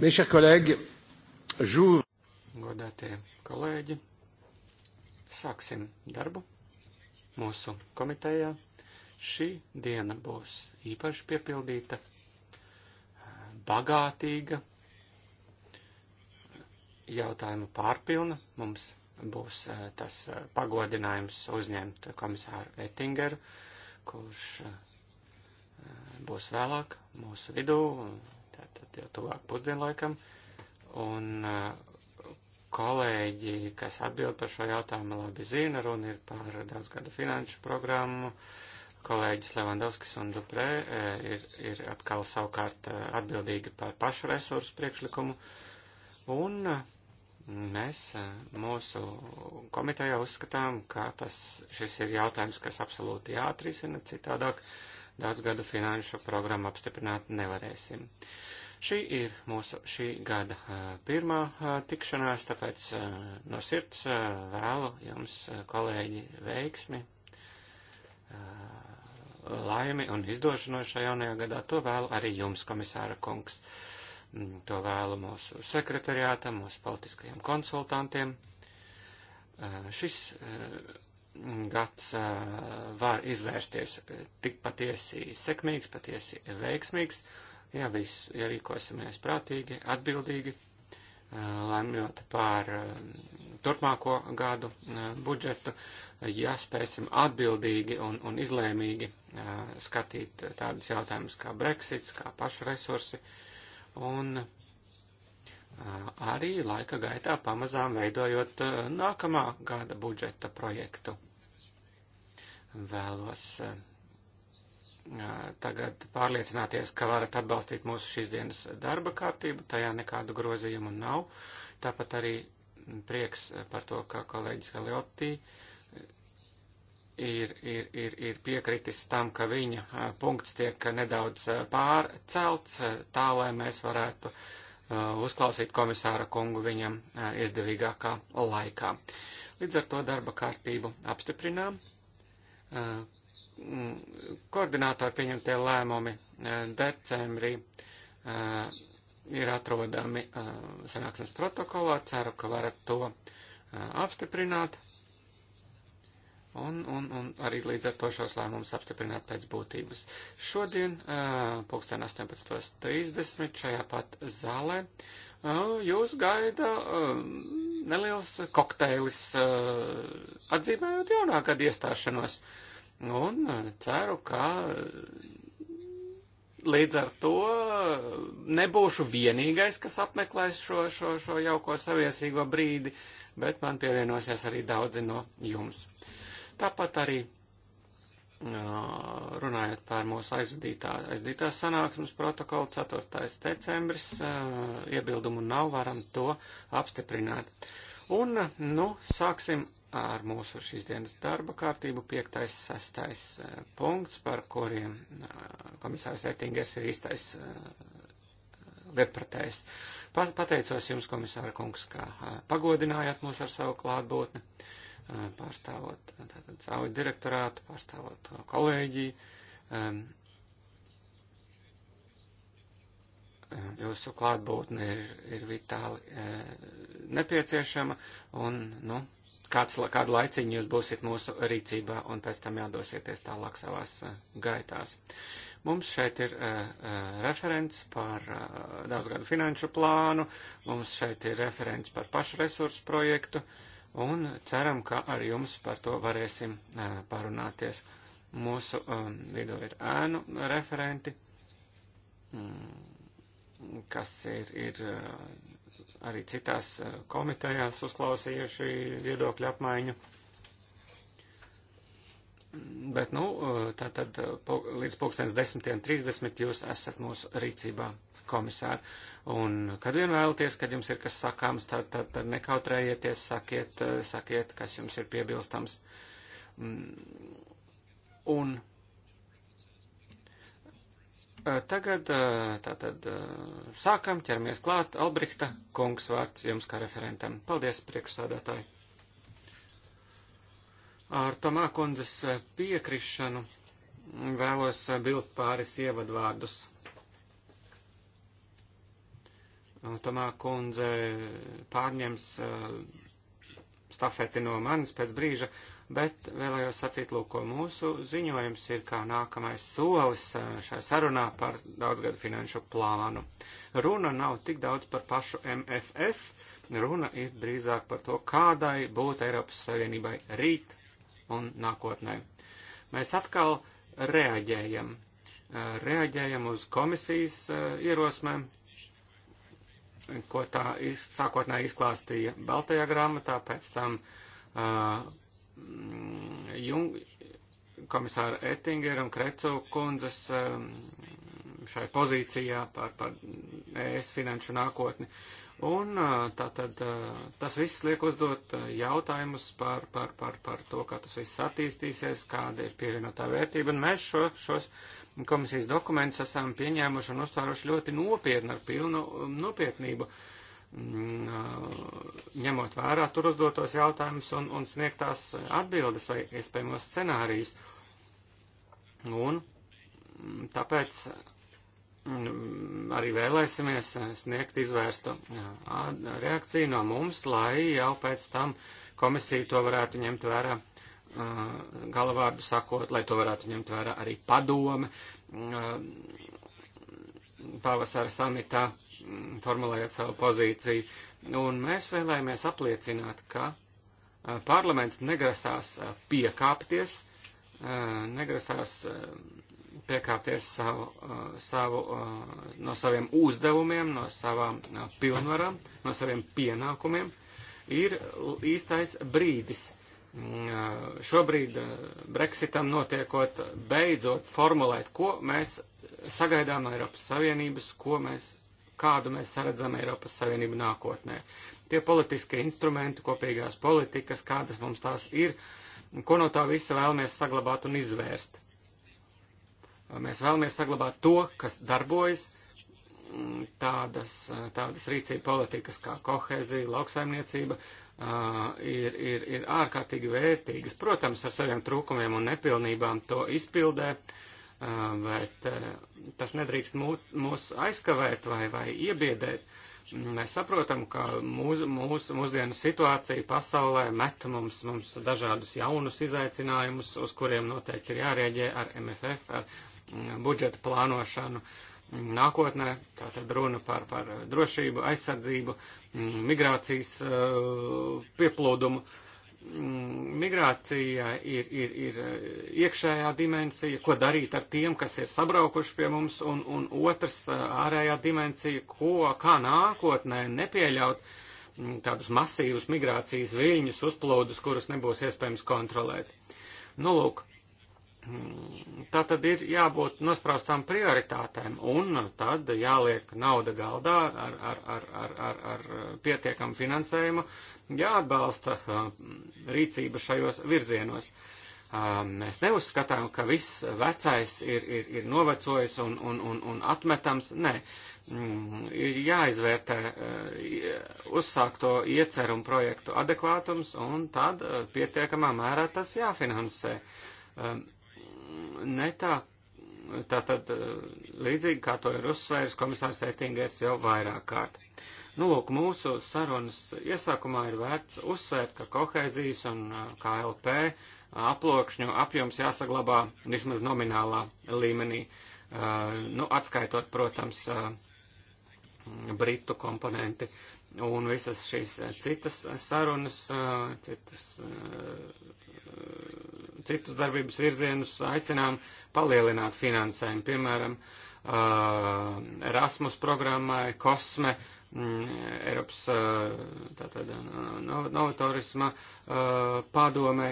Mes chers collègues, j'ouvre. Godātie kolēģi, sāksim darbu mūsu komitejā. Šī diena būs īpaši piepildīta, bagātīga, jautājumu pārpilna. Mums būs eh, tas eh, pagodinājums uzņemt komisāru Ettingeru, kurš eh, būs vēlāk mūsu vidū tad jau tuvāk pusdienlaikam. Un uh, kolēģi, kas atbild par šo jautājumu, labi zina, runa ir par daudzgada finanšu programmu. Kolēģis Levandovskis un Duprē eh, ir, ir atkal savukārt eh, atbildīgi par pašu resursu priekšlikumu. Un mm, mēs eh, mūsu komitejā uzskatām, ka tas, šis ir jautājums, kas absolūti jāatrisina, citādāk daudz gadu finanšu programmu apstiprināt nevarēsim. Šī ir mūsu šī gada pirmā tikšanās, tāpēc no sirds vēlu jums, kolēģi, veiksmi, laimi un izdošanos šajā jaunajā gadā. To vēlu arī jums, komisāra kungs. Mm, to vēlu mūsu sekretariātam, mūsu politiskajiem konsultantiem. Šis gads var izvērsties tik patiesi sekmīgs, patiesi veiksmīgs ja viss ierīkosimies prātīgi, atbildīgi, lemjot par turpmāko gadu budžetu, ja spēsim atbildīgi un, un izlēmīgi skatīt tādus jautājumus kā Brexits, kā pašresursi, un arī laika gaitā pamazām veidojot nākamā gada budžeta projektu. Vēlos tagad pārliecināties, ka varat atbalstīt mūsu šīs dienas darba kārtību, tajā nekādu grozījumu nav. Tāpat arī prieks par to, ka kolēģis Galiotī ir, ir, ir, ir piekritis tam, ka viņa punkts tiek nedaudz pārcelts, tā lai mēs varētu uzklausīt komisāra kungu viņam izdevīgākā laikā. Līdz ar to darba kārtību apstiprinām koordinātori pieņemtie lēmumi eh, decembrī eh, ir atrodami eh, sanāksmes protokolā. Ceru, ka varat to apstiprināt un, un, un arī līdz ar to šos lēmumus apstiprināt pēc būtības. Šodien, pulksten 18.30 šajā pat zālē, jūs gaida neliels kokteilis atzīmējot jaunā gada iestāšanos. Uh, Un e, ceru, ka e, līdz ar to e, nebūšu vienīgais, kas apmeklēs šo, šo, šo jauko saviesīgo brīdi, bet man pievienosies arī daudzi no jums. Tāpat arī runājot par mūsu aizvadītā, aizvadītās sanāksmes protokolu 4. decembris, iebildumu nav, varam to apstiprināt. Un, nu, sāksim ar mūsu šīs dienas darba kārtību 5. 6. punkts, par kuriem eh, komisārs Ettingers ir īstais lietpratējs. Eh, pateicos jums, komisāra kungs, ka eh, pagodinājāt mūs ar savu klātbūtni, pārstāvot tātad, savu direktorātu, pārstāvot kolēģiju. Ehm, ehm, jūsu klātbūtne ir, ir vitāli nepieciešama un, nu, kāds, kādu laiciņu jūs būsiet mūsu rīcībā un pēc tam jādosieties tālāk savās eh, gaitās. Mums šeit ir uh, referents par uh, daudzgadu finanšu plānu, mums šeit ir referents par pašresursu projektu un ceram, ka ar jums par to varēsim uh, parunāties. Mūsu um, vidū ir ēnu referenti, mm, kas ir, ir uh, arī citās eh, komitejās uzklausījuši viedokļu apmaiņu. Bet, nu, eh, tā tad eh, līdz pulkstens 10.30 jūs esat mūsu rīcībā, komisāri. Un, kad vien vēlaties, kad jums ir kas sakāms, tad, tad, tad nekautrējieties, sakiet, sakiet, kas jums ir piebilstams. Mm. Un Tagad tātad sākam, ķeramies klāt. Albrihta kungs vārds jums kā referentam. Paldies, priekšsādātāji. Ar Tomā kundzes piekrišanu vēlos bilst pāris ievadvārdus. Tomā kundze pārņems stafeti no manis pēc brīža bet vēlējos sacīt, lūk, ko mūsu ziņojums ir kā nākamais solis eh, šajā sarunā par daudzgadu finanšu plānu. Runa nav tik daudz par pašu MFF, runa ir drīzāk par to, kādai būtu Eiropas Savienībai rīt un nākotnē. Mēs atkal reaģējam, eh, reaģējam uz komisijas eh, ierosmēm, ko tā iz, sākotnēji izklāstīja Baltajā grāmatā, pēc tam uh, Mm, Jung, komisāra Ettingera un Kreco kundzes um, šai pozīcijā par, par ES finanšu nākotni. Un uh, tātad uh, tas viss liek uzdot uh, jautājumus par, par, par, par to, kā tas viss attīstīsies, kāda ir pievienotā vērtība. Un mēs šo, šos komisijas dokumentus esam pieņēmuši un uztvēruši ļoti nopietni ar pilnu um, nopietnību. Uh, Mm, ņemot vērā tur uzdotos jautājumus un, un sniegtās atbildes vai iespējamos scenārijus. Un mm, tāpēc mm, arī vēlēsimies sniegt izvērstu reakciju no mums, lai jau pēc tam komisija to varētu ņemt vērā galvārdu sakot, lai to varētu ņemt vērā arī padome pavasara samitā formulējot savu pozīciju, un mēs vēlējāmies apliecināt, ka parlaments negrasās piekāpties, negrasās piekāpties savu, savu, no saviem uzdevumiem, no savām pilnvarām, no saviem pienākumiem. Ir īstais brīdis šobrīd Brexitam notiekot, beidzot formulēt, ko mēs sagaidām no Eiropas Savienības, ko mēs kādu mēs saredzam Eiropas Savienību nākotnē. Tie politiskie instrumenti, kopīgās politikas, kādas mums tās ir, un ko no tā visa vēlamies saglabāt un izvērst. Mēs vēlamies saglabāt to, kas darbojas, mm, tādas, tādas rīcība politikas kā kohēzija, lauksaimniecība ir, ir, ir ārkārtīgi vērtīgas. Protams, ar saviem trūkumiem un nepilnībām to izpildē bet tas nedrīkst mūs aizkavēt vai, vai iebiedēt. Mēs saprotam, ka mūsu, mūsu mūsdienu situācija pasaulē met mums, mums dažādus jaunus izaicinājumus, uz kuriem noteikti ir jārēģē ar MFF, ar budžeta plānošanu nākotnē. Tātad runa par, par drošību, aizsardzību, migrācijas pieplūdumu. Uh, Mm, migrācija ir, ir, ir eh, iekšējā dimensija, ko darīt ar tiem, kas ir sabraukuši pie mums, un, un otrs eh, ārējā dimensija, ko, kā nākotnē nepieļaut mm, tādus masīvus migrācijas viļņus, uzplūdus, kurus nebūs iespējams kontrolēt. Nu, lūk, mm, tā tad ir jābūt nospraustām prioritātēm, un tad jāliek nauda galdā ar, ar, ar, ar, ar, ar pietiekamu finansējumu jāatbalsta rīcība šajos virzienos. Mēs neuzskatām, ka viss vecais ir, ir, ir novecojis un, un, un, un atmetams. Nē, mm, ir jāizvērtē uzsākto ieceru un projektu adekvātums, un tad pietiekamā mērā tas jāfinansē. Ne tā, tā tad līdzīgi, kā to ir uzsvērs komisārs Eitingers jau vairāk kārt. Nu, lūk, mūsu sarunas iesākumā ir vērts uzsvērt, ka kohēzijas un KLP aplokšņu apjoms jāsaglabā vismaz nominālā līmenī, nu, atskaitot, protams, britu komponenti un visas šīs citas sarunas, citas, citus darbības virzienus aicinām palielināt finansējumu, piemēram, Erasmus programmai, Kosme, Mm, Eiropas eh, tātad, eh, novatorisma eh, padomē.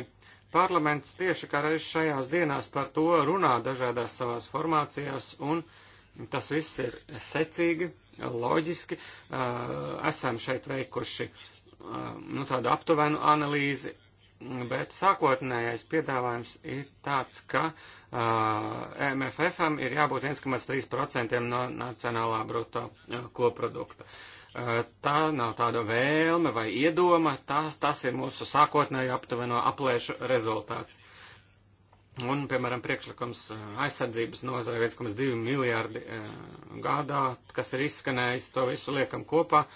Parlaments tieši kā reiz šajās dienās par to runā dažādās savās formācijās, un tas viss ir secīgi, loģiski. Esam šeit veikuši nu, tādu aptuvenu analīzi, bet sākotnējais piedāvājums ir tāds, ka E MFFam ir jābūt 1,3% no nacionālā bruto e, koprodukta. E, tā nav tāda vēlme vai iedoma, tas, tas ir mūsu sākotnēji aptuveno aplēšu rezultāts. Un, piemēram, priekšlikums aizsardzības nozara 1,2 miljārdi gadā, kas ir izskanējis, to visu liekam kopā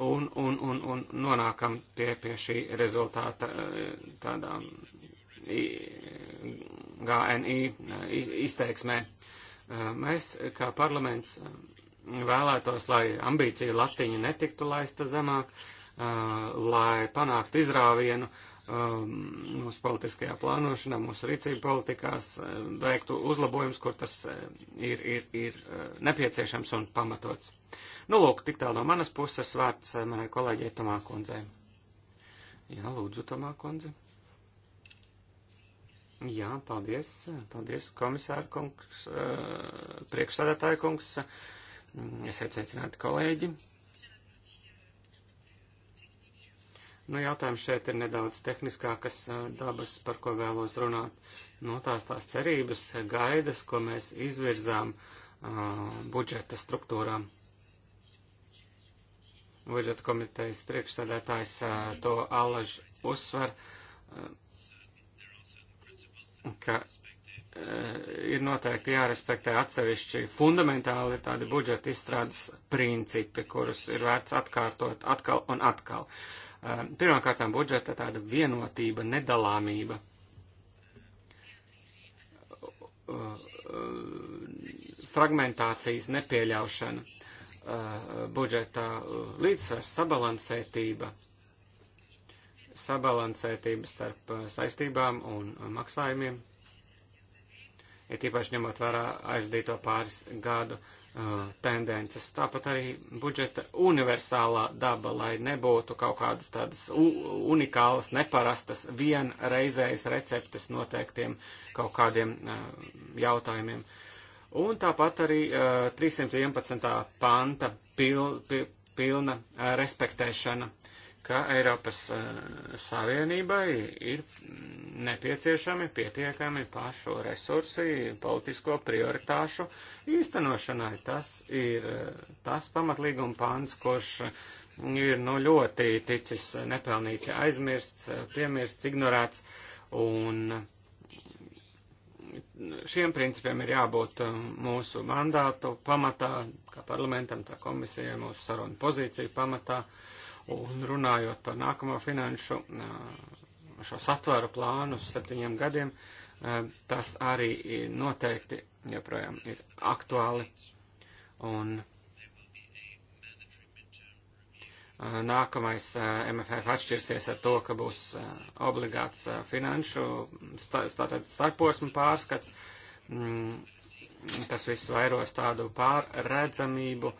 un, un, un, un nonākam pie, pie šī rezultāta tādā GNI eh, izteiksmē. Eh, mēs, kā parlaments, eh, vēlētos, lai ambīcija latiņa netiktu laista zemāk, lai panāktu izrāvienu mūsu politiskajā plānošanā, mūsu rīcību politikās, veiktu uzlabojums, kur tas ir, ir, ir nepieciešams un pamatots. Nu, lūk, tik tālu no manas puses vārds manai kolēģei Tomā Kundzei. Jā, lūdzu, Tomā Kundzei. Jā, paldies. Paldies, komisāra kungs, eh, priekšstādātāja kungs. Mm, Esiet sveicināti, kolēģi. Nu, jautājums šeit ir nedaudz tehniskākas eh, dabas, par ko vēlos runāt. No nu, tās tās cerības, gaidas, ko mēs izvirzām eh, budžeta struktūrām. Budžeta komitejas priekšstādātājs to alaž uzsver ka eh, ir noteikti jārespektē atsevišķi fundamentāli tādi budžeta izstrādes principi, kurus ir vērts atkārtot atkal un atkal. Eh, Pirmkārt, budžeta tāda vienotība, nedalāmība. Eh, fragmentācijas nepieļaušana, budžeta līdzsvars, sabalansētība, sabalansētība starp uh, saistībām un uh, maksājumiem, ir tīpaši ņemot vērā aizdīto pāris gadu uh, tendences. Tāpat arī budžeta universālā daba, lai nebūtu kaut kādas tādas unikālas, neparastas, vienreizējas receptes noteiktiem kaut kādiem uh, jautājumiem. Un tāpat arī uh, 311. panta pil, pil, pilna uh, respektēšana. Uh, ka Eiropas eh, Savienībai ir nepieciešami pietiekami pašu resursi politisko prioritāšu īstenošanai. Tas ir eh, tas pamatlīguma pāns, kurš ir nu, ļoti ticis nepelnīti aizmirsts, piemirsts, ignorēts. Un šiem principiem ir jābūt eh, mūsu mandātu pamatā, kā parlamentam, tā komisijai, mūsu sarunu pozīciju pamatā. Uh, Un runājot par nākamo finanšu šo satvaru plānu uz septiņiem gadiem, tas arī noteikti joprojām ir aktuāli. Un nākamais MFF atšķirsies ar to, ka būs obligāts finanšu, tātad starposmu pārskats. Mm, tas viss vairos tādu pārredzamību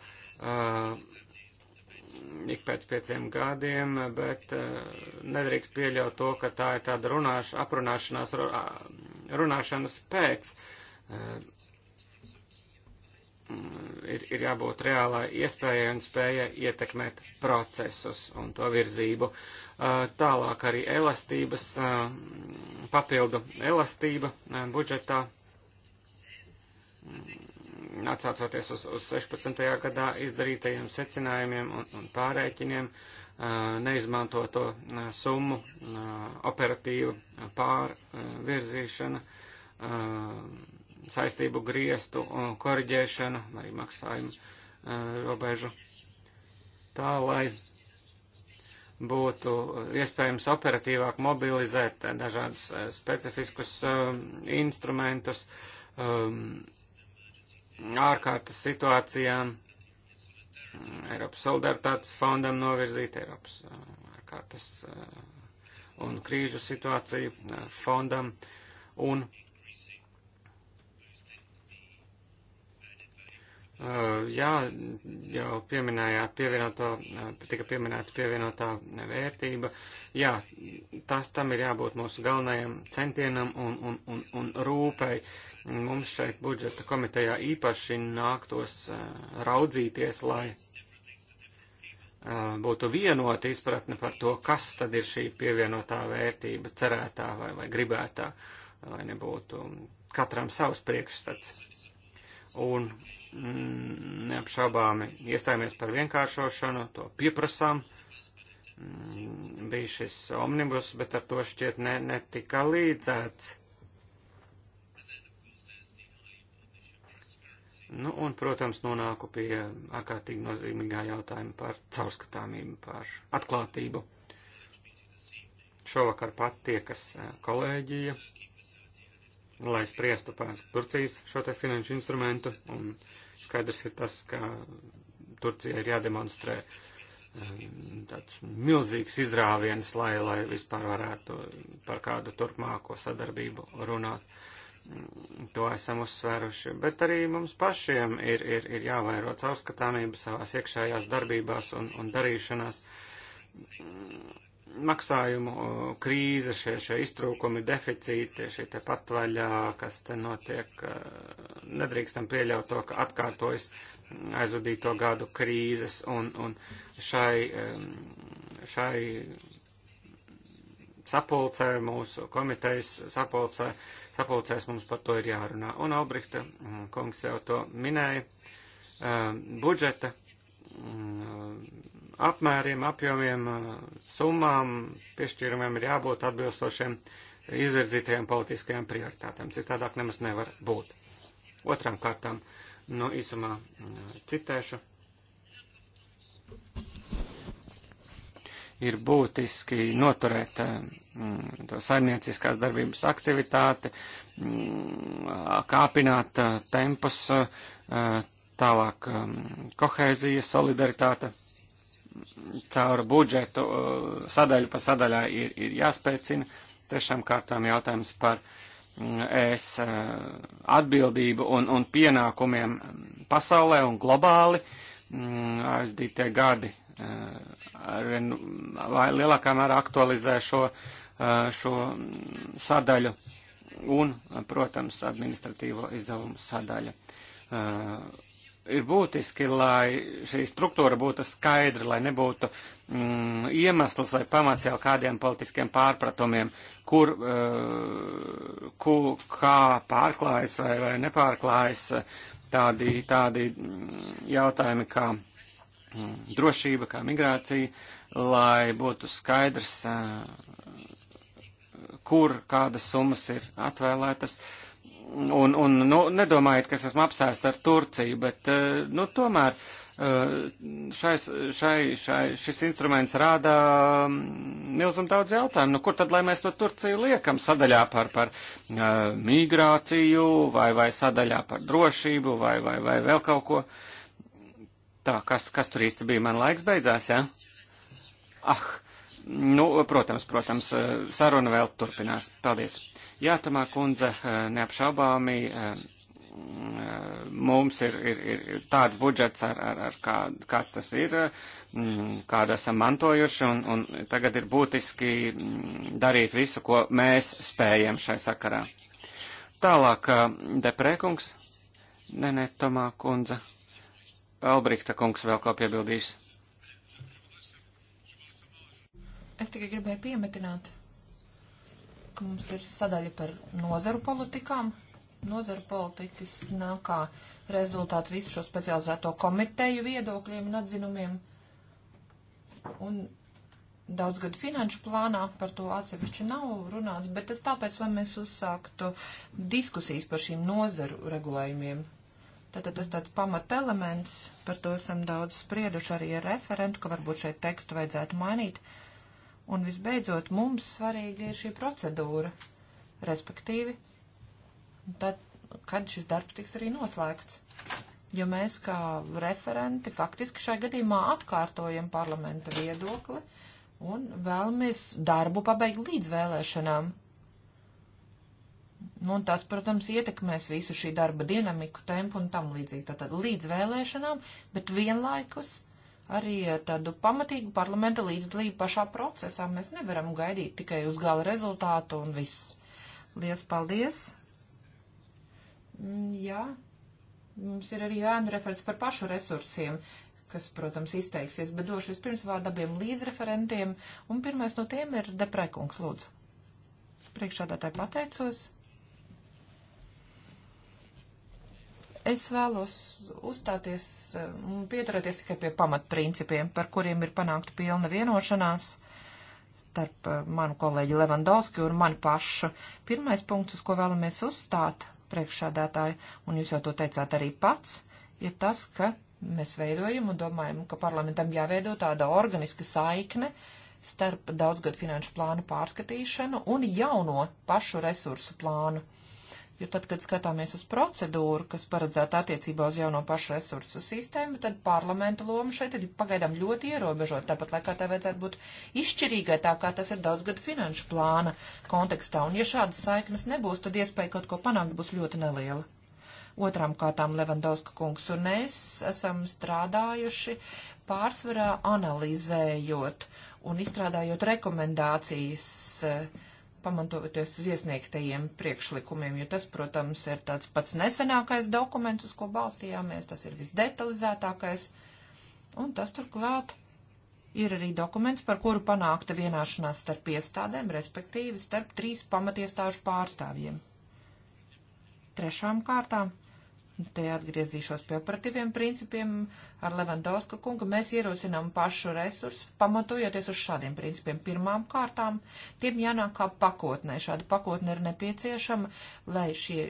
ik pēc pieciem gadiem, bet eh, nedrīkst pieļaut to, ka tā ir tāda runāš, aprunāšanās, runāšanas pēc. Eh, mm, ir, ir jābūt reālai iespējai un spēja ietekmēt procesus un to virzību. Eh, tālāk arī elastības, papildu elastība budžetā mm, atsaucoties uz, uz 16. gadā izdarītajiem secinājumiem un, un pārēķiniem, neizmantoto summu operatīva pārvirzīšana, saistību griestu koriģēšana, arī maksājumu robežu tā, lai būtu iespējams operatīvāk mobilizēt dažādus specifiskus instrumentus, um, ārkārtas situācijām, mm, Eiropas solidaritātes fondam novirzīt, Eiropas eh, ārkārtas eh, un krīžu situāciju eh, fondam un Uh, jā, jau pieminējāt pievienoto, uh, tika pieminēta pievienotā vērtība. Jā, tas tam ir jābūt mūsu galvenajam centienam un, un, un, un rūpei. Mums šeit budžeta komitejā īpaši nāktos uh, raudzīties, lai būtu vienota izpratne par to, kas tad ir šī pievienotā vērtība, cerētā vai, vai gribētā, lai nebūtu katram savs priekšstats. Un neapšābāmi iestājāmies par vienkāršošanu, to pieprasām. Mm, bija šis omnibus, bet ar to šķiet ne, netika līdzēts. Nu, un, protams, nonāku pie ārkārtīgi nozīmīgā jautājuma par caurskatāmību, par atklātību. Šovakar pat tiekas eh, kolēģija lai spriestu par Turcijas šo te finanšu instrumentu, un skaidrs ir tas, ka Turcijai ir jādemonstrē um, tāds milzīgs izrāviens, lai, lai vispār varētu par kādu turpmāko sadarbību runāt. Mm, to esam uzsvēruši, bet arī mums pašiem ir, ir, ir jāvairo caurskatāmība savās iekšējās darbībās un, un darīšanās mm, maksājumu krīze, šie, šie iztrūkumi, deficīti, šī te patvaļā, kas te notiek, nedrīkstam pieļaut to, ka atkārtojas aizvadīto gadu krīzes un, un šai, šai sapulcē, mūsu komitejas sapulcē, sapulcēs mums par to ir jārunā. Un Albrihta kungs jau to minēja, budžeta apmēriem, apjomiem, eh, summām piešķīrumiem ir jābūt atbilstošiem izvirzītajām politiskajām prioritātēm. Citādāk nemaz nevar būt. Otram kārtām, nu, īsumā eh, citēšu. Ir būtiski noturēt eh, mm, to saimnieciskās darbības aktivitāti, mm, kāpināt tempus, tālāk kohēzija, solidaritāte caur budžetu eh, sadaļu pa sadaļā ir, ir jāspēcina. Trešām kārtām jautājums par mm, ES eh, atbildību un, un pienākumiem pasaulē un globāli. Mm, ASDT gadi eh, arvien lielākā mērā aktualizē šo, šo sadaļu un, protams, administratīvo izdevumu sadaļu ir būtiski, lai šī struktūra būtu skaidra, lai nebūtu mm, iemesls vai pamats jau kādiem politiskiem pārpratumiem, kur, uh, ku, kā pārklājas vai, vai nepārklājas eh, tādi, tādi mm, jautājumi kā mm, drošība, kā migrācija, lai būtu skaidrs, uh, kur kādas summas ir atvēlētas. Uh, un, un nu, nedomājiet, ka es esmu apsēsts ar Turciju, bet eh, nu, tomēr eh, šai, šai, šai, šis instruments rāda mm, milzumu daudz jautājumu. Nu, kur tad, lai mēs to Turciju liekam sadaļā par, par eh, migrāciju vai, vai sadaļā par drošību vai, vai, vai vēl kaut ko? Tā, kas, kas tur īsti bija? Man laiks beidzās, jā? Ja? Ah, Nu, protams, protams, eh, saruna vēl turpinās. Paldies. Jā, Tamā kundze, eh, neapšaubāmi eh, mm, mums ir, ir, ir tāds budžets, ar, ar, ar kā, kāds tas ir, mm, kādu esam mantojuši, un, un tagad ir būtiski mm, darīt visu, ko mēs spējam šai sakarā. Tālāk, deprēkungs, nē, nē, Tomā kundze, Albrikta kungs vēl ko piebildīs. Es tikai gribēju piemetināt, ka mums ir sadaļa par nozaru politikām. Nozaru politikas nāk kā rezultāts visu šo specializēto komiteju viedokļiem un atzinumiem. Un daudzgadu finanšu plānā par to atsevišķi nav runāts, bet tas tāpēc, lai mēs uzsāktu diskusijas par šīm nozaru regulējumiem. Tātad tas tāds pamata elements, par to esam daudz sprieduši arī ar referentu, ka varbūt šeit tekstu vajadzētu mainīt. Uh, Un visbeidzot, mums svarīga ir šī procedūra, respektīvi, tad, kad šis darbs tiks arī noslēgts. Jo mēs kā referenti faktiski šai gadījumā atkārtojam parlamenta viedokli un vēlamies darbu pabeigt līdz vēlēšanām. Nu, un tas, protams, ietekmēs visu šī darba dinamiku, tempu un tam līdzīgi. Tātad līdz vēlēšanām, bet vienlaikus arī ar tādu pamatīgu parlamenta līdzdalību pašā procesā. Mēs nevaram gaidīt tikai uz gala rezultātu un viss. Lies paldies! Mm, jā, mums ir arī ēnu referents par pašu resursiem, kas, protams, izteiksies, bet došu vispirms vārdu abiem līdzreferentiem, un pirmais no tiem ir Deprekungs, lūdzu. Priekšādātāji pateicos. Es vēlos uzstāties eh, un pieturēties tikai pie pamatprincipiem, par kuriem ir panākta pilna vienošanās starp eh, manu kolēģi Levandovski un mani pašu. Pirmais punkts, uz ko vēlamies uzstāt, priekšādātāji, un jūs jau to teicāt arī pats, ir tas, ka mēs veidojam un domājam, ka parlamentam jāveido tāda organiska saikne starp daudzgad finanšu plānu pārskatīšanu un jauno pašu resursu plānu. Uh, Jo tad, kad skatāmies uz procedūru, kas paredzēta attiecībā uz jauno pašresursu sistēmu, tad parlamenta loma šeit ir pagaidām ļoti ierobežota. Tāpat laikā tā vajadzētu būt izšķirīgai, tā kā tas ir daudzgadu finanšu plāna kontekstā. Un ja šādas saiknes nebūs, tad iespēja kaut ko panākt būs ļoti neliela. Otrām kārtām Levandovska kungs un es esam strādājuši pārsvarā analizējot un izstrādājot rekomendācijas uh, pamantoties uz iesniegtajiem priekšlikumiem, jo tas, protams, ir tāds pats nesenākais dokuments, uz ko balstījāmies, tas ir visdetalizētākais, un tas turklāt ir arī dokuments, par kuru panākta vienāšanās starp iestādēm, respektīvi starp trīs pamatiestāžu pārstāvjiem. Trešām kārtām, te atgriezīšos pie operatīviem principiem, uh, ar Levandovska kungu, mēs ierosinām pašu resursu, pamatojoties uz šādiem principiem. Pirmām kārtām, tiem jānāk kā pakotnē. Šāda pakotne ir nepieciešama, lai šie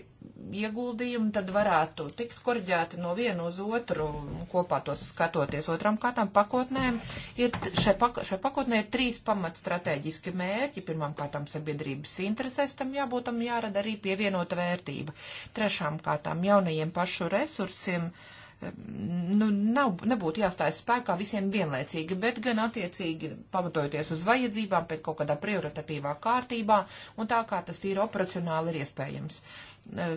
ieguldījumi tad varētu tikt korģēti no vienu uz otru, kopā tos skatoties. Otram kārtām pakotnēm ir, šai, pak, šai pakotnē ir trīs pamat strateģiski mērķi. Pirmām kārtām sabiedrības interesēs tam jābūt, tam jārada arī pievienota vērtība. Trešām kārtām jaunajiem pašu resursiem. Uh, nu, nav, nebūtu jāstājas spēkā visiem vienlaicīgi, bet gan attiecīgi pamatojoties uz vajadzībām pēc kaut kādā prioritatīvā kārtībā un tā kā tas ir operacionāli ir iespējams. E,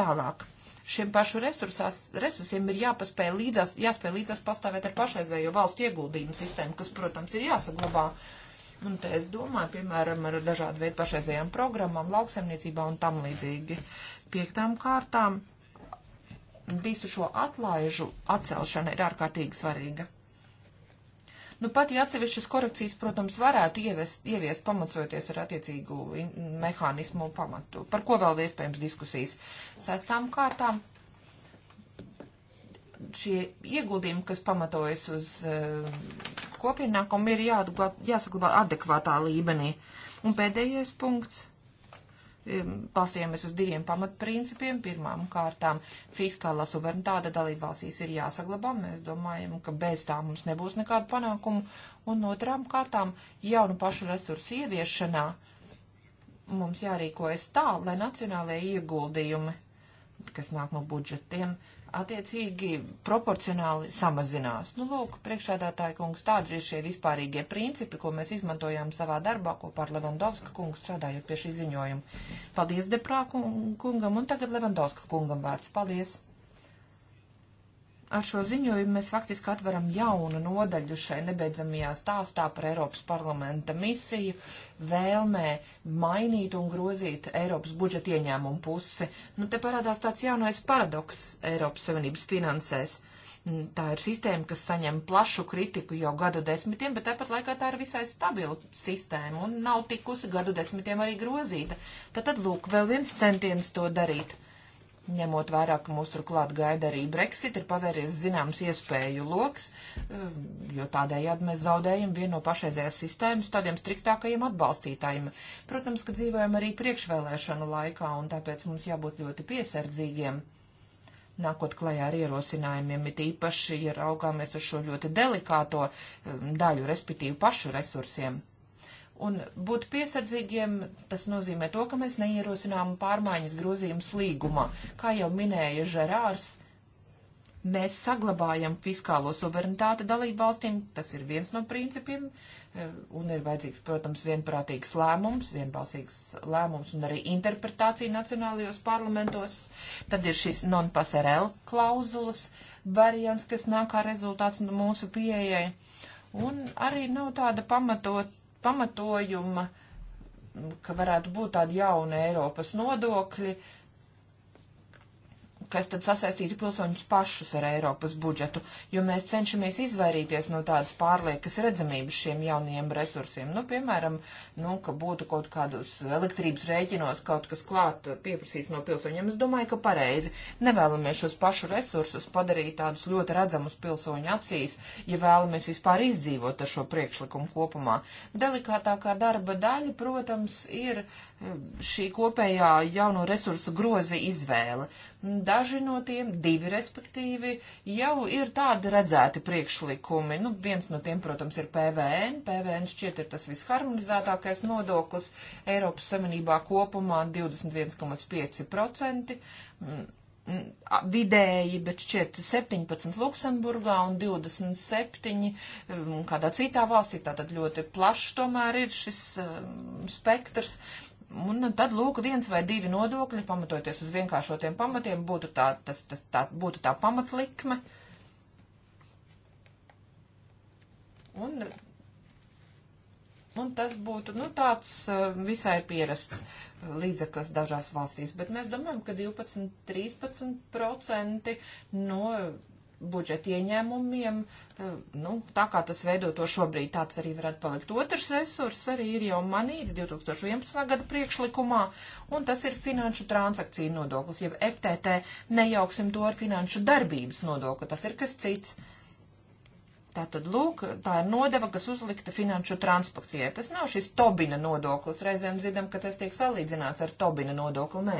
tālāk. Šiem pašu resursās, resursiem ir jāpaspēj līdzās, jāspēj līdzās pastāvēt ar pašreizējo valstu ieguldījumu sistēmu, kas, protams, ir jāsaglabā. Un te es domāju, piemēram, ar dažādu veidu pašreizējām programmām, lauksaimniecībā un tam līdzīgi. Piektām kārtām visu šo atlaižu atcelšana ir ārkārtīgi svarīga. Nu, pat ja atsevišķas korekcijas, protams, varētu ievest, ieviest pamatojoties ar attiecīgu mehānismu pamatu, par ko vēl iespējams diskusijas sestām kārtām. Šie ieguldījumi, kas pamatojas uz uh, kopienākumu, ir jāatglāt, jāsaglabā adekvātā līmenī. Un pēdējais punkts balstījamies uz diviem pamatprincipiem. Pirmām kārtām fiskālā suverenitāte dalībvalstīs ir jāsaglabā. Mēs domājam, ka bez tā mums nebūs nekādu panākumu. Un otrām kārtām jaunu pašu resursu ieviešanā mums jārīkojas tā, lai nacionālajie ieguldījumi, kas nāk no budžetiem, uh, attiecīgi proporcionāli samazinās. Nu, lūk, priekšādātāja kungs, tādi ir šie vispārīgie principi, ko mēs izmantojām savā darbā, kopā ar Levandovska kungu strādājot pie šī ziņojuma. Paldies Deprā kungam un tagad Levandovska kungam vārds. Paldies! Ar šo ziņojumu mēs faktiski atveram jaunu nodaļu šai nebeidzamajā stāstā par Eiropas parlamenta misiju, vēlmē mainīt un grozīt Eiropas budžeta ieņēmumu pusi. Nu, te parādās tāds jaunais paradoks Eiropas Savienības finansēs. Mm, tā ir sistēma, kas saņem plašu kritiku jau gadu desmitiem, bet tāpat laikā tā ir visai stabila sistēma un nav tikusi gadu desmitiem arī grozīta. Tad, tad lūk, vēl viens centiens to darīt ņemot vērā, ka mūs turklāt gaida arī Brexit, ir pavēries zināms iespēju loks, um, jo tādējādi mēs zaudējam vienu no pašreizējās sistēmas tādiem striktākajiem atbalstītājiem. Protams, ka dzīvojam arī priekšvēlēšanu laikā, un tāpēc mums jābūt ļoti piesardzīgiem. Nākot klajā ar ierosinājumiem, it īpaši, ja raugāmies uz šo ļoti delikāto um, daļu, respektīvi pašu resursiem. Un būt piesardzīgiem, tas nozīmē to, ka mēs neierosinām pārmaiņas grozījumus līgumā. Kā jau minēja Žerārs, mēs saglabājam fiskālo suverenitāti dalību valstīm, tas ir viens no principiem, e, un ir vajadzīgs, protams, vienprātīgs lēmums, vienbalsīgs lēmums un arī interpretācija nacionālajos parlamentos. Tad ir šis non-passerel klauzulas variants, kas nāk kā rezultāts no mūsu pieejai. Un arī nav tāda pamatot pamatojuma, ka varētu būt tādi jauni Eiropas nodokļi, uh, kas tad sasaistītu pilsoņus pašus ar Eiropas budžetu, jo mēs cenšamies izvairīties no tādas pārliekas redzamības šiem jaunajiem resursiem. Nu, piemēram, nu, ka būtu kaut kādus elektrības rēķinos kaut kas klāt pieprasīts no pilsoņiem. Es domāju, ka pareizi. Nevēlamies šos pašu resursus padarīt tādus ļoti redzamus pilsoņu acīs, ja vēlamies vispār izdzīvot ar šo priekšlikumu kopumā. Delikātākā darba daļa, protams, ir uh, šī kopējā jauno resursu grozi izvēle. Daži no tiem, divi respektīvi, jau ir tādi redzēti priekšlikumi. Nu, viens no tiem, protams, ir PVN. PVN šķiet ir tas visharmonizētākais nodoklis Eiropas Savienībā kopumā 21,5% mm, mm, vidēji, bet šķiet 17 Luksemburgā un 27 um, mm, kādā citā valstī. Tātad ļoti plašs tomēr ir šis um, spektrs. Uh, Un tad, lūk, viens vai divi nodokļi, pamatoties uz vienkāršotiem pamatiem, būtu tā, tas, tas, tā, būtu tā pamatlikme. Un, un tas būtu, nu, tāds eh, visai pierasts līdzeklis dažās valstīs. Bet mēs domājam, ka 12-13% no budžeta ieņēmumiem, eh, nu, tā kā tas veido to šobrīd, tāds arī varētu palikt. Otrs resurs arī ir jau manīts 2011. gada priekšlikumā, un tas ir finanšu transakciju nodoklis, jeb FTT, nejauksim to ar finanšu darbības nodokli, tas ir kas cits. Tātad, lūk, tā ir nodeva, kas uzlikta finanšu transakcijai. Tas nav šis Tobina nodoklis. Reizēm dzirdam, ka tas tiek salīdzināts ar Tobina nodokli. Nē,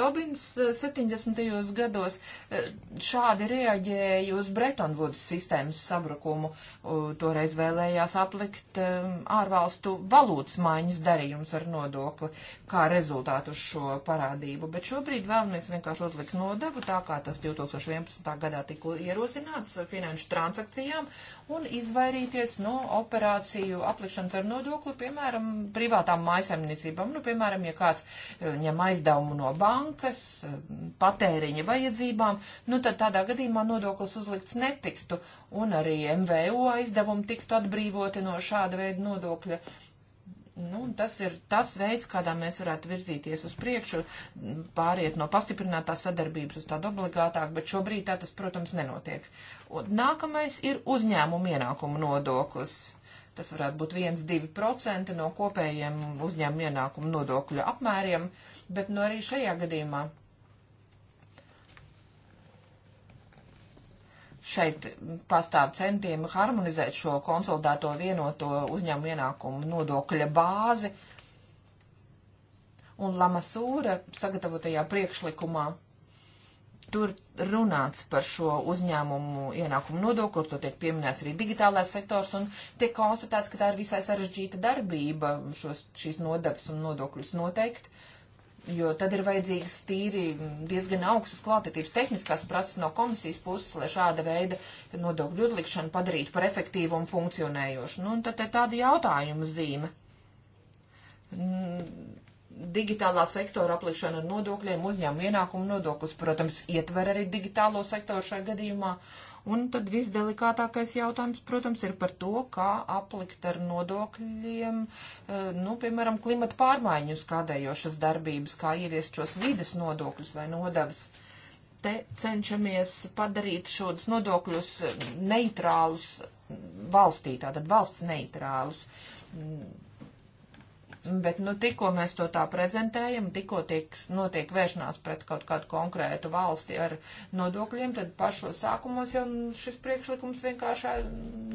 Tobins 70. Eh, gados eh, šādi reaģēja uz Bretonvudas sistēmas sabrukumu. Toreiz vēlējās aplikt eh, ārvalstu valūtas maiņas darījums ar nodokli kā rezultātu uz šo parādību. Bet šobrīd vēlamies vienkārši uzlikt nodevu, tā kā tas 2011. gadā tika ierosināts finanšu transakcijām un izvairīties no operāciju aplikšanas ar nodokli, piemēram, privātām mājasemniecībām. Nu, piemēram, ja kāds eh, ņem aizdevumu no bankas eh, patēriņa vajadzībām, nu, tad tādā gadījumā nodoklis uzlikts netiktu, un arī MVO aizdevumi tiktu atbrīvoti no šāda veida nodokļa. Uh, Nu, tas ir tas veids, kādā mēs varētu virzīties uz priekšu, pāriet no pastiprinātās sadarbības uz tādu obligātāku, bet šobrīd tā tas, protams, nenotiek. Un nākamais ir uzņēmumu ienākumu nodoklis. Tas varētu būt 1-2% no kopējiem uzņēmumu ienākumu nodokļu apmēriem, bet no nu, arī šajā gadījumā Šeit pastāv centieni harmonizēt šo konsolidēto vienoto uzņēmumu ienākumu nodokļa bāzi. Un Lamasūra sagatavotajā priekšlikumā tur runāts par šo uzņēmumu ienākumu nodokli, tur tiek pieminēts arī digitālais sektors, un tiek konstatēts, ka tā ir visai sarežģīta darbība šos, šīs nodevas un nodokļus noteikt jo tad ir vajadzīgas tīri diezgan augstas kvalitatīvas tehniskās prasas no komisijas puses, lai šāda veida nodokļu uzlikšanu padarītu par efektīvu un funkcionējošu. Nu, un tad ir tāda jautājuma zīme. Mm, digitālā sektora aplikšana ar nodokļiem, uzņēmuma ienākumu nodoklis, protams, ietver arī digitālo sektoru šajā gadījumā. Uh, Un tad visdelikātākais jautājums, protams, ir par to, kā aplikt ar nodokļiem, eh, nu, piemēram, klimata pārmaiņu skādējošas darbības, kā ieviest šos vides nodokļus vai nodevas. Te cenšamies padarīt šos nodokļus eh, neitrālus valstī, tātad valsts neitrālus mm, Bet, nu, tikko mēs to tā prezentējam, tikko tiek, notiek vēršanās pret kaut kādu konkrētu valsti ar nodokļiem, tad pašos sākumos jau šis priekšlikums vienkārši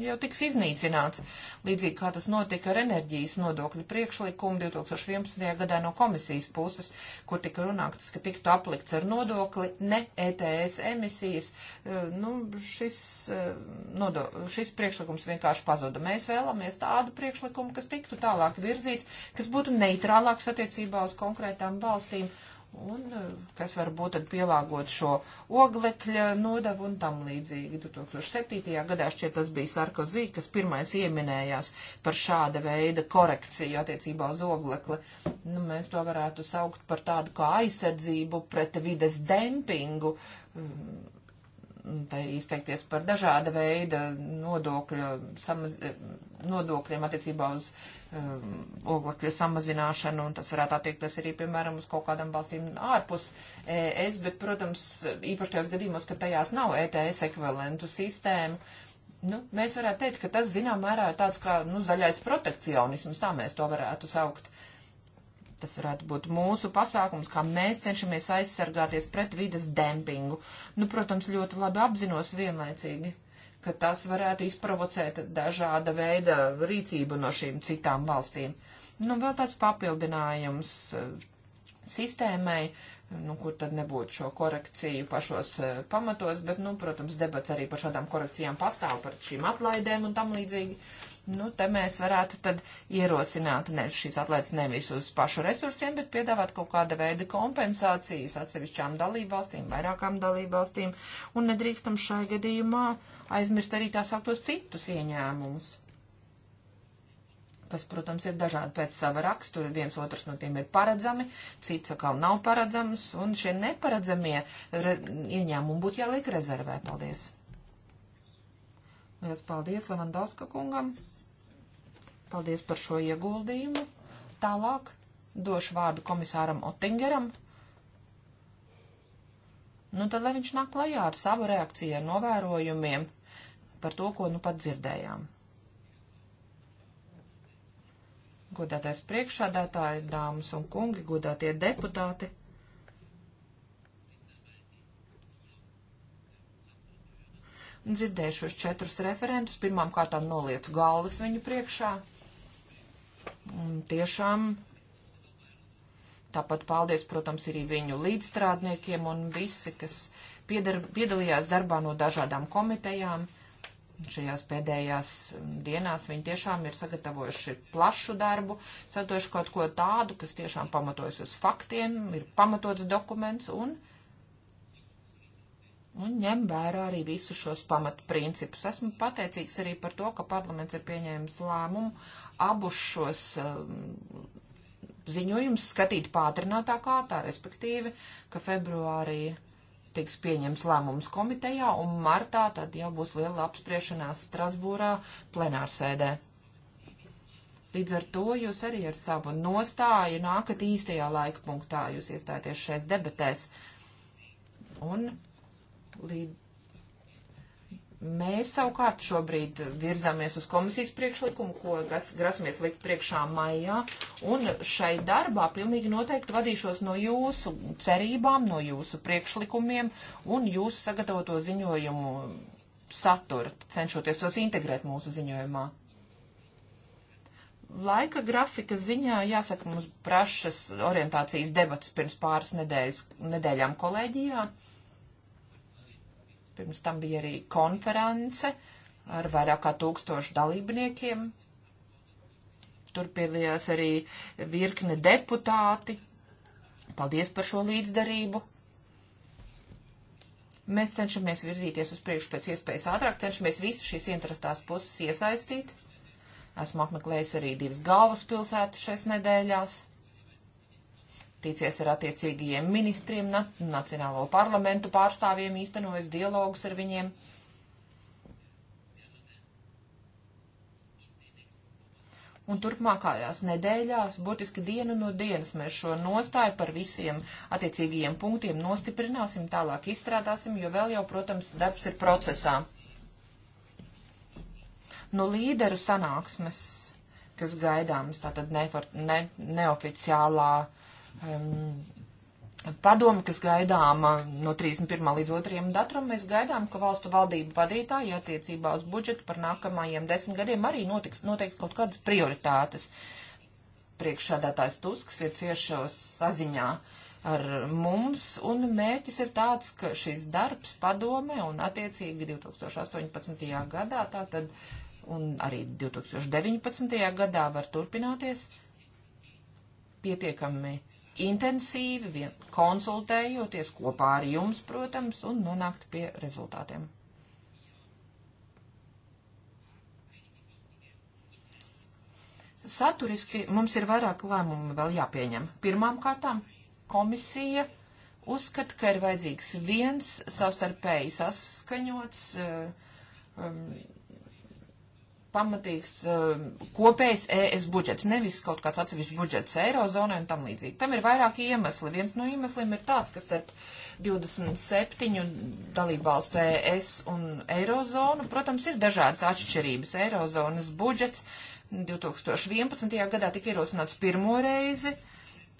jau tiks iznīcināts. Līdzīgi kā tas notika ar enerģijas nodokļu priekšlikumu 2011. gadā no komisijas puses, kur tika runāts, ka tiktu aplikts ar nodokli ne ETS emisijas, nu, šis, nodo, šis priekšlikums vienkārši pazuda. Mēs vēlamies tādu priekšlikumu, kas tiktu tālāk virzīts, kas kas būtu neitrālāks attiecībā uz konkrētām valstīm un e, kas varbūt tad pielāgot šo oglekļa nodevu un tam līdzīgi. 2007. gadā šķiet tas bija Sarkozī, kas pirmais ieminējās par šāda veida korekciju attiecībā uz oglekli. Nu, mēs to varētu saukt par tādu kā aizsardzību pret vides dempingu. Mm, te izteikties par dažāda veida nodokļu, samaz, nodokļiem attiecībā uz uh, um, oglekļa samazināšanu, un tas varētu attiekties arī, piemēram, uz kaut kādām valstīm ārpus ES, bet, protams, īpaši tajos gadījumos, ka tajās nav ETS ekvivalentu sistēmu, nu, mēs varētu teikt, ka tas, zinām, mērā ir tāds kā, nu, zaļais protekcionisms, tā mēs to varētu saukt. Tas varētu būt mūsu pasākums, kā mēs cenšamies aizsargāties pret vidas dempingu. Nu, protams, ļoti labi apzinos vienlaicīgi ka tas varētu izprovocēt dažāda veida rīcību no šīm citām valstīm. Nu, vēl tāds papildinājums eh, sistēmai, nu, kur tad nebūtu šo korekciju pašos e, pamatos, bet, nu, protams, debats arī par šādām korekcijām pastāv par šīm atlaidēm un tam līdzīgi. Nu, te mēs varētu tad ierosināt ne, šīs atlaides nevis uz pašu resursiem, bet piedāvāt kaut kāda veida kompensācijas atsevišķām dalībvalstīm, vairākām dalībvalstīm, un nedrīkstam šai gadījumā aizmirst arī tā sauktos citus ieņēmumus kas, protams, ir dažādi pēc sava rakstura. Viens otrs no tiem ir paredzami, cits atkal nav paredzams, un šie neparedzamie re, ieņēmumi būtu jāliek rezervē. Paldies! Lielas paldies Levandovska kungam! Paldies par šo ieguldījumu! Tālāk došu vārdu komisāram Otingeram. Nu, tad, lai viņš nāk klajā ar savu reakciju, ar novērojumiem par to, ko nu pat dzirdējām. godātais priekšādātāji, dāmas un kungi, godātie deputāti. Un dzirdēju šos četrus referentus, pirmām kārtām nolieku galvas viņu priekšā. Un tiešām tāpat paldies, protams, arī viņu līdzstrādniekiem un visi, kas piedar, piedalījās darbā no dažādām komitejām. Uh, šajās pēdējās mm, dienās viņi tiešām ir sagatavojuši plašu darbu, sagatavojuši kaut ko tādu, kas tiešām pamatojas uz faktiem, ir pamatots dokuments un, un ņem vērā arī visus šos pamatprincipus. Esmu pateicīgs arī par to, ka parlaments ir pieņēmis lēmumu abus šos mm, ziņojumus skatīt pātrinātā kārtā, respektīvi, ka februārī tiks pieņems lēmums komitejā, un martā tad jau būs liela apspriešanās Strasbūrā plenārsēdē. Līdz ar to jūs arī ar savu nostāju nākat īstajā laika punktā, jūs iestāties šais debatēs. Un līdz Mēs savukārt šobrīd virzāmies uz komisijas priekšlikumu, ko grasamies likt priekšā maijā, un šai darbā pilnīgi noteikti vadīšos no jūsu cerībām, no jūsu priekšlikumiem un jūsu sagatavoto ziņojumu satura, cenšoties tos integrēt mūsu ziņojumā. Laika grafika ziņā, jāsaka, mums prašas orientācijas debats pirms pāris nedēļas, nedēļām kolēģijā. Uh, Pirms tam bija arī konference ar vairāk kā tūkstošu dalībniekiem. Tur piedalījās arī virkne deputāti. Paldies par šo līdzdarību. Mēs cenšamies virzīties uz priekšu pēc iespējas ātrāk, cenšamies visu šīs interesētās puses iesaistīt. Esmu apmeklējis arī divas galvaspilsētas šais nedēļās ticies ar attiecīgajiem ministriem, na nacionālo parlamentu pārstāvjiem, īstenojas dialogus ar viņiem. Un turpmākajās nedēļās, būtiski dienu no dienas, mēs šo nostāju par visiem attiecīgajiem punktiem nostiprināsim, tālāk izstrādāsim, jo vēl jau, protams, darbs ir procesā. No līderu sanāksmes, kas gaidāms, tātad ne, ne, neoficiālā uh, um, padomu, kas gaidāma uh, no 31. līdz 2. datram, mēs gaidām, ka valstu valdību vadītāji attiecībā uz budžetu par nākamajiem desmit gadiem arī notiks, noteiks kaut kādas prioritātes. Priekšādātājs Tusks ir ciešos saziņā ar mums, un mērķis ir tāds, ka šis darbs padome un attiecīgi 2018. gadā, tātad, un arī 2019. gadā var turpināties pietiekami uh, intensīvi, vien, konsultējoties kopā ar jums, protams, un nonākt pie rezultātiem. Saturiski mums ir vairāk lēmumu vēl jāpieņem. Pirmām kārtām komisija uzskata, ka ir vajadzīgs viens savstarpēji saskaņots eh, um, pamatīgs uh, kopējs ES budžets, nevis kaut kāds atsevišķs budžets Eirozonai un tam līdzīgi. Tam ir vairāki iemesli. Viens no iemesliem ir tāds, ka starp 27 dalībvalstu ES un Eirozonu, protams, ir dažādas atšķirības. Eirozonas budžets 2011. gadā tika ierosināts pirmo reizi. Uh,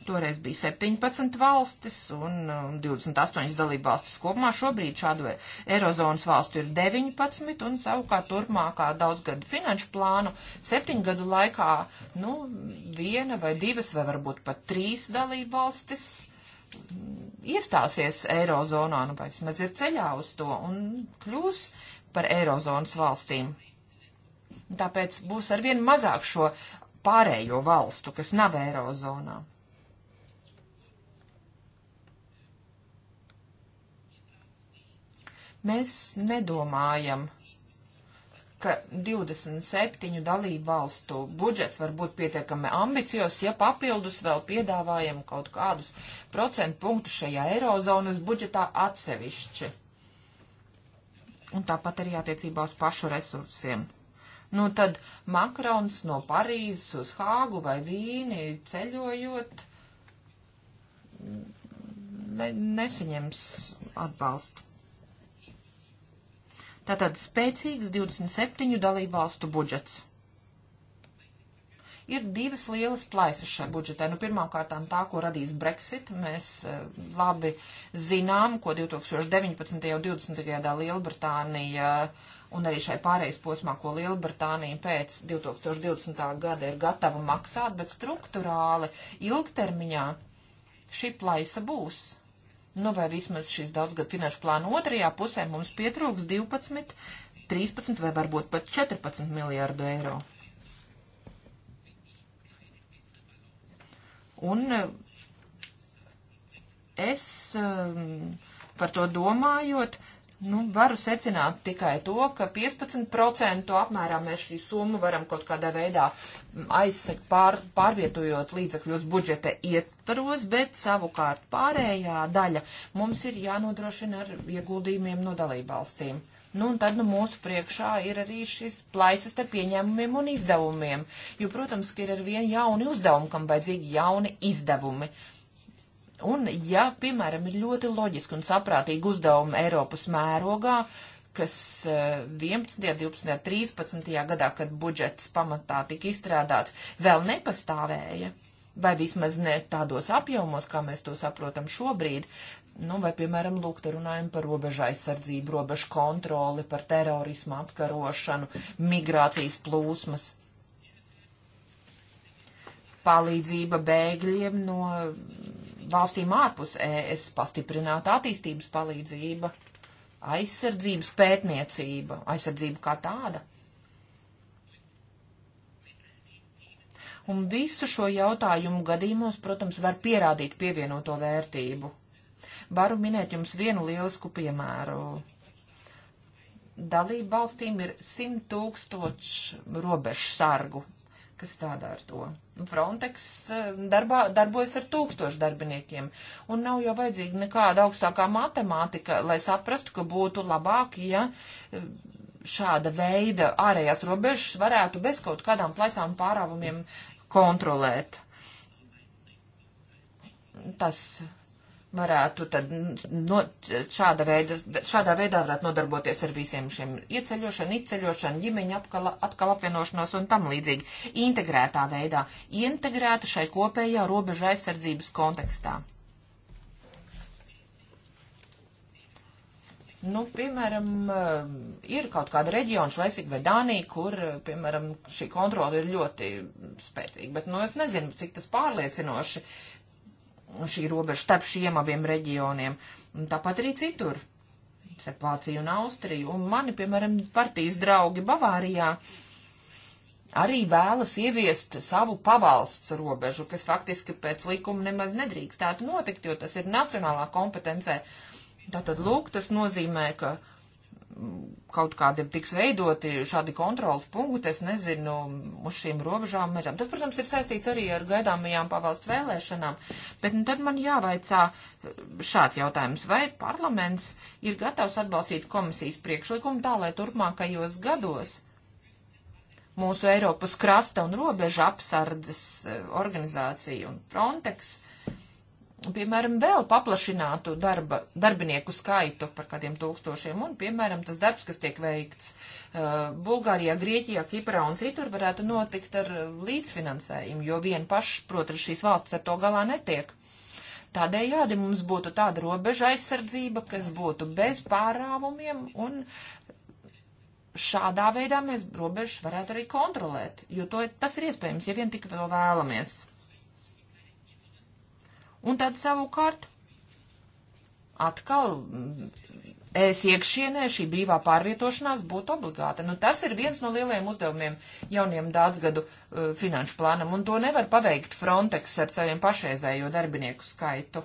Toreiz bija 17 valstis un 28 um, dalība valstis kopumā. Šobrīd šādu Eirozonas valstu ir 19 un savukārt turpmākā daudzgadu finanšu plānu septiņu gadu laikā, nu, viena vai divas vai varbūt pat trīs dalība valstis mm, iestāsies Eirozonā, nu, vai vismaz ir ceļā uz to un kļūs par Eirozonas valstīm. Tāpēc būs arvien mazāk šo pārējo valstu, kas nav Eirozonā. Mēs nedomājam, ka 27 dalību valstu budžets var būt pietiekami ambicios, ja papildus vēl piedāvājam kaut kādus procentu punktus šajā eirozonas budžetā atsevišķi. Un tāpat arī attiecībā uz pašu resursiem. Nu tad Makrons no Parīzes uz Hāgu vai Vīni ceļojot mm, ne, nesaņems atbalstu. Tātad spēcīgs 27 dalību valstu budžets. Ir divas lielas plaisas šai budžetē. Nu, pirmkārt, tā, ko radīs Brexit. Mēs eh, labi zinām, ko 2019. un 2020. gadā Lielbritānija eh, un arī šai pārejas posmā, ko Lielbritānija pēc 2020. gada ir gatava maksāt, bet struktūrāli ilgtermiņā šī plaisa būs Nu, vai vismaz šis daudzgad finanšu plāna otrajā pusē mums pietrūks 12, 13 vai varbūt pat 14 miljārdu eiro. Un eh, es eh, par to domājot, Nu, varu secināt tikai to, ka 15% apmērā mēs šī summa varam kaut kādā veidā aizsekt pār, pārvietojot līdzakļos budžeta ietvaros, bet savukārt pārējā daļa mums ir jānodrošina ar ieguldījumiem no dalībvalstīm. Nu, un tad nu, mūsu priekšā ir arī šis plaisas ar pieņēmumiem un izdevumiem, jo, protams, ka ir ar vien jauni uzdevumi, kam vajadzīgi jauni izdevumi. Uh, Un, ja, piemēram, ir ļoti loģiski un saprātīgi uzdevumi Eiropas mērogā, kas 11., 12., 13. gadā, kad budžets pamatā tika izstrādāts, vēl nepastāvēja, vai vismaz ne tādos apjomos, kā mēs to saprotam šobrīd, nu, vai, piemēram, lūk, te runājam par robežu aizsardzību, robežu kontroli, par terorismu apkarošanu, migrācijas plūsmas, palīdzība bēgļiem no valstīm ārpus ES pastiprināta attīstības palīdzība, aizsardzības pētniecība, aizsardzība kā tāda. Un visu šo jautājumu gadījumos, protams, var pierādīt pievienoto vērtību. Varu minēt jums vienu lielisku piemēru. Dalību valstīm ir 100 tūkstoši robežu sargu kas strādā ar to. Frontex e, darbā, darbojas ar tūkstošu darbiniekiem, un nav jau vajadzīga nekāda augstākā matemātika, lai saprastu, ka būtu labāk, ja e, šāda veida ārējās robežas varētu bez kaut kādām plaisām pārāvumiem kontrolēt. Tas varētu tad no, šāda veida, šādā veidā varētu nodarboties ar visiem šiem ieceļošanu, izceļošanu, ģimeņu apkala, atkal apvienošanos un tam līdzīgi. Integrētā veidā, integrēta šai kopējā robeža aizsardzības kontekstā. Nu, piemēram, eh, ir kaut kāda reģiona, Šlesika vai Dānija, kur, eh, piemēram, šī kontrola ir ļoti spēcīga, bet, nu, es nezinu, cik tas pārliecinoši uh, šī robeža starp šiem abiem reģioniem. Un tāpat arī citur, starp Vāciju un Austriju. Un mani, piemēram, partijas draugi Bavārijā arī vēlas ieviest savu pavalsts robežu, kas faktiski pēc likuma nemaz nedrīkstētu notikt, jo tas ir nacionālā kompetencē. Tātad, lūk, tas nozīmē, ka uh, kaut kādiem tiks veidoti šādi kontrolas punkti, es nezinu, uz šīm robežām mežām. Tas, protams, ir saistīts arī ar gaidāmajām pavalsts vēlēšanām, bet nu, tad man jāvaicā šāds jautājums, vai parlaments ir gatavs atbalstīt komisijas priekšlikumu tā, lai turpmākajos gados mūsu Eiropas krasta un robeža apsardzes eh, organizācija un Frontex uh, piemēram, vēl paplašinātu darba, darbinieku skaitu par kādiem tūkstošiem, un, piemēram, tas darbs, kas tiek veikts uh, Bulgārijā, Grieķijā, Kiprā un citur, varētu notikt ar līdzfinansējumu, jo vien paši, protams, šīs valsts ar to galā netiek. Tādējādi mums būtu tāda robeža aizsardzība, kas būtu bez pārāvumiem, un šādā veidā mēs robežas varētu arī kontrolēt, jo to, tas ir iespējams, ja vien tik vēl vēlamies. Un tad savukārt atkal mm, es iekšienē šī brīvā pārvietošanās būtu obligāta. Nu, tas ir viens no lielajiem uzdevumiem jauniem daudzgadu uh, finanšu plānam, un to nevar paveikt Frontex ar saviem pašreizējo darbinieku skaitu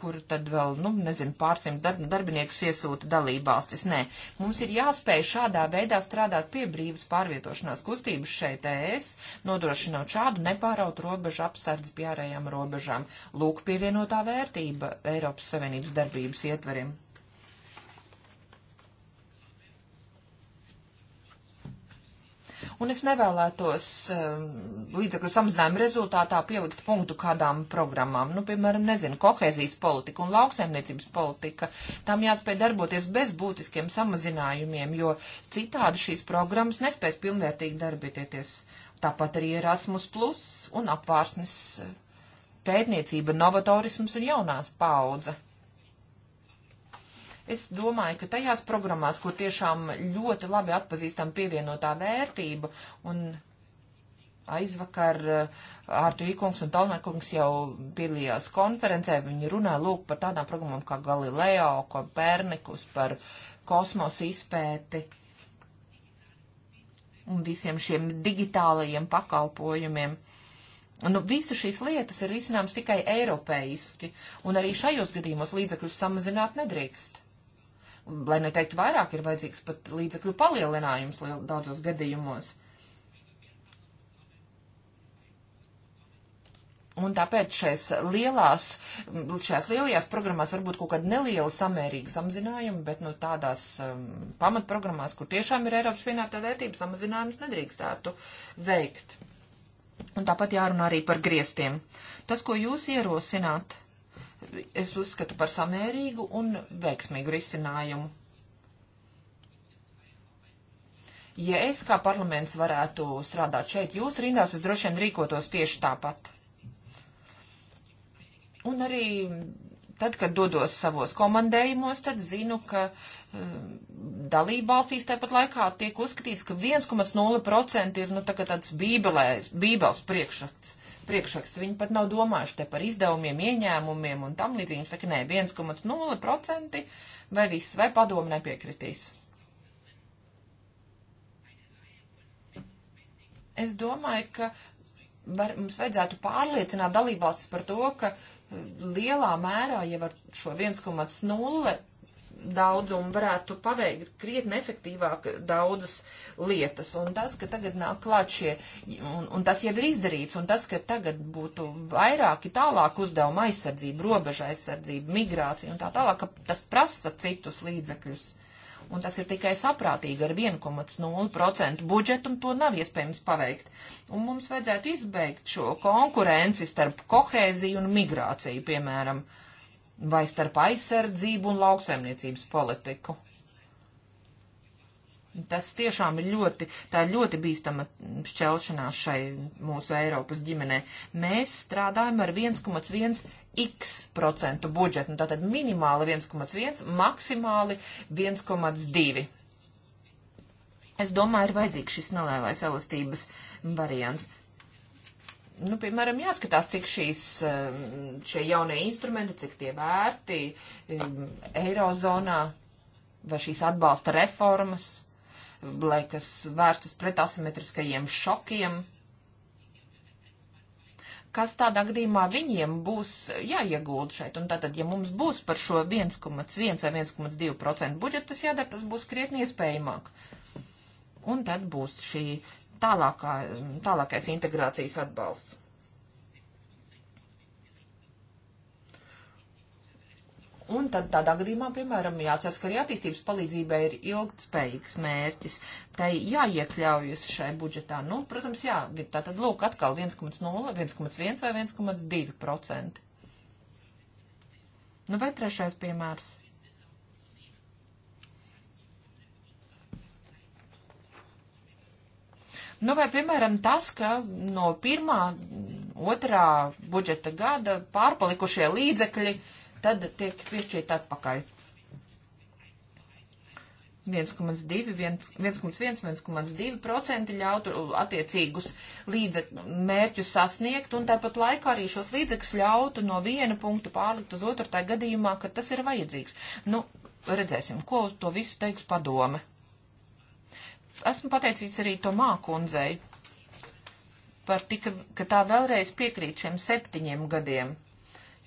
kur tad vēl, nu, nezinu, pārsimt darb, darbiniekus iesūta dalībvalstis. Nē, mums ir jāspēj šādā veidā strādāt pie brīvas pārvietošanās kustības šeit ES, nodrošinot šādu nepāraut robežu apsardz pie ārējām robežām. Lūk, pievienotā vērtība Eiropas Savienības darbības ietverim. un es nevēlētos um, līdzekļu samazinājumu rezultātā pielikt punktu kādām programmām. Nu, piemēram, nezinu, kohēzijas politika un lauksaimniecības politika. Tām jāspēj darboties bez būtiskiem samazinājumiem, jo citādi šīs programmas nespēs pilnvērtīgi darbieties. Tāpat arī Erasmus Plus un apvārsnes pētniecība, novatorisms un jaunās paudze. Es domāju, ka tajās programmās, kur tiešām ļoti labi atpazīstam pievienotā vērtība un aizvakar Ārtu eh, Īkungs un Talnēkungs jau piedalījās konferencē, viņi runāja lūk par tādām programmām kā Galileo, Kopernikus, par kosmosa izpēti un visiem šiem digitālajiem pakalpojumiem. Nu, visas šīs lietas ir izcināmas tikai eiropeiski, un arī šajos gadījumos līdzekļus samazināt nedrīkst lai neteiktu nu vairāk, ir vajadzīgs pat līdzekļu palielinājums daudzos gadījumos. Un tāpēc šajās lielās, šajās lielajās programmās varbūt kaut kāda neliela samērīga samazinājuma, bet nu, tādās um, pamatprogrammās, kur tiešām ir Eiropas vienotā vērtība, samazinājums nedrīkstētu veikt. Un tāpat jārunā arī par griestiem. Tas, ko jūs ierosināt, es uzskatu par samērīgu un veiksmīgu risinājumu. Ja es kā parlaments varētu strādāt šeit jūsu rindās, es droši vien rīkotos tieši tāpat. Un arī tad, kad dodos savos komandējumos, tad zinu, ka um, dalībvalstīs tāpat laikā tiek uzskatīts, ka 1,0% ir, nu, tā kā tāds bībelē, bībeles priekšsats priekšraks. Viņi pat nav domājuši te par izdevumiem, ieņēmumiem un tam līdzīgi. Viņi saka, nē, 1,0% vai viss, vai padomu nepiekritīs. Es domāju, ka var, mums vajadzētu pārliecināt dalībvalstis par to, ka uh, lielā mērā jau ar šo 1,0 daudzumu varētu paveikt krietni efektīvāk daudzas lietas. Un tas, ka tagad nāk klāt šie, un, un tas jau ir izdarīts, un tas, ka tagad būtu vairāki tālāk uzdevuma aizsardzība, robeža aizsardzība, migrācija un tā tālāk, ka tas prasa citus līdzekļus. Un tas ir tikai saprātīgi ar 1,0% budžetu, un to nav iespējams paveikt. Un mums vajadzētu izbeigt šo konkurenci starp kohēziju un migrāciju, piemēram. Uh, vai starp aizsardzību un lauksaimniecības politiku. Tas tiešām ir ļoti, tā ir ļoti bīstama šķelšanās šai mūsu Eiropas ģimenē. Mēs strādājam ar 1,1 x procentu budžetu, un nu, tātad minimāli 1,1, maksimāli 1,2. Es domāju, ir vajadzīgs šis nelielais elastības variants nu, piemēram, jāskatās, cik šīs, um, šie jaunie instrumenti, cik tie vērti um, Eirozonā vai šīs atbalsta reformas, lai kas vērstas pret asimetriskajiem šokiem. Kas tādā gadījumā viņiem būs jāiegūda šeit? Un tātad, ja mums būs par šo 1,1 vai 1,2% budžetu, tas jādara, tas būs krietni iespējamāk. Un tad būs šī tālākā, tālākais integrācijas atbalsts. Un tad tādā gadījumā, piemēram, jāatcerās, ka arī attīstības palīdzībai ir ilgtspējīgs mērķis. Tai jāiekļaujas šai budžetā. Nu, protams, jā, tā tad lūk atkal 1,0, 1,1 vai 1,2 procenti. Nu, vai trešais piemērs? Nu, vai, piemēram, tas, ka no pirmā, otrā budžeta gada pārpalikušie līdzekļi tad tiek piešķirt atpakaļ. 1,2, 1,1% ļautu attiecīgus līdzekļu mērķus sasniegt, un tāpat laikā arī šos līdzekļus ļautu no viena punkta pārlikt uz otru tajā gadījumā, kad tas ir vajadzīgs. Nu, redzēsim, ko uz to visu teiks padome. Esmu pateicīgs arī Tomā kundzei par tik, ka tā vēlreiz piekrīt šiem septiņiem gadiem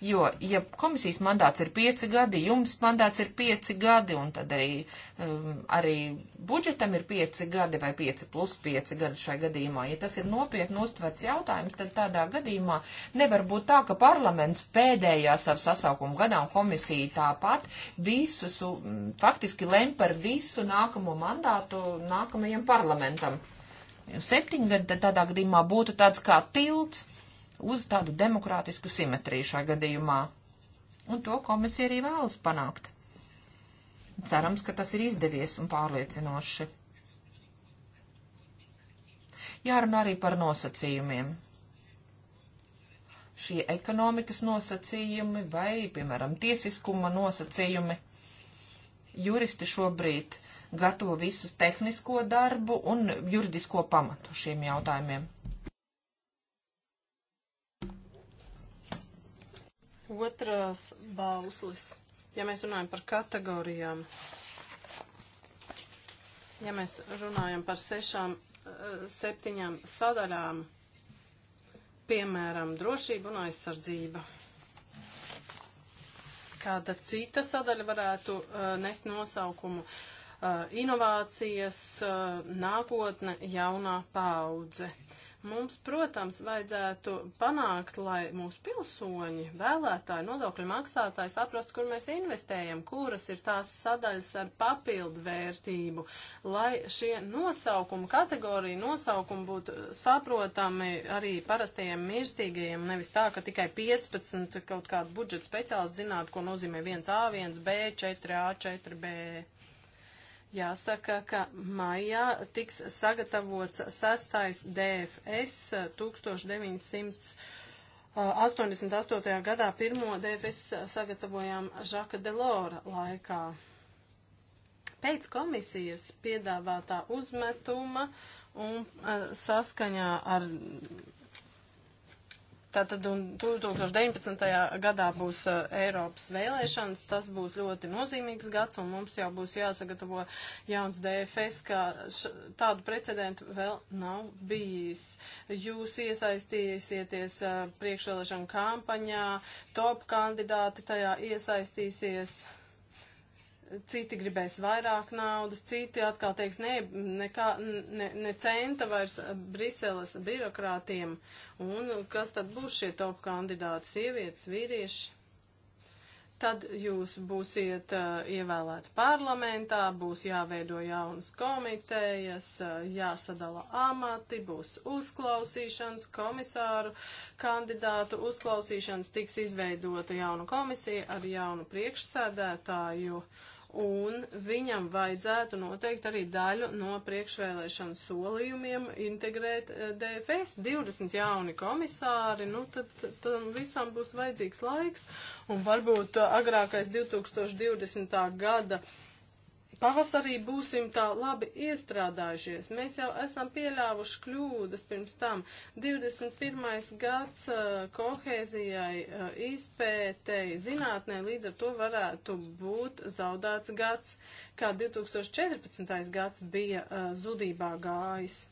Jo, ja komisijas mandāts ir pieci gadi, jums mandāts ir pieci gadi, un tad arī, um, arī budžetam ir pieci gadi vai pieci plus pieci gadi šai gadījumā, ja tas ir nopietni uztverts jautājums, tad tādā gadījumā nevar būt tā, ka parlaments pēdējā savu sasaukumu gadā un komisija tāpat visus, um, faktiski lem par visu nākamo mandātu nākamajam parlamentam. Septiņgadi tādā gadījumā būtu tāds kā tilts uz tādu demokrātisku simetriju šā gadījumā. Un to komisija arī vēlas panākt. Cerams, ka tas ir izdevies un pārliecinoši. Jārunā arī par nosacījumiem. Šie ekonomikas nosacījumi vai, piemēram, tiesiskuma nosacījumi. Juristi šobrīd gatavo visus tehnisko darbu un juridisko pamatu šiem jautājumiem. Otrās bauslis. Ja mēs runājam par kategorijām, ja mēs runājam par sešām, eh, septiņām sadaļām, piemēram, drošība un aizsardzība. Kāda cita sadaļa varētu uh, nest nosaukumu uh, inovācijas, uh, nākotne, jaunā paudze. Uh, Mums, protams, vajadzētu panākt, lai mūsu pilsoņi, vēlētāji, nodokļu maksātāji saprast, kur mēs investējam, kuras ir tās sadaļas ar papildu vērtību, lai šie nosaukumi, kategorija nosaukumi būtu saprotami arī parastajiem mirstīgajiem, nevis tā, ka tikai 15 kaut kāda budžeta speciālists zinātu, ko nozīmē 1A, 1B, 4A, 4B. Jāsaka, ka maijā tiks sagatavots sastais DFS 1900. 88. gadā pirmo DFS eh, sagatavojām Žaka Delora laikā. Pēc komisijas piedāvātā uzmetuma un eh, saskaņā ar Tātad 2019. gadā būs uh, Eiropas vēlēšanas, tas būs ļoti nozīmīgs gads, un mums jau būs jāsagatavo jauns DFS, kā tādu precedentu vēl nav bijis. Jūs iesaistīsieties uh, priekšvēlēšanu kampaņā, top kandidāti tajā iesaistīsies citi gribēs vairāk naudas, citi atkal teiks, ne, nekā, ne, ne centa vairs Briseles birokrātiem. Un kas tad būs šie top kandidāti? Sievietes, vīrieši? Tad jūs būsiet uh, ievēlēti parlamentā, būs jāveido jaunas komitejas, uh, jāsadala amati, būs uzklausīšanas, komisāru kandidātu uzklausīšanas, tiks izveidota jauna komisija ar jaunu priekšsēdētāju. Uh, un viņam vajadzētu noteikti arī daļu no priekšvēlēšanu solījumiem integrēt eh, DFS. 20 jauni komisāri, nu tad, tad visam būs vajadzīgs laiks, un varbūt eh, agrākais 2020. gada uh, pavasarī būsim tā labi iestrādājušies. Mēs jau esam pieļāvuši kļūdas pirms tam. 21. gads uh, kohēzijai uh, izpētei zinātnē līdz ar to varētu būt zaudēts gads, kā 2014. gads bija uh, zudībā gājis.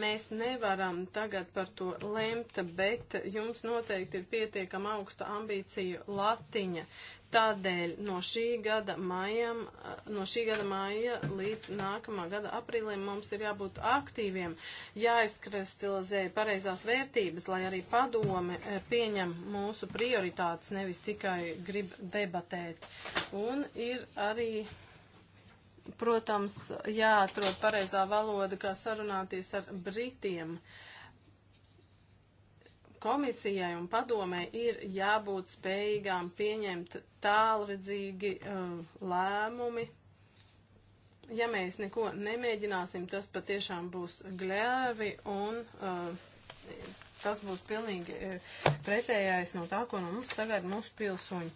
Mēs nevaram tagad par to lemt, bet jums noteikti ir pietiekama augsta ambīciju latiņa. Tādēļ no šī gada maijam, no šī gada maija līdz nākamā gada aprīlim mums ir jābūt aktīviem, jāizkristalizē pareizās vērtības, lai arī padome eh, pieņem mūsu prioritātes, nevis tikai grib debatēt. Un ir arī protams, jāatrod pareizā valoda, kā sarunāties ar Britiem. Komisijai un padomē ir jābūt spējīgām pieņemt tālredzīgi uh, lēmumi. Ja mēs neko nemēģināsim, tas patiešām būs gļēvi un uh, tas būs pilnīgi uh, pretējais no tā, ko no mums sagaida mūsu pilsoņi.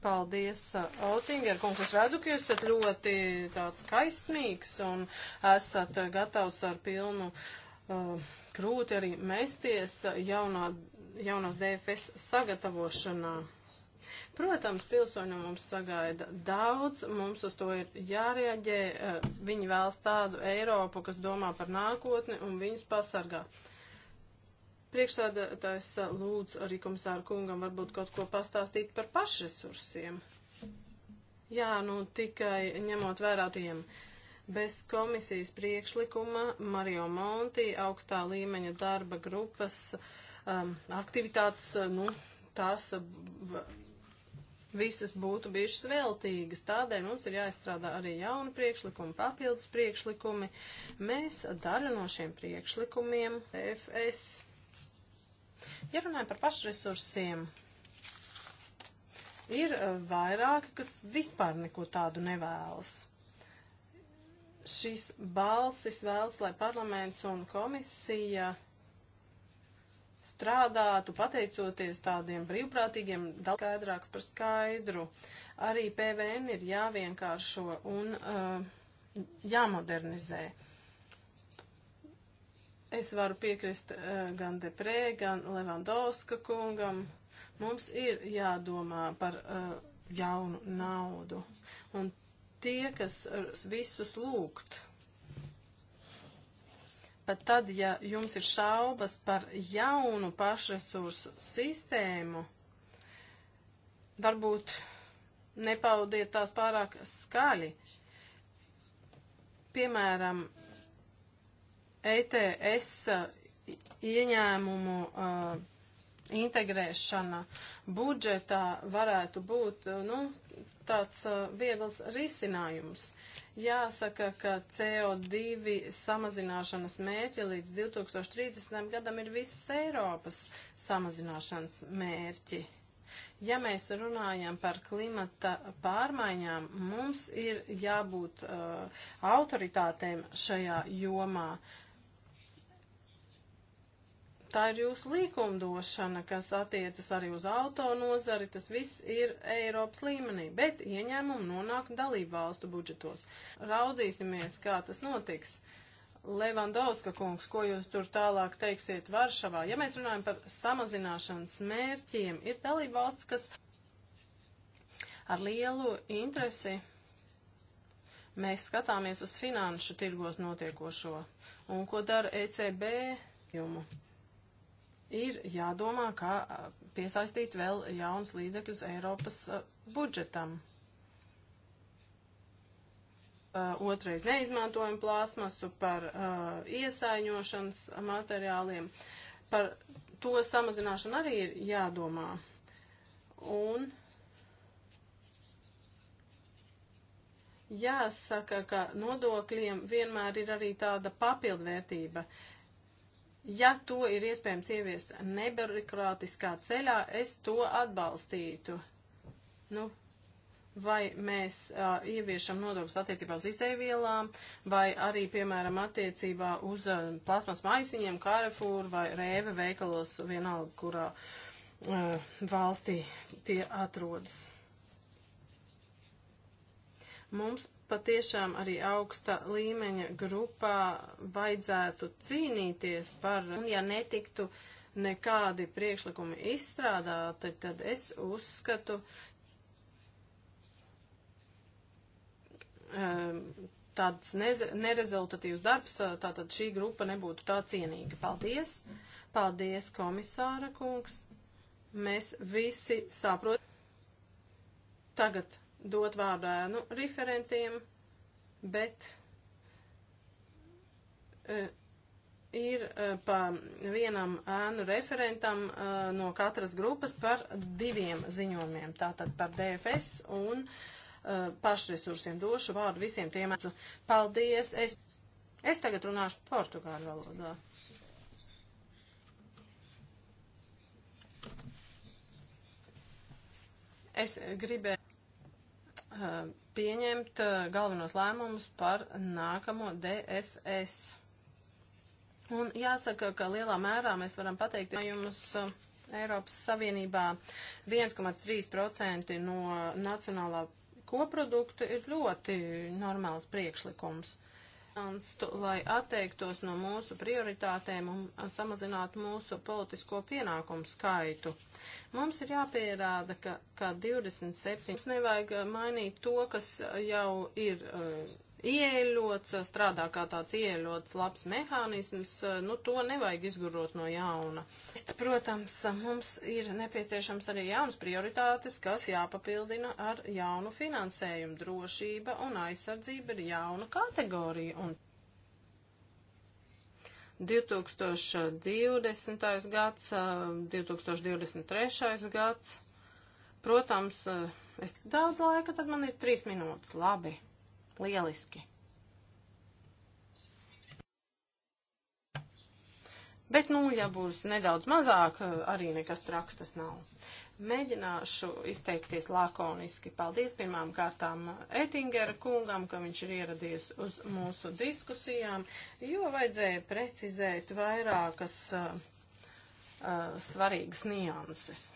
Paldies, uh, Otinger, kungs. Es redzu, ka jūs esat ļoti tāds kaistmīgs un esat uh, gatavs ar pilnu uh, krūti arī mesties uh, jaunā, jaunās DFS sagatavošanā. Protams, pilsoņi no mums sagaida daudz, mums uz to ir jārieģē. Uh, viņi vēlas tādu Eiropu, kas domā par nākotni un viņus pasargā. Uh, Priekšsēdētājs eh, lūdz arī komisāru kungam varbūt kaut ko pastāstīt par pašresursiem. Jā, nu tikai ņemot vērā tiem. Bez komisijas priekšlikuma Mario Monti augstā līmeņa darba grupas um, aktivitātes, eh, nu, tās eh, visas būtu bijušas veltīgas. Tādēļ mums ir jāizstrādā arī jauni priekšlikumi, papildus priekšlikumi. Mēs daļu no šiem priekšlikumiem FS Ja runājam par pašresursiem, ir eh, vairāki, kas vispār neko tādu nevēlas. Šīs balsis vēlas, lai parlaments un komisija strādātu pateicoties tādiem brīvprātīgiem, daudz skaidrāks par skaidru. Arī PVN ir jāvienkāršo un uh, jāmodernizē. Uh, Es varu piekrist uh, gan Deprē, gan Levandovska kungam. Mums ir jādomā par uh, jaunu naudu. Un tie, kas eh, visus lūgt, pat tad, ja jums ir šaubas par jaunu pašresursu sistēmu, varbūt nepaudiet tās pārāk skaļi. Piemēram, ETS uh, ieņēmumu uh, integrēšana budžetā varētu būt uh, nu, tāds uh, viegls risinājums. Jāsaka, ka CO2 samazināšanas mērķi līdz 2030. gadam ir visas Eiropas samazināšanas mērķi. Ja mēs runājam par klimata pārmaiņām, mums ir jābūt uh, autoritātēm šajā jomā. Uh, tā ir jūsu līkumdošana, kas attiecas arī uz auto nozari, tas viss ir Eiropas līmenī, bet ieņēmumi nonāk dalību valstu budžetos. Raudzīsimies, kā tas notiks. Levandovska kungs, ko jūs tur tālāk teiksiet Varšavā? Ja mēs runājam par samazināšanas mērķiem, ir dalība valsts, kas ar lielu interesi mēs skatāmies uz finanšu tirgos notiekošo un ko dara ECB jumu ir jādomā, kā piesaistīt vēl jaunus līdzekļus Eiropas budžetam. Otrais neizmantojam plāsmasu par iesaiņošanas materiāliem. Par to samazināšanu arī ir jādomā. Un jāsaka, ka nodokļiem vienmēr ir arī tāda papildvērtība. Uh, Ja to ir iespējams ieviest nebirokrātiskā ceļā, es to atbalstītu. Nu, vai mēs uh, ieviešam nodokļus attiecībā uz izēvielām, vai arī, piemēram, attiecībā uz uh, plasmas maisiņiem, karefūru vai rēve veikalos vienalga, kurā uh, valstī tie atrodas. Mums patiešām arī augsta līmeņa grupā vajadzētu cīnīties par, un ja netiktu nekādi priekšlikumi izstrādāti, tad es uzskatu, ehm, tāds nerezultatīvs darbs, tātad šī grupa nebūtu tā cienīga. Paldies! Paldies, komisāra kungs! Mēs visi saprotam. Tagad dot vārdu ēnu referentiem, bet uh, ir uh, pa vienam ēnu referentam uh, no katras grupas par diviem ziņojumiem, tātad par DFS un uh, pašresursiem došu vārdu visiem tiem. Paldies! Es, es tagad runāšu portugāļu valodā. Es gribēju Eh, pieņemt eh, galvenos lēmumus par nākamo DFS. Un jāsaka, ka lielā mērā mēs varam pateikt, ka jums eh, Eiropas Savienībā 1,3% no nacionālā koprodukta ir ļoti normāls priekšlikums atbalstu, lai atteiktos no mūsu prioritātēm un samazinātu mūsu politisko pienākumu skaitu. Mums ir jāpierāda, ka, ka 27. Mums nevajag mainīt to, kas jau ir. Uh, ieļots, strādā kā tāds ieļots labs mehānisms, nu to nevajag izgurot no jauna. Bet, protams, mums ir nepieciešams arī jaunas prioritātes, kas jāpapildina ar jaunu finansējumu. Drošība un aizsardzība ir jauna kategorija. Un 2020. gads, 2023. gads. Protams, es daudz laika, tad man ir trīs minūtes. Labi. Lieliski! Bet, nu, ja būs nedaudz mazāk, arī nekas traks tas nav. Mēģināšu izteikties lakoniski. Paldies pirmām kārtām Ettingera kungam, ka viņš ir ieradies uz mūsu diskusijām, jo vajadzēja precizēt vairākas uh, uh, svarīgas nianses.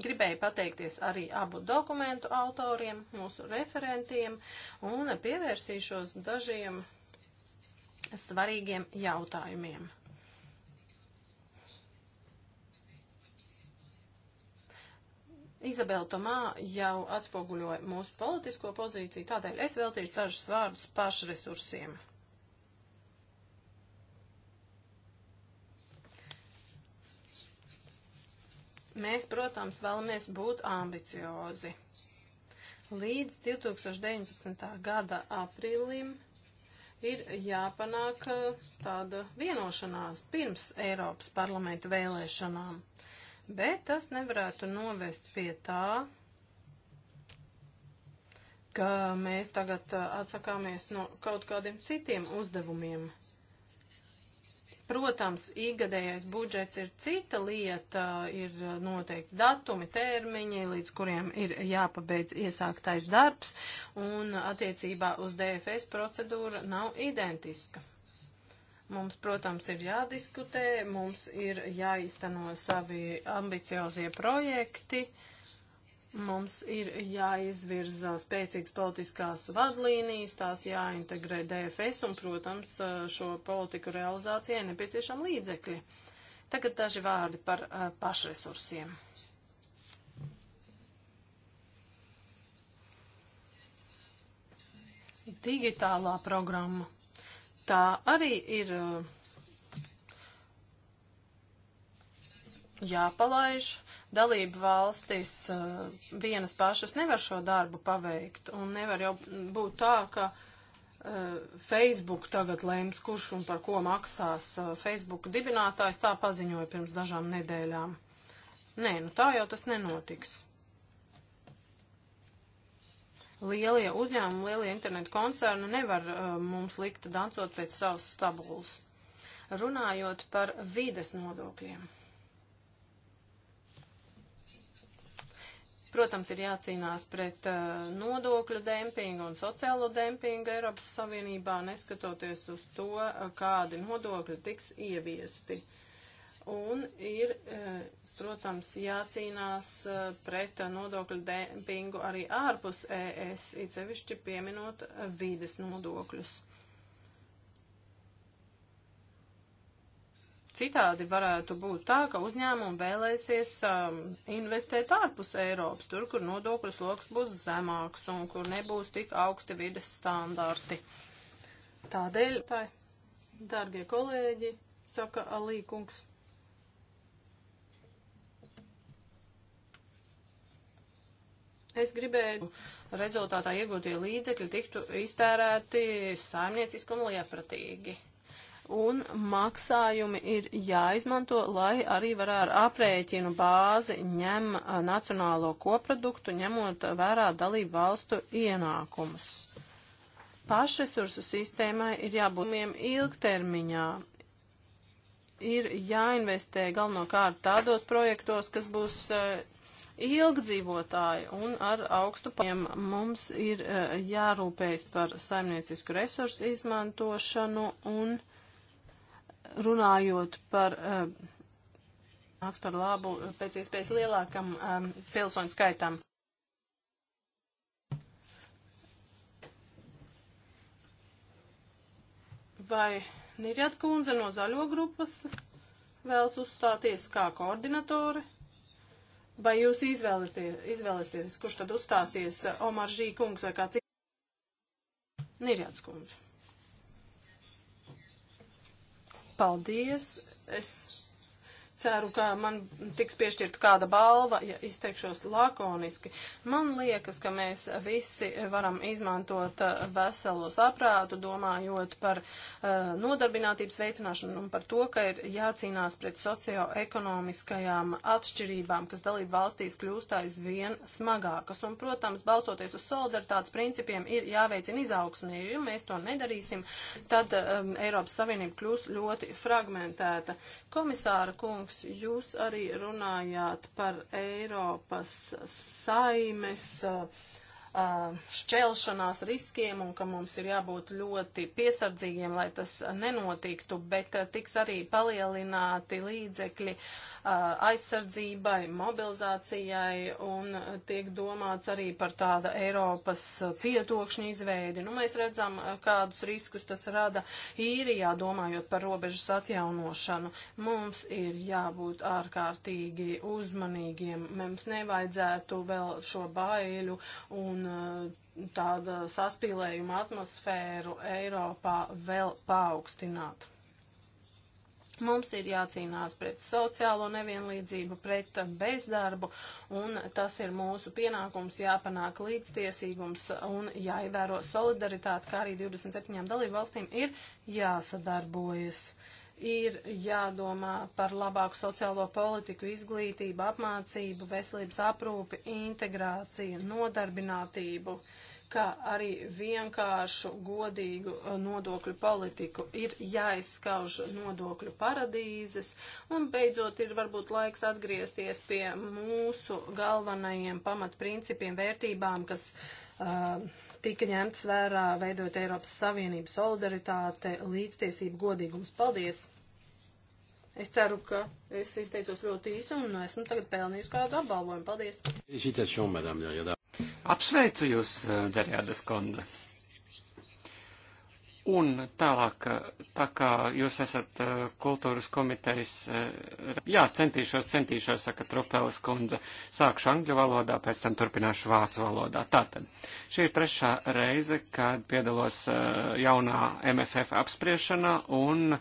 Gribēju pateikties arī abu dokumentu autoriem, mūsu referentiem un pievērsīšos dažiem svarīgiem jautājumiem. Izabela Tomā jau atspoguļoja mūsu politisko pozīciju, tādēļ es veltīšu dažus vārdus pašresursiem. resursiem. Mēs, protams, vēlamies būt ambiciozi. Līdz 2019. gada aprīlim ir jāpanāk tāda vienošanās pirms Eiropas parlamenta vēlēšanām. Bet tas nevarētu novest pie tā, ka mēs tagad atsakāmies no kaut kādiem citiem uzdevumiem. Protams, īgadējais budžets ir cita lieta, ir noteikti datumi, termiņi, līdz kuriem ir jāpabeidz iesāktais darbs, un attiecībā uz DFS procedūra nav identiska. Mums, protams, ir jādiskutē, mums ir jāizteno savi ambiciozie projekti. Uh, Mums ir jāizvirza spēcīgas politiskās vadlīnijas, tās jāintegrē DFS un, protams, šo politiku realizācijai nepieciešam līdzekļi. Tagad daži vārdi par uh, pašresursiem. Digitālā programma. Tā arī ir uh, jāpalaiž. Uh, dalību valstis eh, vienas pašas nevar šo darbu paveikt, un nevar jau būt tā, ka eh, Facebook tagad lēms, kurš un par ko maksās. Eh, Facebook dibinātājs tā paziņoja pirms dažām nedēļām. Nē, nu tā jau tas nenotiks. Lielie uzņēmumi, lielie internetu koncerni nevar uh, mums likt dancot pēc savas stabulas. Runājot par vides nodokļiem. Protams, ir jācīnās pret uh, nodokļu dempingu un sociālo dempingu Eiropas Savienībā, neskatoties uz to, uh, kādi nodokļi tiks ieviesti. Un ir, uh, protams, jācīnās uh, pret nodokļu dempingu arī ārpus ES, it sevišķi pieminot uh, vides nodokļus. citādi varētu būt tā, ka uzņēmumi vēlēsies um, investēt ārpus Eiropas, tur, kur nodokļu sloks būs zemāks un kur nebūs tik augsti vides standarti. Tādēļ, tā, dārgie kolēģi, saka Alīkungs. Es gribēju rezultātā iegūtie līdzekļi tiktu iztērēti saimnieciski un liepratīgi un maksājumi ir jāizmanto, lai arī var ar aprēķinu bāzi ņem nacionālo koproduktu, ņemot vērā dalību valstu ienākumus. Pašresursu sistēmai ir jābūt ilgtermiņā. Ir jāinvestē galvenokārt tādos projektos, kas būs ilgdzīvotāji un ar augstu paņem. Mums ir jārūpējas par saimniecisku resursu izmantošanu un runājot par eh, nāks par labu eh, pēc iespējas lielākam um, pilsoņu skaitam. Vai Nirjat kundze no zaļo grupas vēlas uzstāties kā koordinatore? Vai jūs izvēlēsieties, kurš tad uzstāsies Omar Žī kungs vai kā cits? Nirjats kundze. Paldies! Es ceru, ka man tiks piešķirta kāda balva, ja izteikšos lakoniski. Man liekas, ka mēs visi varam izmantot uh, veselo saprātu, domājot par uh, nodarbinātības veicināšanu un par to, ka ir jācīnās pret socioekonomiskajām atšķirībām, kas dalību valstīs kļūst aizvien smagākas. Un, protams, balstoties uz solidaritātes principiem, ir jāveicina izaugsmē, jo mēs to nedarīsim, tad um, Eiropas Savienība kļūs ļoti fragmentēta. Komisāra kungs, kungs, jūs arī runājāt par Eiropas saimes uh, Uh, šķelšanās riskiem un ka mums ir jābūt ļoti piesardzīgiem, lai tas nenotiktu, bet uh, tiks arī palielināti līdzekļi uh, aizsardzībai, mobilizācijai un tiek domāts arī par tāda Eiropas cietokšņa izveidi. Nu, mēs redzam, kādus riskus tas rada īrijā, domājot par robežas atjaunošanu. Mums ir jābūt ārkārtīgi uzmanīgiem. Mums nevajadzētu vēl šo baiļu un un uh, tāda saspīlējuma atmosfēru Eiropā vēl paaugstināt. Mums ir jācīnās pret sociālo nevienlīdzību, pret bezdarbu, un tas ir mūsu pienākums jāpanāk līdztiesīgums un jāievēro solidaritāte, kā arī 27 dalību valstīm ir jāsadarbojas. Uh, ir jādomā par labāku sociālo politiku, izglītību, apmācību, veselības aprūpi, integrāciju, nodarbinātību, kā arī vienkāršu, godīgu uh, nodokļu politiku. Ir jāizskauž nodokļu paradīzes, un beidzot ir varbūt laiks atgriezties pie mūsu galvenajiem pamatprincipiem, vērtībām, kas. Uh, tika ņemts vērā veidot Eiropas Savienību solidaritāte, līdztiesība, godīgums. Paldies! Es ceru, ka es izteicos ļoti īsi un esmu tagad pelnījusi kādu apbalvojumu. Paldies! Apsveicu jūs, eh, Darjādas Konza! Un tālāk, tā kā jūs esat uh, kultūras komitejas, uh, jā, centīšos, centīšos, saka Tropelis kundze, sākšu angļu valodā, pēc tam turpināšu vācu valodā. Tātad, šī ir trešā reize, kad piedalos uh, jaunā MFF apspriešanā un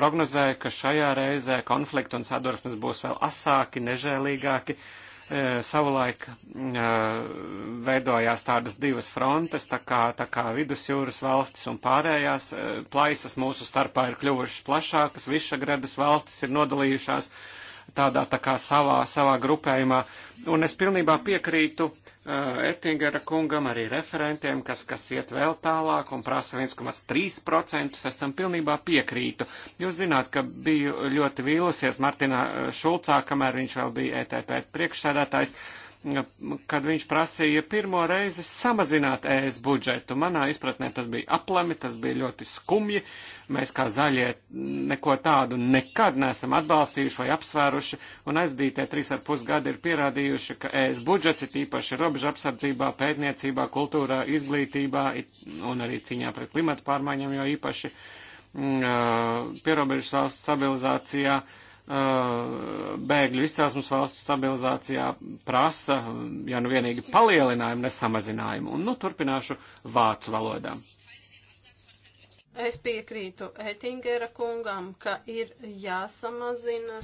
prognozēju, ka šajā reizē konflikti un sadursmes būs vēl asāki, nežēlīgāki E, savulaik e, veidojās tādas divas frontes, tā kā, tā kā vidusjūras valstis un pārējās e, plaisas mūsu starpā ir kļuvušas plašākas, višagredas valstis ir nodalījušās tādā tā kā savā, savā grupējumā. Un es pilnībā piekrītu uh, Eh, Ettingera kungam, arī referentiem, kas, kas iet vēl tālāk un prasa 1,3%, es tam pilnībā piekrītu. Jūs zināt, ka biju ļoti vīlusies Martinā Šulcā, kamēr viņš vēl bija ETP priekšsēdētājs, kad viņš prasīja pirmo reizi samazināt ēs budžetu. Manā izpratnē tas bija aplami, tas bija ļoti skumji. Mēs kā zaļie neko tādu nekad neesam atbalstījuši vai apsvēruši, un aizdītie trīs ar pus gadi ir pierādījuši, ka ēs budžets ir īpaši robeža apsardzībā, pētniecībā, kultūrā, izglītībā un arī cīņā pret klimatu pārmaiņām, jo īpaši mm, pierobežas valsts stabilizācijā uh, Uh, bēgļu izcelsmes valstu stabilizācijā prasa, ja nu vienīgi palielinājumu, nesamazinājumu. Un nu turpināšu vācu valodā. Es piekrītu Ettingera kungam, ka ir jāsamazina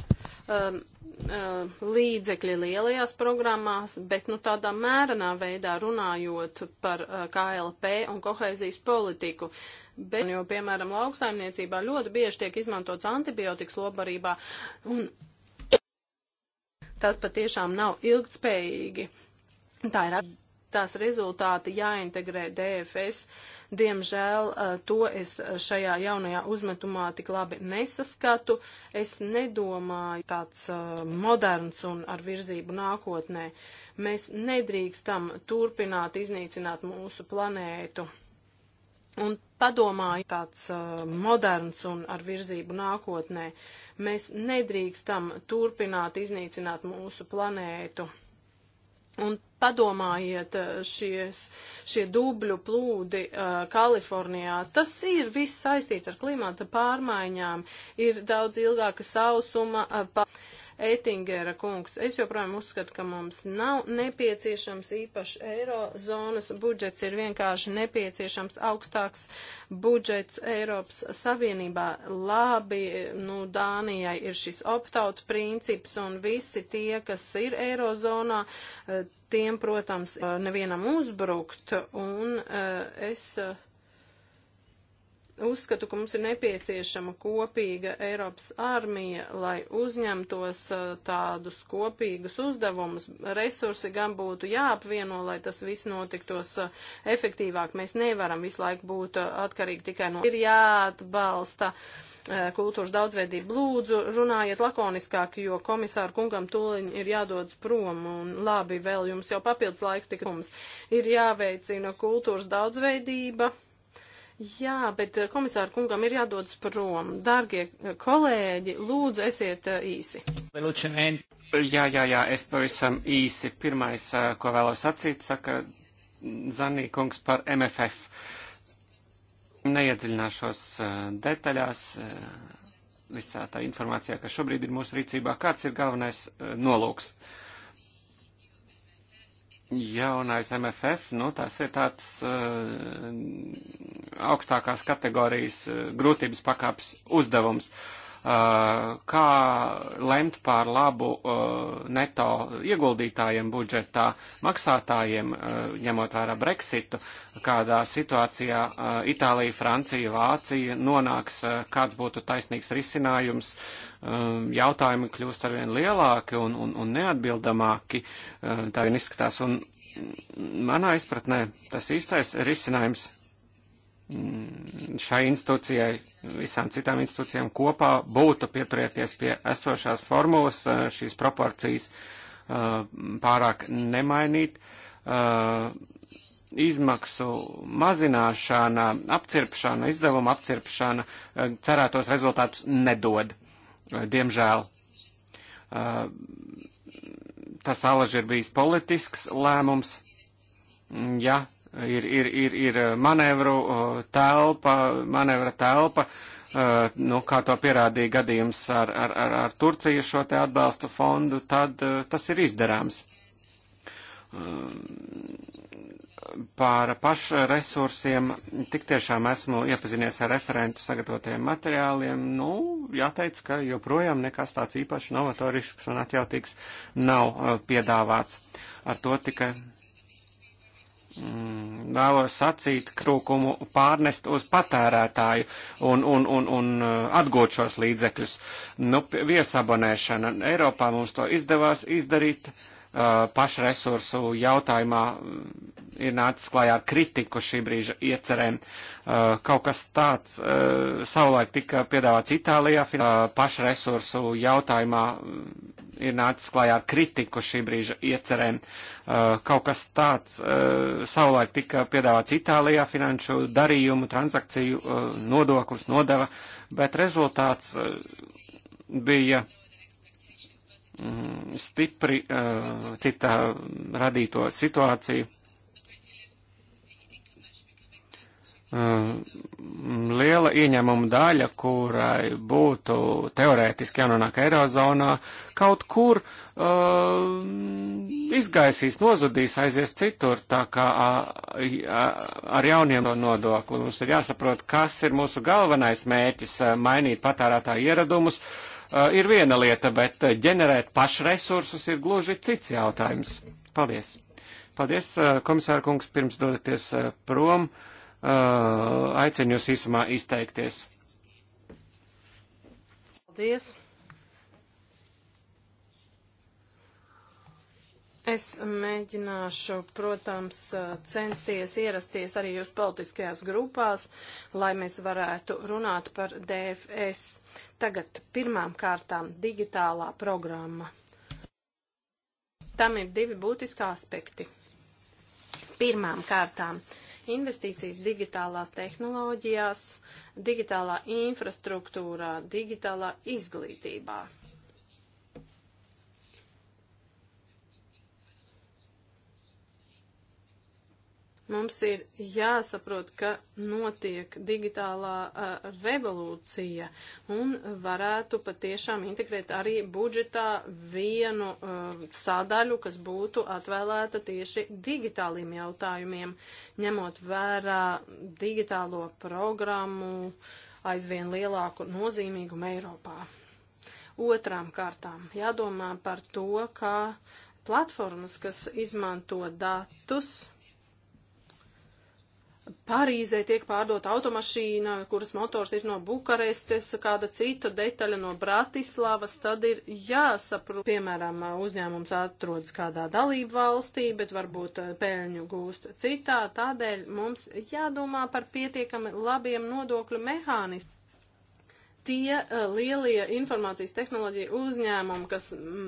um, um, līdzekļi lielajās programmās, bet nu tādā mērenā veidā runājot par uh, KLP un kohēzijas politiku. Bet, jo, piemēram, lauksaimniecībā ļoti bieži tiek izmantots antibiotikas lobarībā, un tas patiešām nav ilgtspējīgi. Tā ir tās rezultāti jāintegrē DFS. Diemžēl eh, to es šajā jaunajā uzmetumā tik labi nesaskatu. Es nedomāju tāds eh, moderns un ar virzību nākotnē. Mēs nedrīkstam turpināt iznīcināt mūsu planētu. Un padomāju tāds uh, moderns un ar virzību nākotnē. Mēs nedrīkstam turpināt iznīcināt mūsu planētu. Un padomājiet, eh, šies, šie dubļu plūdi uh, Kalifornijā, tas ir viss saistīts ar klimata pārmaiņām, ir daudz ilgāka sausuma. Uh, pa... Eitingera kungs, es joprojām uzskatu, ka mums nav nepieciešams īpaši eirozonas budžets, ir vienkārši nepieciešams augstāks budžets Eiropas Savienībā. Labi, nu, Dānijai ir šis optaut princips un visi tie, kas ir eirozonā, tiem, protams, eh, nevienam uzbrukt, un eh, es eh, Uzskatu, ka mums ir nepieciešama kopīga Eiropas armija, lai uzņemtos eh, tādus kopīgus uzdevumus. Resursi gan būtu jāapvieno, lai tas viss notiktos eh, efektīvāk. Mēs nevaram visu laiku būt eh, atkarīgi tikai no. Ir jāatbalsta kultūras daudzveidību. Lūdzu, runājiet lakoniskāk, jo komisāru kungam tūliņ ir jādodas prom. Un labi, vēl jums jau papildus laiks tik mums. Ir jāveicina kultūras daudzveidība Jā, bet eh, komisāra kungam ir jādodas prom. Dārgie eh, kolēģi, lūdzu, esiet eh, īsi. Jā, jā, jā, es pavisam īsi. Pirmais, ko vēlos sacīt, saka Zanī kungs par MFF. Neiedziļināšos detaļās visā tā informācijā, kas šobrīd ir mūsu rīcībā. Kāds ir galvenais nolūks? Uh, jaunais MFF, nu, tas ir tāds uh, augstākās kategorijas uh, grūtības pakāps uzdevums. Uh, kā lemt par labu uh, neto ieguldītājiem budžetā, maksātājiem, uh, ņemot vērā Brexitu, kādā situācijā uh, Itālija, Francija, Vācija nonāks, uh, kāds būtu taisnīgs risinājums uh, Um, jautājumi kļūst arvien lielāki un, un, un neatbildamāki, um, tā vien izskatās. Un manā izpratnē tas īstais risinājums mm, šai institūcijai, visām citām institūcijām kopā būtu pieturēties pie esošās formulas, uh, šīs proporcijas uh, pārāk nemainīt. Uh, izmaksu mazināšana, apcirpšana, izdevuma apcirpšana cerētos rezultātus nedod diemžēl. Tas alaži ir bijis politisks lēmums. Ja ir, ir, ir, ir manevru telpa, manevra telpa, nu, kā to pierādīja gadījums ar, ar, ar, ar Turciju šo te atbalstu fondu, tad tas ir izdarāms par pašresursiem. Tik tiešām esmu iepazinies ar referentu sagatavotajiem materiāliem. Nu, jāteic, ka joprojām nekas tāds īpaši novatorisks un atjautīgs nav uh, piedāvāts. Ar to tikai mm, vēlos sacīt trūkumu pārnest uz patērētāju un, un, un, un uh, atgūt šos līdzekļus. Nu, viesabonēšana. Eiropā mums to izdevās izdarīt. Uh, Uh, pašresursu jautājumā mm, ir nācis klājā ar kritiku šī brīža iecerēm. Uh, kaut kas tāds uh, savulaik tika piedāvāts Itālijā, pašresursu jautājumā mm, ir nācis klājā ar kritiku šī brīža iecerēm. Kaut kas tāds savulaik tika piedāvāts Itālijā, finanšu darījumu, transakciju nodoklis, nodeva, bet rezultāts bija Mm, stipri uh, cita radīto situāciju. Uh, liela ieņēmuma daļa, kurai būtu teorētiski jānonāk Eirozonā, kaut kur uh, izgaisīs, nozudīs, aizies citur, tā kā uh, ar jauniem nodokli. Mums ir jāsaprot, kas ir mūsu galvenais mērķis - mainīt patērētāju ieradumus, uh, Eh, ir viena lieta, bet eh, ģenerēt pašresursus ir gluži cits jautājums. Paldies! Paldies, eh, komisāra kungs, pirms dodaties prom. Aicinu jūs īsumā izteikties. Paldies! Es mēģināšu, protams, censties ierasties arī jūs politiskajās grupās, lai mēs varētu runāt par DFS. Tagad pirmām kārtām digitālā programma. Tam ir divi būtiski aspekti. Pirmām kārtām investīcijas digitālās tehnoloģijās, digitālā infrastruktūrā, digitālā izglītībā Mums ir jāsaprot, ka notiek digitālā uh, revolūcija un varētu patiešām integrēt arī budžetā vienu uh, sādaļu, kas būtu atvēlēta tieši digitāliem jautājumiem, ņemot vērā digitālo programmu aizvien lielāku nozīmīgumu Eiropā. Otrām kārtām jādomā par to, kā platformas, kas izmanto datus, Parīzē tiek pārdota automašīna, kuras motors ir no Bukarestes, kāda cita detaļa no Bratislavas, tad ir jāsaprot, piemēram, uzņēmums atrodas kādā dalību valstī, bet varbūt eh, pēļņu gūst citā, tādēļ mums jādomā par pietiekami labiem nodokļu mehānismiem tie uh, lielie informācijas tehnoloģija uzņēmumi, kas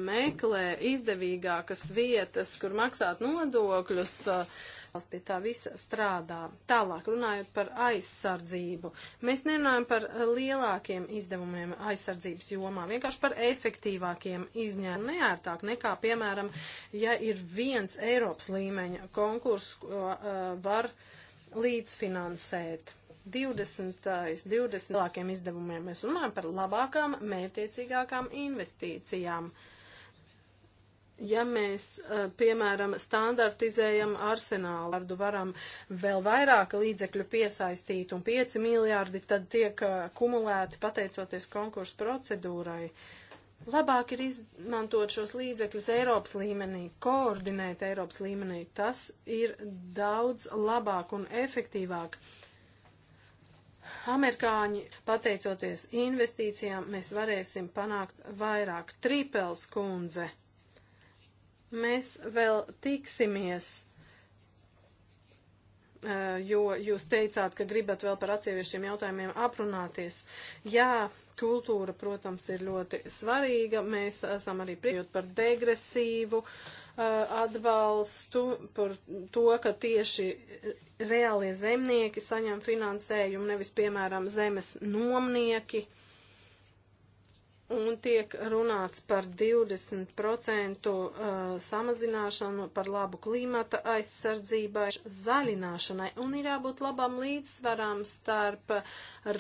meklē izdevīgākas vietas, kur maksāt nodokļus, uh, dalībvalsts pie tā visa strādā. Tālāk runājot par aizsardzību. Mēs nerunājam par lielākiem izdevumiem aizsardzības jomā, vienkārši par efektīvākiem izņēmumiem. Neērtāk nekā, piemēram, ja ir viens Eiropas līmeņa konkurss, ko uh, var līdzfinansēt. 20, 20 lielākiem izdevumiem mēs runājam par labākām, mērtiecīgākām investīcijām. Uh, ja mēs, eh, piemēram, standartizējam arsenālu, vārdu varam vēl vairāk līdzekļu piesaistīt un 5 miljārdi tad tiek eh, kumulēti pateicoties konkursu procedūrai. Labāk ir izmantot šos līdzekļus Eiropas līmenī, koordinēt Eiropas līmenī. Tas ir daudz labāk un efektīvāk. Amerikāņi, pateicoties investīcijām, mēs varēsim panākt vairāk. Tripels kundze Mēs vēl tiksimies, jo jūs teicāt, ka gribat vēl par atsevišķiem jautājumiem aprunāties. Jā, kultūra, protams, ir ļoti svarīga. Mēs esam arī priekšējot par degresīvu uh, atbalstu, par to, ka tieši reālie zemnieki saņem finansējumu, nevis, piemēram, zemes nomnieki. Uh, un tiek runāts par 20% uh, samazināšanu par labu klimata aizsardzībai, zaļināšanai, un ir jābūt labam līdzsvarām starp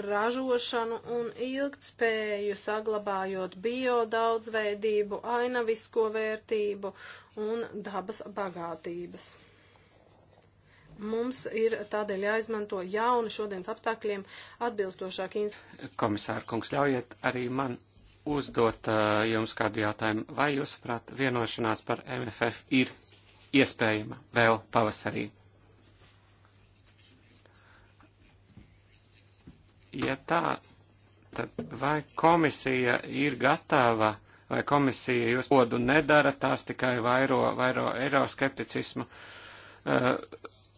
ražošanu un ilgtspēju, saglabājot bio daudzveidību, ainavisko vērtību un dabas bagātības. Mums ir tādēļ jāizmanto jauni šodienas apstākļiem atbilstošāk. Komisāra kungs, ļaujiet arī man uzdot uh, jums kādu jautājumu. Vai jūs, prāt, vienošanās par MFF ir iespējama vēl pavasarī? Ja tā, tad vai komisija ir gatava, vai komisija jūs podu nedara, tās tikai vairo, vairo eiroskepticismu? Uh,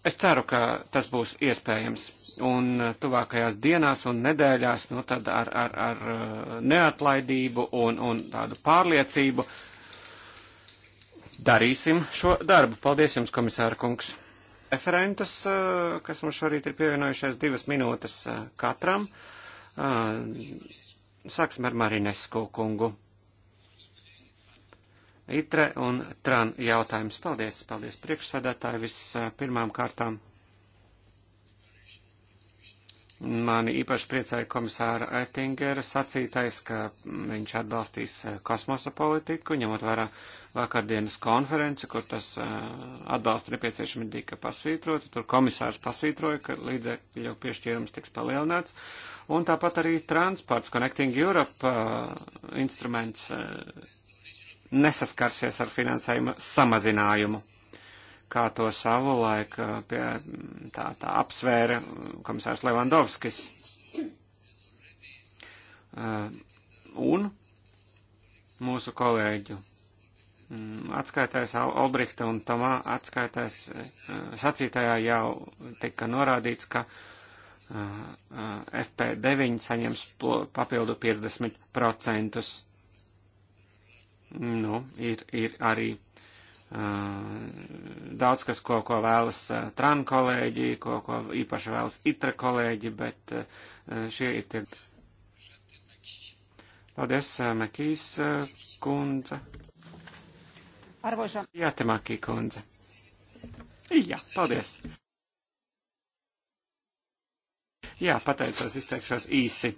es ceru, ka tas būs iespējams un eh, tuvākajās dienās un nedēļās, nu tad ar, ar, ar eh, neatlaidību un, un tādu pārliecību darīsim šo darbu. Paldies jums, komisāra kungs! Referentus, eh, kas mums šorīt ir pievienojušies divas minūtes katram. Sāksim ar Marinesku kungu. Itre un Tran jautājums. Paldies, paldies priekšsēdētāji vispirmām kārtām. Mani īpaši priecēja komisāra Ettingera sacītais, ka viņš atbalstīs eh, kosmosa politiku, ņemot vērā vakardienas konferenci, kur tas eh, atbalsta nepieciešami tika pasvītrota. Tur komisārs pasvītroja, ka līdzekļu piešķīrums tiks palielināts. Un tāpat arī transports, Connecting Europe eh, instruments nesaskarsies ar finansējuma samazinājumu kā to savu laiku eh, pie, tā, tā apsvēra komisārs Levandovskis. Eh, un mūsu kolēģu mm, atskaitēs Albrihta un Tomā atskaitēs eh, sacītajā jau tika norādīts, ka FP9 saņems papildu 50%. Nu, ir, ir arī uh, Eh, daudz kas, ko, ko vēlas eh, tran kolēģi, ko, ko īpaši vēlas itra kolēģi, bet eh, šie ir tie. Paldies, Mekīs kundze. Arvoisa. Jā, te Makī kundze. Jā, paldies. Jā, pateicos, izteikšos īsi.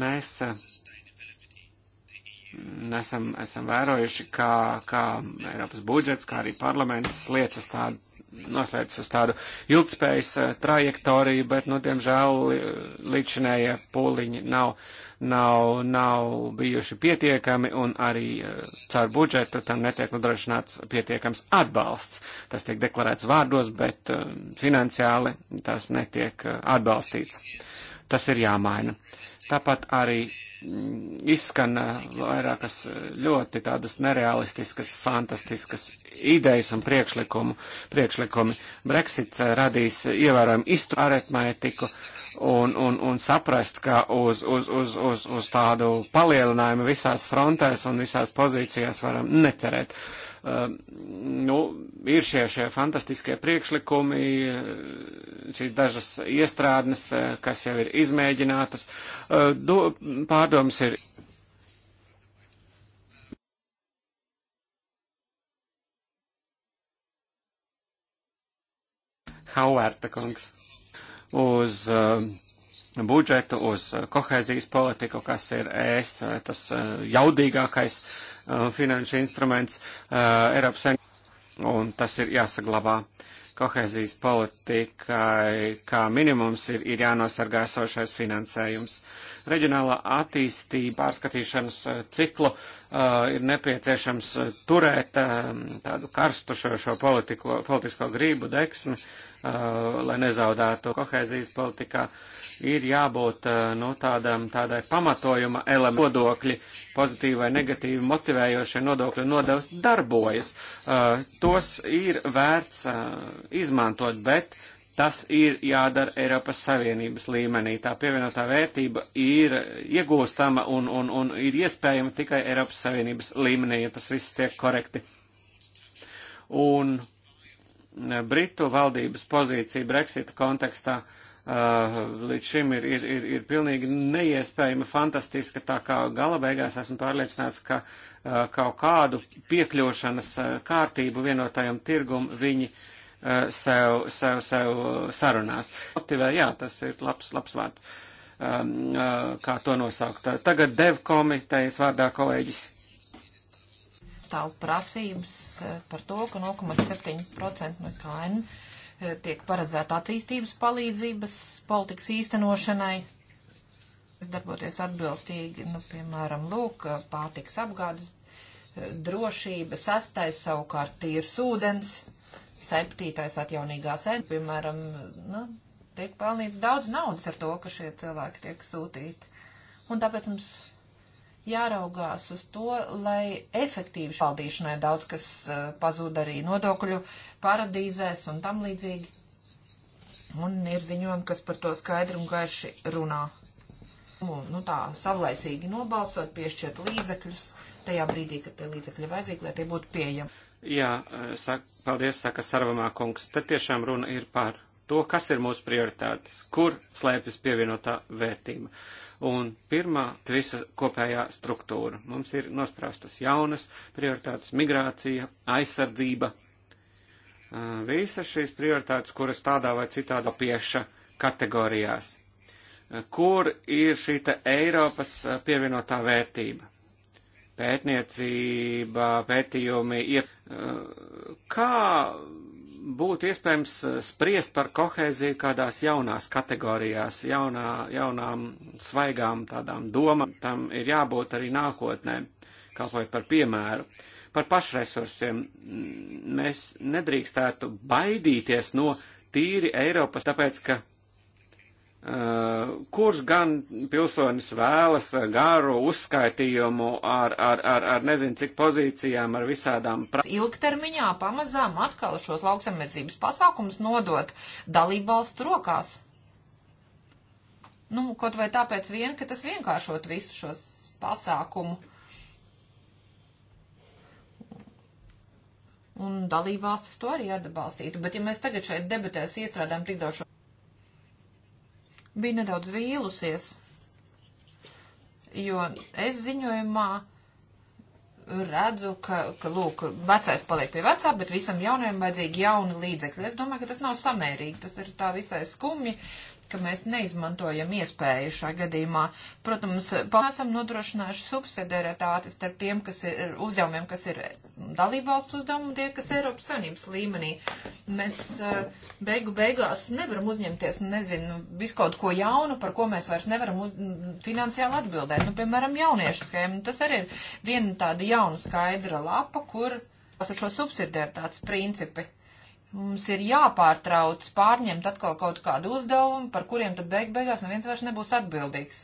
Mēs esam, esam vērojuši, kā, kā Eiropas budžets, kā arī parlaments liecas tādu, noslēdz uz tādu ilgspējas eh, trajektoriju, bet, nu, diemžēl līdšanējie pūliņi nav, nav, nav bijuši pietiekami un arī eh, caur budžetu tam netiek nodrošināts pietiekams atbalsts. Tas tiek deklarēts vārdos, bet eh, finansiāli tas netiek atbalstīts. Tas ir jāmaina. Tāpat arī izskan eh, vairākas eh, ļoti tādas nerealistiskas, fantastiskas idejas un priekšlikumu, priekšlikumi. Brexits eh, radīs ievērojumu izturētmētiku un, un, un saprast, ka uz, uz, uz, uz, uz tādu palielinājumu visās frontēs un visās pozīcijās varam necerēt. Uh, Um, nu, ir šie, šie fantastiskie priekšlikumi, uh, šīs dažas iestrādnes, uh, kas jau ir izmēģinātas. Uh, Do, pārdoms ir Hauerta kungs uz uh, budžetu, uz eh, kohēzijas politiku, kas ir ES, eh, tas eh, jaudīgākais finanšu instruments Eiropas Savienībā. Un tas ir jāsaglabā kohēzijas politikai, kā minimums ir, ir jānosargā sošais finansējums. Reģionālā attīstība pārskatīšanas ciklu uh, ir nepieciešams turēt uh, tādu karstu šo, šo politiko, politisko grību, deksmi, Eh, lai nezaudētu kohēzijas politikā, ir jābūt eh, no nu, tādam, tādai pamatojuma elementam. Nodokļi pozitīvi vai negatīvi motivējošie nodokļu nodevs darbojas. Eh, tos ir vērts izmantot, bet tas ir jādara Eiropas Savienības līmenī. Tā pievienotā vērtība ir iegūstama un, un, un ir iespējama tikai Eiropas Savienības līmenī, ja tas viss tiek korekti. Un Britu valdības pozīcija Brexita kontekstā uh, līdz šim ir, ir, ir, ir pilnīgi neiespējama, fantastiska, tā kā gala beigās esmu pārliecināts, ka uh, kaut kādu piekļūšanas uh, kārtību vienotajam tirgum viņi uh, sev, sev, sev uh, sarunās. Motivē, jā, tas ir labs, labs vārds, um, uh, kā to nosaukt. Tagad dev komitejas vārdā kolēģis pastāv prasības eh, par to, ka 0,7% no KN eh, tiek paredzēta attīstības palīdzības politikas īstenošanai, darboties atbilstīgi, nu, piemēram, lūk, pārtiks apgādes eh, drošība, sastais savukārt tīrs ūdens, septītais atjaunīgās enerģijas, piemēram, nu, tiek pelnīts daudz naudas ar to, ka šie cilvēki tiek sūtīti. Un tāpēc mums jāraugās uz to, lai efektīvi šaldīšanai daudz kas uh, pazūd arī nodokļu paradīzēs un tam līdzīgi. Un ir ziņojumi, kas par to skaidri un gaiši runā. Un, nu tā, savlaicīgi nobalsot, piešķirt līdzekļus tajā brīdī, kad tie līdzekļi ir vajadzīgi, lai tie būtu pieejami. Jā, eh, sāk, paldies, saka Sarvamā kungs. Te tiešām runa ir par to, kas ir mūsu prioritātes, kur slēpjas pievienotā vērtība. Un pirmā - visa kopējā struktūra. Mums ir nospraustas jaunas prioritātes - migrācija, aizsardzība. Visas šīs prioritātes, kuras tādā vai citādā pieša kategorijās. Kur ir šī Eiropas pievienotā vērtība? Pētniecība, pētījumi, iep... kā būtu iespējams eh, spriest par kohēziju kādās jaunās kategorijās, jaunā, jaunām svaigām tādām domām. Tam ir jābūt arī nākotnē, kalpojot par piemēru. Par pašresursiem mēs nedrīkstētu baidīties no tīri Eiropas, tāpēc, ka Eh, kurš gan pilsonis vēlas garu uzskaitījumu ar, ar, ar, ar nezinu cik pozīcijām, ar visādām prasībām. Ilgtermiņā pamazām atkal šos lauksamniecības pasākumus nodot dalību valstu rokās. Nu, kaut vai tāpēc vien, ka tas vienkāršot visu šos pasākumu. Un dalībvalstis to arī atbalstītu, bet ja mēs tagad šeit debatēs iestrādājam tik daudz šo biju nedaudz vīlusies, jo es ziņojumā redzu, ka, ka lūk, vecais paliek pie vecā, bet visam jaunajam vajadzīgi jauni līdzekļi. Es domāju, ka tas nav samērīgi, tas ir tā visai skumji, ka mēs neizmantojam iespēju šā gadījumā. Protams, esam nodrošinājuši subsidiaritāti starp tiem, kas ir uzdevumiem, kas ir dalībvalstu uzdevumi, tie, kas ir Eiropas Savienības līmenī. Mēs eh, beigu beigās nevaram uzņemties, nezinu, visu kaut ko jaunu, par ko mēs vairs nevaram uz, finansiāli atbildēt. Nu, piemēram, jauniešu skēmu. Tas arī ir viena tāda jauna skaidra lapa, kur pasaka šo subsidiaritātes principi Mums ir jāpārtrauc pārņemt atkal kaut kādu uzdevumu, par kuriem tad beig beigās neviens vairs nebūs atbildīgs.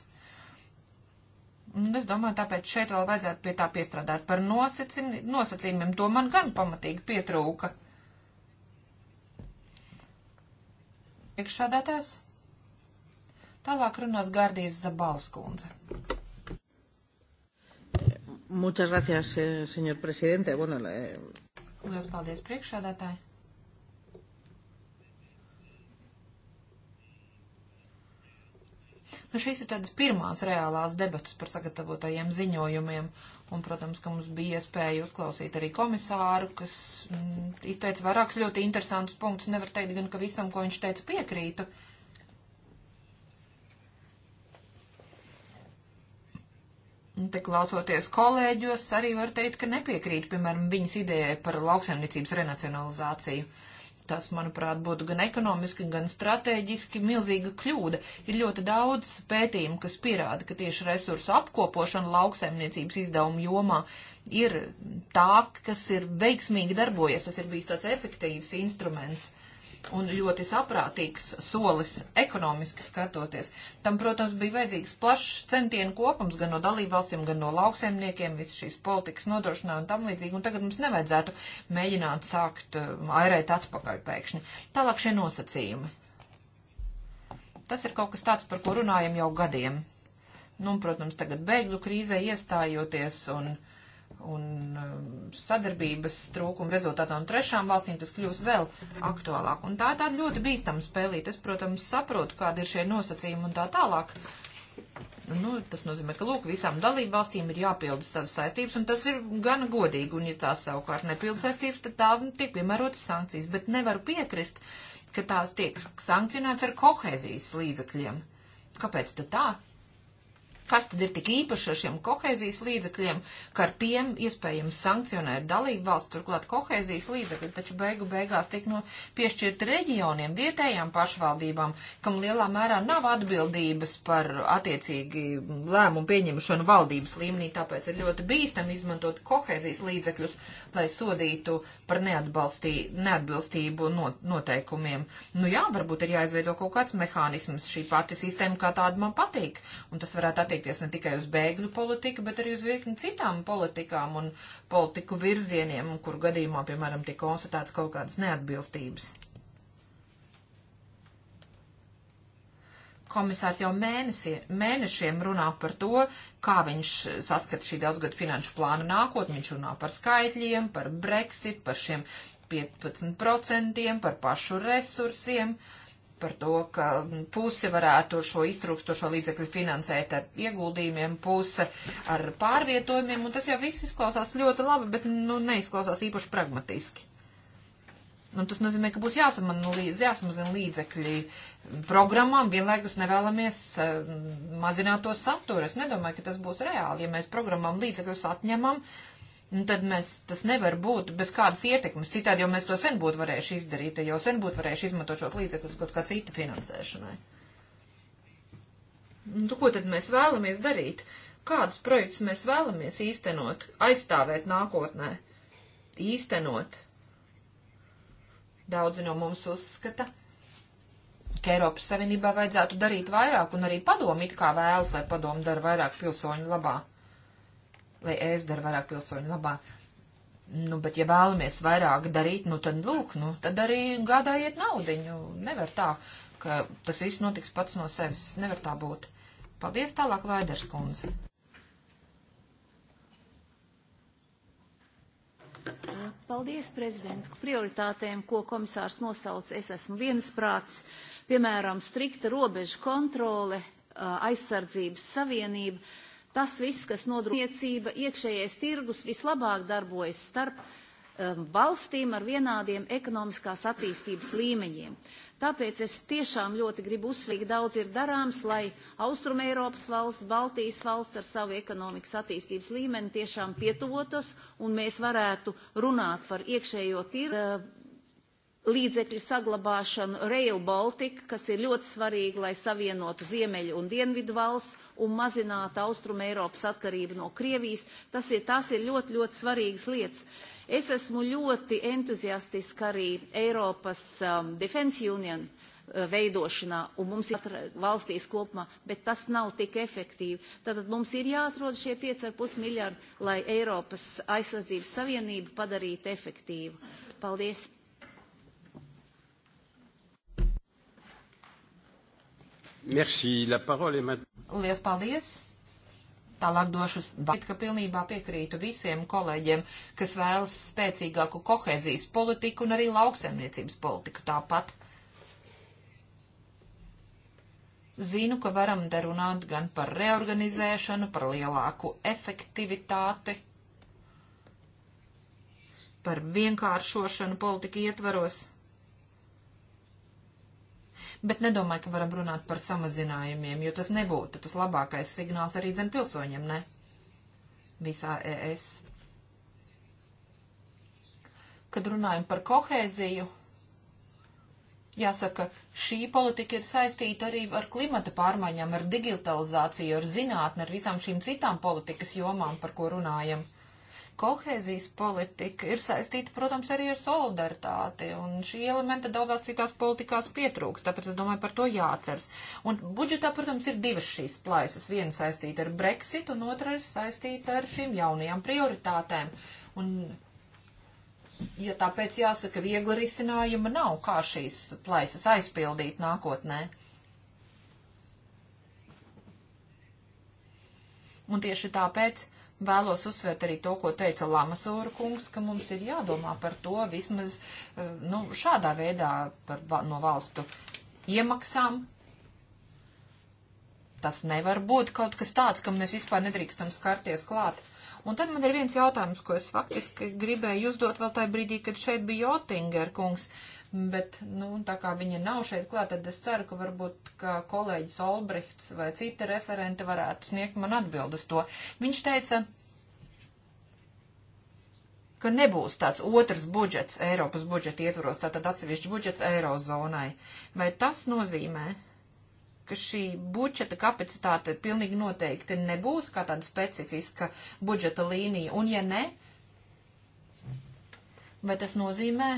Un es domāju, tāpēc šeit vēl vajadzētu pie tā piestrādāt par nosacījumiem. To man gan pamatīgi pietrūka. Priekšādātājs. Tālāk runās Gārdijas Zabalskundze. Muchas gracias, eh, señor presidente. Bueno, la... Lielas paldies priekšādātāji. Nu, šīs ir tādas pirmās reālās debatas par sagatavotajiem ziņojumiem, un, protams, ka mums bija iespēja uzklausīt arī komisāru, kas m, mm, izteica vairākus ļoti interesantus punktus, nevar teikt gan, ka visam, ko viņš teica, piekrītu. Te klausoties kolēģos, arī var teikt, ka nepiekrīt, piemēram, viņas idejai par lauksaimniecības renacionalizāciju. Uh, Tas, manuprāt, būtu gan ekonomiski, gan strateģiski milzīga kļūda. Ir ļoti daudz pētījumu, kas pierāda, ka tieši resursu apkopošana lauksaimniecības izdevumu jomā ir tā, kas ir veiksmīgi darbojies. Tas ir bijis tāds efektīvs instruments. Uh, un ļoti saprātīgs solis ekonomiski skatoties. Tam, protams, bija vajadzīgs plašs centienu kopums gan no dalībvalstīm, gan no lauksaimniekiem, visas šīs politikas nodrošināja un tam līdzīgi, un tagad mums nevajadzētu mēģināt sākt um, airēt atpakaļ pēkšņi. Tālāk šie nosacījumi. Tas ir kaut kas tāds, par ko runājam jau gadiem. Nu, un, protams, tagad beigļu krīzē iestājoties un. Uh, un um, sadarbības trūkuma rezultātā un trešām valstīm tas kļūs vēl aktuālāk. Un tā ir tāda ļoti bīstama spēlīte. Es, protams, saprotu, kāda ir šie nosacījumi un tā tālāk. Nu, tas nozīmē, ka lūk, visām dalību valstīm ir jāpilda savas saistības, un tas ir gan godīgi, un ja tās savukārt nepilda saistības, tad tā tiek piemērotas sankcijas, bet nevaru piekrist, ka tās tiek sankcionēts ar kohēzijas līdzakļiem. Kāpēc tad tā? Kas tad ir tik īpaši ar šiem kohēzijas līdzekļiem, ka ar tiem iespējams sankcionēt dalību valsts, turklāt kohēzijas līdzekļi, taču beigu beigās tik no piešķirti reģioniem, vietējām pašvaldībām, kam lielā mērā nav atbildības par attiecīgi lēmumu pieņemšanu valdības līmenī, tāpēc ir ļoti bīstam izmantot kohēzijas līdzekļus, lai sodītu par neatbilstību no, noteikumiem. Nu jā, varbūt ir jāizveido kaut kāds mehānisms, šī pati sistēma kā tāda man patīk, un tas varētu attiekties skatīties ne tikai uz bēgļu politiku, bet arī uz virkni citām politikām un politiku virzieniem, kur gadījumā, piemēram, tiek konstatēts kaut kādas neatbilstības. Komisārs jau mēnesi, mēnešiem runā par to, kā viņš saskata šī daudzgada finanšu plāna nākotni. Viņš runā par skaitļiem, par Brexit, par šiem 15%, par pašu resursiem. Uh, par to, ka pusi varētu šo iztrūkstošo līdzekļu finansēt ar ieguldījumiem, puse ar pārvietojumiem, un tas jau viss izklausās ļoti labi, bet nu, neizklausās īpaši pragmatiski. Un tas nozīmē, ka būs nu, līdz, jāsamazina līdzekļi programmām, vienlaikus nevēlamies uh, mazināt to saturu. Es nedomāju, ka tas būs reāli, ja mēs programmām līdzekļus atņemam, uh, Un tad mēs, tas nevar būt bez kādas ietekmes, citādi jau mēs to sen būtu varējuši izdarīt, jau sen būtu varējuši izmantot šos līdzekļus kaut kā cita finansēšanai. Nu, ko tad mēs vēlamies darīt? Kādus projektus mēs vēlamies īstenot, aizstāvēt nākotnē? Īstenot. Daudzi no mums uzskata, ka Eiropas Savienībā vajadzētu darīt vairāk, un arī padomi it kā vēlas, lai padomi dara vairāk pilsoņu labā lai es daru vairāk pilsoņu labā. Nu, bet ja vēlamies vairāk darīt, nu tad lūk, nu tad arī gādājiet naudiņu. Nevar tā, ka tas viss notiks pats no sevis. Nevar tā būt. Paldies tālāk, Vaiders kundze. Paldies prezidentu prioritātēm, ko komisārs nosauca. Es esmu viensprāts, piemēram, strikta robežu kontrole, aizsardzības savienība, Tas viss, kas nodrošina iekšējais tirgus, vislabāk darbojas starp um, valstīm ar vienādiem ekonomiskās attīstības līmeņiem. Tāpēc es tiešām ļoti gribu uzsvīt, daudz ir darāms, lai Austrum Eiropas valsts, Baltijas valsts ar savu ekonomikas attīstības līmeni tiešām pietuvotos un mēs varētu runāt par iekšējo tirgu uh, līdzekļu saglabāšanu Rail Baltica, kas ir ļoti svarīgi, lai savienotu Ziemeļu un Dienvidu valsts un mazinātu Austrum Eiropas atkarību no Krievijas. Tas ir, tās ir ļoti, ļoti svarīgas lietas. Es esmu ļoti entuziastiski arī Eiropas um, Defense Union uh, veidošanā, un mums ir valstīs kopumā, bet tas nav tik efektīvi. Tātad mums ir jāatrod šie 5,5 miljardi, lai Eiropas aizsardzības savienību padarītu efektīvu. Paldies! Merci, la parole est maintenant. Lies paldies! Tālāk došu vārdu, ka pilnībā piekrītu visiem kolēģiem, kas vēlas spēcīgāku kohēzijas politiku un arī lauksaimniecības politiku tāpat. Zinu, ka varam darunāt gan par reorganizēšanu, par lielāku efektivitāti, par vienkāršošanu politika ietvaros bet nedomāju, ka varam runāt par samazinājumiem, jo tas nebūtu tas labākais signāls arī zem pilsoņiem, ne? Visā ES. Kad runājam par kohēziju, jāsaka, šī politika ir saistīta arī ar klimata pārmaiņām, ar digitalizāciju, ar zinātni, ar visām šīm citām politikas jomām, par ko runājam. Kohēzijas politika ir saistīta, protams, arī ar solidaritāti, un šī elementa daudzās citās politikās pietrūks, tāpēc es domāju, par to jāatceras. Un budžetā, protams, ir divas šīs plaisas. Viena saistīta ar Brexit, un otra ir saistīta ar šīm jaunajām prioritātēm. Un, ja tāpēc jāsaka, viegla risinājuma nav, kā šīs plaisas aizpildīt nākotnē. Un tieši tāpēc Vēlos uzsvērt arī to, ko teica Lamasūra kungs, ka mums ir jādomā par to vismaz eh, nu, šādā veidā par, no valstu iemaksām. Tas nevar būt kaut kas tāds, kam mēs vispār nedrīkstam skarties klāt. Un tad man ir viens jautājums, ko es faktiski gribēju uzdot vēl tajā brīdī, kad šeit bija Jotinger kungs. Uh, bet, nu, tā kā viņa nav šeit klāt, tad es ceru, ka varbūt kā kolēģis Olbrehts vai cita referente varētu sniegt man atbildus to. Viņš teica, ka nebūs tāds otrs budžets Eiropas budžeta ietvaros, tātad atsevišķi budžets Eirozonai. Vai tas nozīmē, ka šī budžeta kapacitāte pilnīgi noteikti nebūs kā tāda specifiska budžeta līnija? Un ja ne, vai tas nozīmē,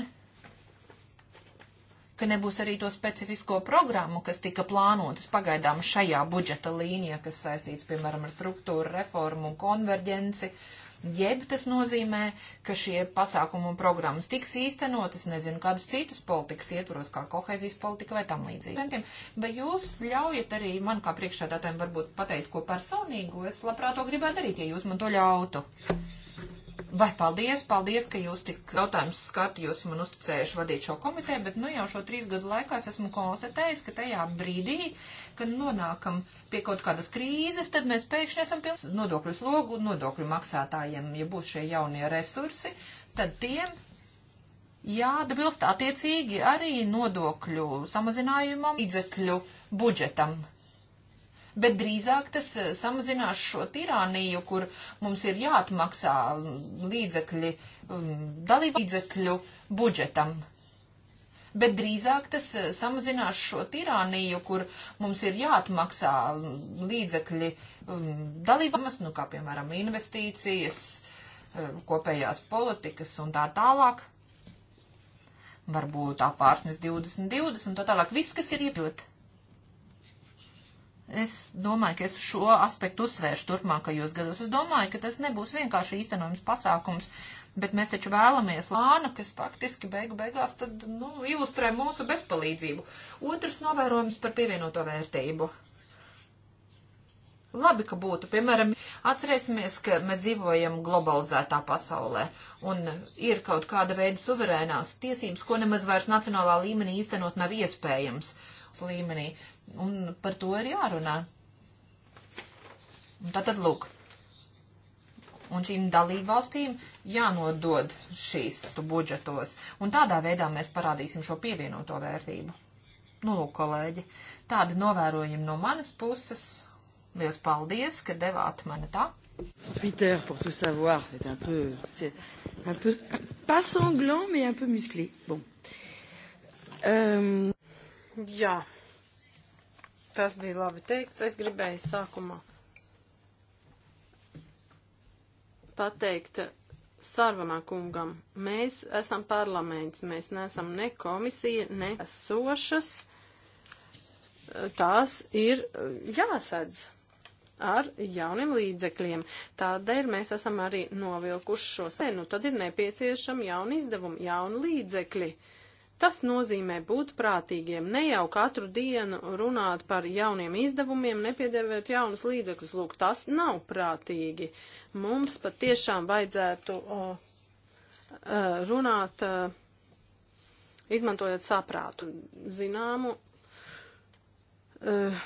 ka nebūs arī to specifisko programmu, kas tika plānotas pagaidām šajā budžeta līnijā, kas saistīts, piemēram, ar struktūru reformu un konverģenci. Jeb tas nozīmē, ka šie pasākumu un programmas tiks īstenotas, nezinu, kādas citas politikas ietvaros, kā kohēzijas politika vai tam līdzīgi. Vai jūs ļaujat arī man kā priekšādātājiem varbūt pateikt ko personīgu? Es labprāt to gribētu darīt, ja jūs man to ļautu. Vai paldies, paldies, ka jūs tik jautājums skatu, jūs man uzticējuši vadīt šo komiteju, bet nu jau šo trīs gadu laikā es esmu konstatējis, ka tajā brīdī, kad nonākam pie kaut kādas krīzes, tad mēs pēkšņi esam pilns nodokļu slogu un nodokļu maksātājiem, ja būs šie jaunie resursi, tad tiem jāatbilst attiecīgi arī nodokļu samazinājumam, līdzekļu budžetam bet drīzāk tas eh, samazinās šo tirāniju, kur mums ir jāatmaksā mm, līdzekļi, mm, dalībīdzekļu budžetam. Bet drīzāk tas eh, samazinās šo tirāniju, kur mums ir jāatmaksā mm, līdzekļi dalībās, nu kā piemēram investīcijas, eh, kopējās politikas un tā tālāk. Varbūt apvārsnes 2020 un tā tālāk. Viss, kas ir iepļūt. Es domāju, ka es šo aspektu uzsvēršu turpmākajos gados. Es domāju, ka tas nebūs vienkārši īstenojums pasākums, bet mēs taču vēlamies lānu, kas faktiski beigu beigās tad, nu, ilustrē mūsu bezpalīdzību. Otrs novērojums par pievienoto vērtību. Labi, ka būtu, piemēram, atcerēsimies, ka mēs dzīvojam globalizētā pasaulē un ir kaut kāda veida suverēnās tiesības, ko nemaz vairs nacionālā līmenī īstenot nav iespējams līmenī un par to ir jārunā. Un tātad lūk. Un šīm dalībvalstīm jānodod šīs budžetos. Un tādā veidā mēs parādīsim šo pievienoto vērtību. Nu, lūk, kolēģi, tādi novērojumi no manas puses. Liels paldies, ka devāt mani tā. Twitter, pour tout savoir, c'est un peu, c'est un peu, pas sanglant, mais un peu musclé. Bon. Euh... Um... Jā. Yeah Tas bija labi teikts. Es gribēju sākumā pateikt Sārvamā kungam. Mēs esam parlaments, mēs neesam ne komisija, ne sošas. Tās ir jāsadz ar jauniem līdzekļiem. Tādēļ mēs esam arī novilkuši šo sēnu. Tad ir nepieciešami jauni izdevumi, jauni līdzekļi. Uh, Tas nozīmē būt prātīgiem, ne jau katru dienu runāt par jauniem izdevumiem, nepiedēvēt jaunas līdzekļus. Lūk, tas nav prātīgi. Mums pat tiešām vajadzētu o, runāt, izmantojot saprātu zināmu. Uh,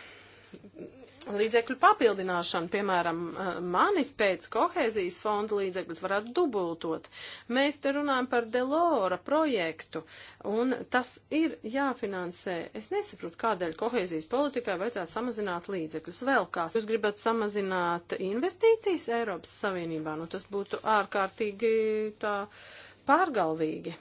līdzekļu papildināšanu. Piemēram, eh, manis pēc kohēzijas fonda līdzekļus varētu dubultot. Mēs te runājam par Delora projektu, un tas ir jāfinansē. Es nesaprotu, kādēļ kohēzijas politikai vajadzētu samazināt līdzekļus. Vēl kāds, jūs gribat samazināt investīcijas Eiropas Savienībā, nu tas būtu ārkārtīgi tā pārgalvīgi.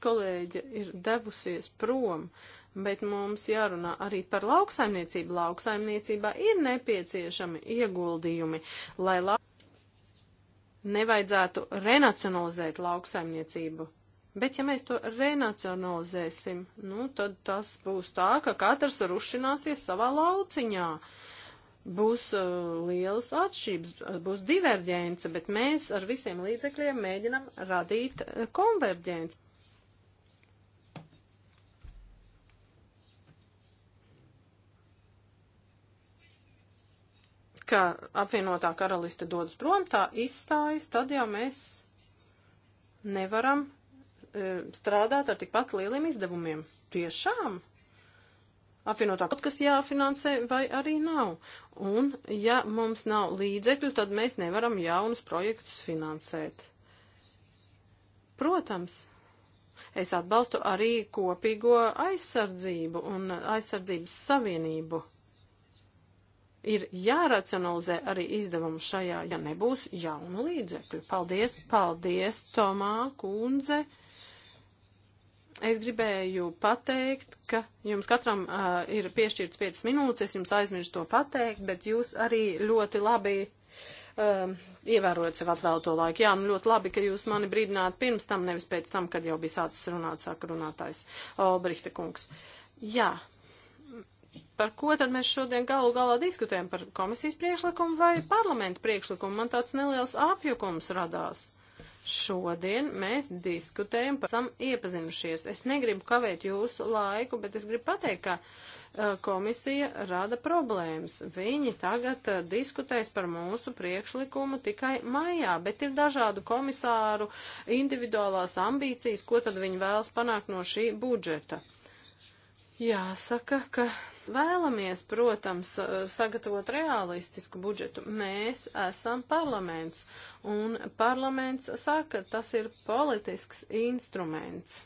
Kolēģe ir devusies prom. Uh, bet mums jārunā arī par lauksaimniecību. Lauksaimniecībā ir nepieciešami ieguldījumi, lai la... nevajadzētu renacionalizēt lauksaimniecību. Bet ja mēs to renacionalizēsim, nu tad tas būs tā, ka katrs rušināsies savā lauciņā būs uh, lielas atšķirības, uh, būs diverģence, bet mēs ar visiem līdzekļiem mēģinam radīt uh, konverģenci. ka apvienotā karaliste dodas prom, tā izstājas, tad jau mēs nevaram e, strādāt ar tikpat lieliem izdevumiem. Tiešām! apvienotā kaut kas jāfinansē vai arī nav. Un, ja mums nav līdzekļu, tad mēs nevaram jaunus projektus finansēt. Protams, es atbalstu arī kopīgo aizsardzību un aizsardzības savienību ir jāracionalizē arī izdevumu šajā, ja nebūs jaunu līdzekļu. Paldies, paldies, Tomā kundze. Es gribēju pateikt, ka jums katram uh, ir piešķirts 5 minūtes, es jums aizmirstu to pateikt, bet jūs arī ļoti labi um, ievērojat sev atvēlto laiku. Jā, nu ļoti labi, ka jūs mani brīdināt pirms tam, nevis pēc tam, kad jau bija sācis runāt, saka runātājs Olbrihta kungs. Jā, par ko tad mēs šodien galu galā diskutējam? Par komisijas priekšlikumu vai parlamentu priekšlikumu? Man tāds neliels apjukums radās. Šodien mēs diskutējam par sam iepazinušies. Es negribu kavēt jūsu laiku, bet es gribu pateikt, ka uh, komisija rada problēmas. Viņi tagad uh, diskutēs par mūsu priekšlikumu tikai maijā, bet ir dažādu komisāru individuālās ambīcijas, ko tad viņi vēlas panākt no šī budžeta. Jāsaka, ka vēlamies, protams, eh, sagatavot realistisku budžetu. Mēs esam parlaments, un parlaments saka, tas ir politisks instruments.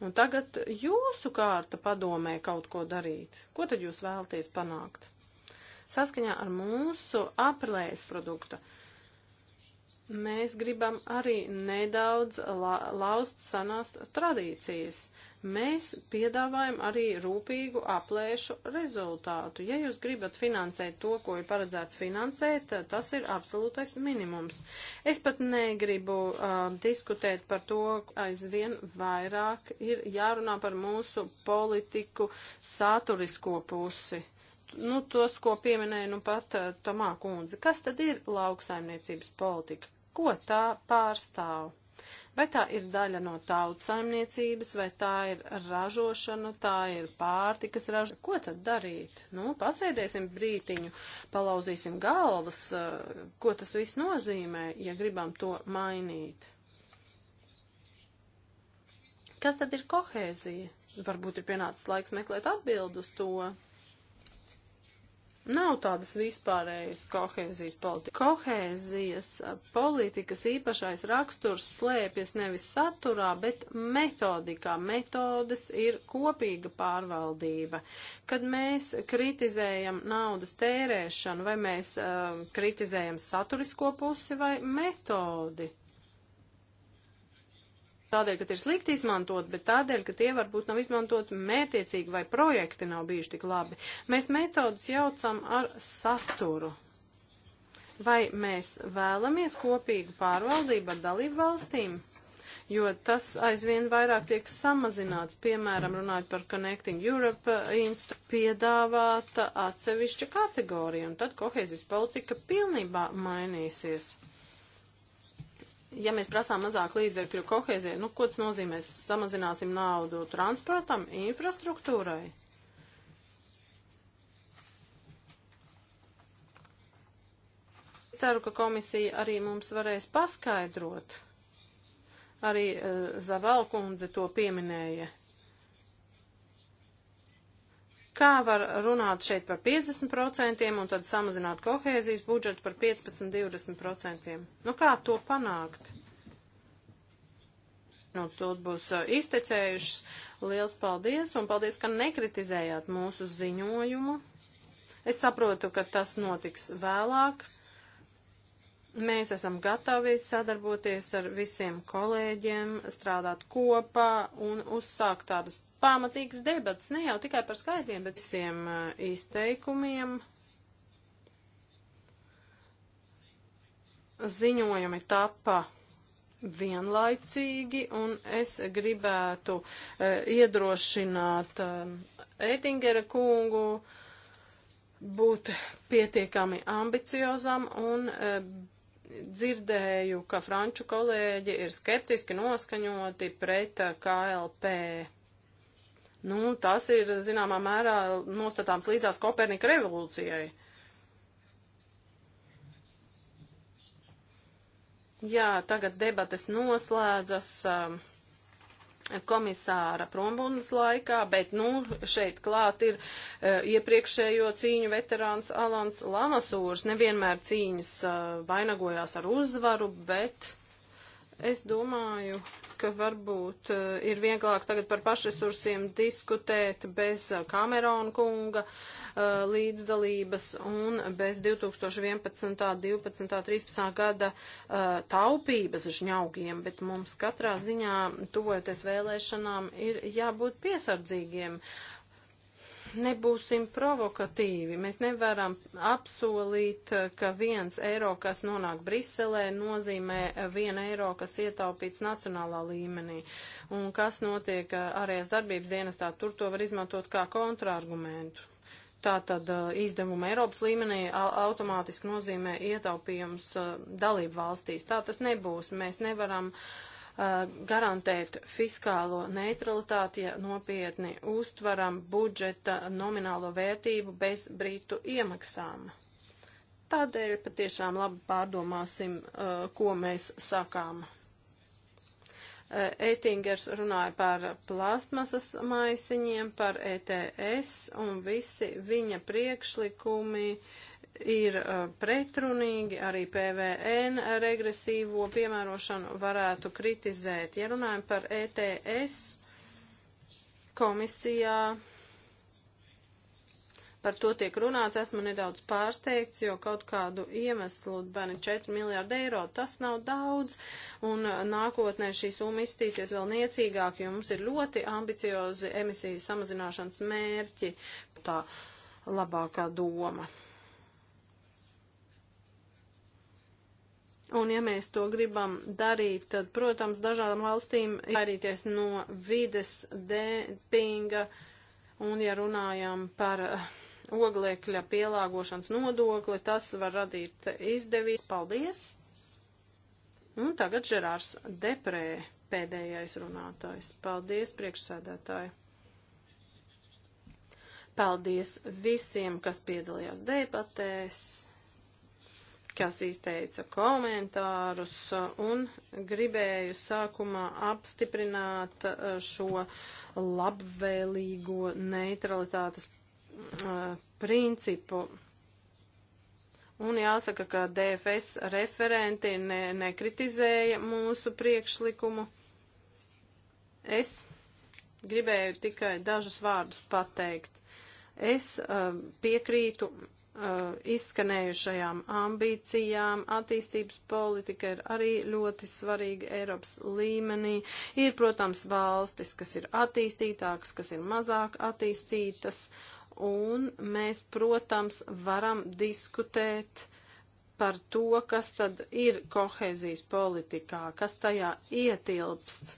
Un tagad jūsu kārta padomē kaut ko darīt. Ko tad jūs vēlaties panākt? Saskaņā ar mūsu aprilēs produkta. Uh, Mēs gribam arī nedaudz la lauzt sanās tradīcijas. Mēs piedāvājam arī rūpīgu aplēšu rezultātu. Ja jūs gribat finansēt to, ko ir paredzēts finansēt, tas ir absolūtais minimums. Es pat negribu uh, diskutēt par to, aizvien vairāk ir jārunā par mūsu politiku saturisko pusi. Nu, tos, ko pieminēja nu pat uh, Tomā kundze. Kas tad ir lauksaimniecības politika? ko tā pārstāv. Vai tā ir daļa no tautsaimniecības, vai tā ir ražošana, tā ir pārtikas ražošana? Ko tad darīt? Nu, pasēdēsim brītiņu, palauzīsim galvas, eh, ko tas viss nozīmē, ja gribam to mainīt. Kas tad ir kohēzija? Varbūt ir pienācis laiks meklēt atbildus to. Nav tādas vispārējas kohēzijas politikas. Kohēzijas politikas īpašais raksturs slēpjas nevis saturā, bet metodikā. Metodes ir kopīga pārvaldība. Kad mēs kritizējam naudas tērēšanu, vai mēs uh, kritizējam saturisko pusi vai metodi? tādēļ, ka tie ir slikti izmantot, bet tādēļ, ka tie varbūt nav izmantot mētiecīgi vai projekti nav bijuši tik labi. Mēs metodus jaucam ar saturu. Vai mēs vēlamies kopīgu pārvaldību ar dalību valstīm? jo tas aizvien vairāk tiek samazināts. Piemēram, runājot par Connecting Europe uh, instru, piedāvāta atsevišķa kategorija, un tad kohēzijas politika pilnībā mainīsies ja mēs prasām mazāk līdzekļu kohēzijai, nu, ko tas nozīmēs? Samazināsim naudu transportam, infrastruktūrai? Es ceru, ka komisija arī mums varēs paskaidrot. Arī uh, Zavalkundze to pieminēja. Kā var runāt šeit par 50% un tad samazināt kohēzijas budžetu par 15-20%? Nu kā to panākt? Nu, tūlīt būs iztecējušas. Liels paldies un paldies, ka nekritizējāt mūsu ziņojumu. Es saprotu, ka tas notiks vēlāk. Mēs esam gatavi sadarboties ar visiem kolēģiem, strādāt kopā un uzsākt tādas pamatīgs debats, ne jau tikai par skaitļiem, bet visiem izteikumiem. Ziņojumi tapa vienlaicīgi, un es gribētu e, iedrošināt e, Eitingera kungu būt pietiekami ambiciozam un e, dzirdēju, ka franču kolēģi ir skeptiski noskaņoti pret KLP nu, tas ir, zināmā mērā, nostatāms līdzās Kopernika revolūcijai. Jā, tagad debates noslēdzas. Um, komisāra prombundas laikā, bet, nu, šeit klāt ir uh, iepriekšējo cīņu veterāns Alans Lamasūrs. Nevienmēr cīņas uh, vainagojās ar uzvaru, bet Es domāju, ka varbūt eh, ir vieglāk tagad par pašresursiem diskutēt bez Kamerona eh, kunga eh, līdzdalības un bez 2011. 12. 13. gada taupības žņaugiem, bet mums katrā ziņā tuvojoties vēlēšanām ir jābūt piesardzīgiem. Uh, nebūsim provokatīvi. Mēs nevaram apsolīt, ka viens eiro, kas nonāk Briselē, nozīmē vienu eiro, kas ietaupīts nacionālā līmenī. Un kas notiek ārējās darbības dienestā, tur to var izmantot kā kontrargumentu. Tātad uh, izdevuma Eiropas līmenī automātiski nozīmē ietaupījums uh, dalību valstīs. Tā tas nebūs. Mēs nevaram uh, Uh, garantēt fiskālo neutralitāti, ja nopietni uztvaram budžeta nominālo vērtību bez brītu iemaksām. Tādēļ patiešām labi pārdomāsim, uh, ko mēs sakām. Uh, Eitingers runāja par plastmasas maisiņiem, par ETS, un visi viņa priekšlikumi uh, ir uh, pretrunīgi, arī PVN regresīvo piemērošanu varētu kritizēt. Ja runājam par ETS komisijā, par to tiek runāts, esmu nedaudz pārsteigts, jo kaut kādu iemeslu, bērni 4 miljārdi eiro, tas nav daudz, un uh, nākotnē šī summa izstīsies vēl niecīgāk, jo mums ir ļoti ambiciozi emisiju samazināšanas mērķi, tā labākā doma. Un ja mēs to gribam darīt, tad, protams, dažādām valstīm vairīties no vides dēpinga, un ja runājam par eh, oglekļa pielāgošanas nodokli, tas var radīt izdevības. Paldies! Un tagad Žerārs Deprē pēdējais runātājs. Paldies, priekšsēdētāji! Paldies visiem, kas piedalījās debatēs! kas izteica komentārus un gribēju sākumā apstiprināt eh, šo labvēlīgo neutralitātes eh, principu. Un jāsaka, ka DFS referenti ne, nekritizēja mūsu priekšlikumu. Es gribēju tikai dažus vārdus pateikt. Es uh, piekrītu Uh, izskanējušajām ambīcijām. Attīstības politika ir arī ļoti svarīga Eiropas līmenī. Ir, protams, valstis, kas ir attīstītākas, kas ir mazāk attīstītas, un mēs, protams, varam diskutēt par to, kas tad ir kohēzijas politikā, kas tajā ietilpst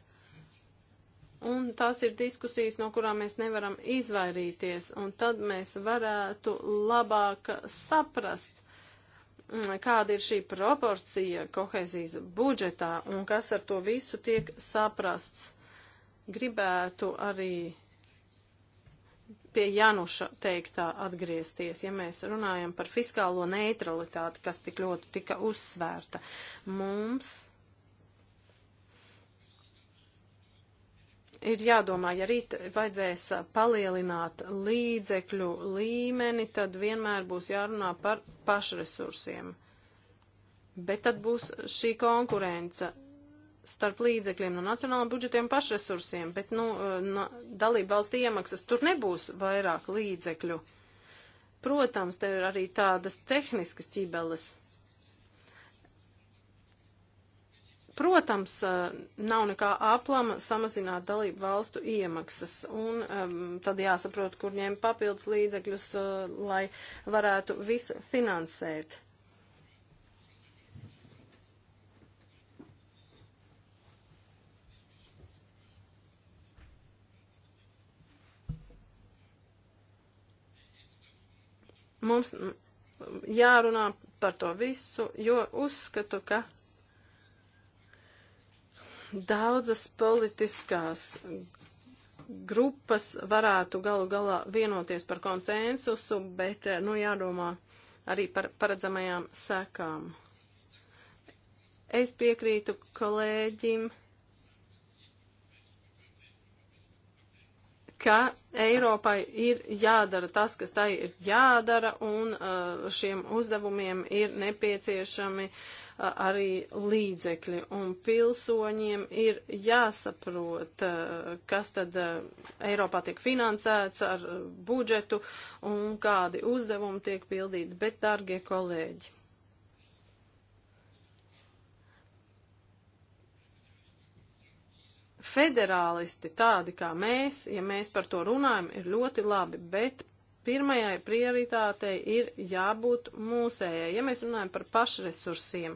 Un tās ir diskusijas, no kurām mēs nevaram izvairīties, un tad mēs varētu labāk saprast, mm, kāda ir šī proporcija kohezijas budžetā un kas ar to visu tiek saprasts. Gribētu arī pie Januša teiktā atgriezties, ja mēs runājam par fiskālo neutralitāti, kas tik ļoti tika uzsvērta. Mums ir jādomā, ja rīt vajadzēs palielināt līdzekļu līmeni, tad vienmēr būs jārunā par pašresursiem. Bet tad būs šī konkurence starp līdzekļiem no nacionālajiem budžetiem pašresursiem, bet, nu, no dalība valsts iemaksas tur nebūs vairāk līdzekļu. Protams, te ir arī tādas tehniskas ķibeles. Protams, eh, nav nekā aplama samazināt dalību valstu iemaksas, un um, tad jāsaprot, kur ņemt papildus līdzekļus, uh, lai varētu visu finansēt. Mums jārunā par to visu, jo uzskatu, ka daudzas politiskās grupas varētu galu galā vienoties par konsensusu, bet, eh, nu, jādomā arī par paredzamajām sekām. Es piekrītu kolēģim ka Eiropai ir jādara tas, kas tai ir jādara, un uh, šiem uzdevumiem ir nepieciešami uh, arī līdzekļi, un pilsoņiem ir jāsaprot, uh, kas tad Eiropā tiek finansēts ar budžetu un kādi uzdevumi tiek pildīti. Bet, dārgie kolēģi, Federālisti tādi kā mēs, ja mēs par to runājam, ir ļoti labi, bet pirmajai prioritātei ir jābūt mūsējai, ja mēs runājam par pašresursiem.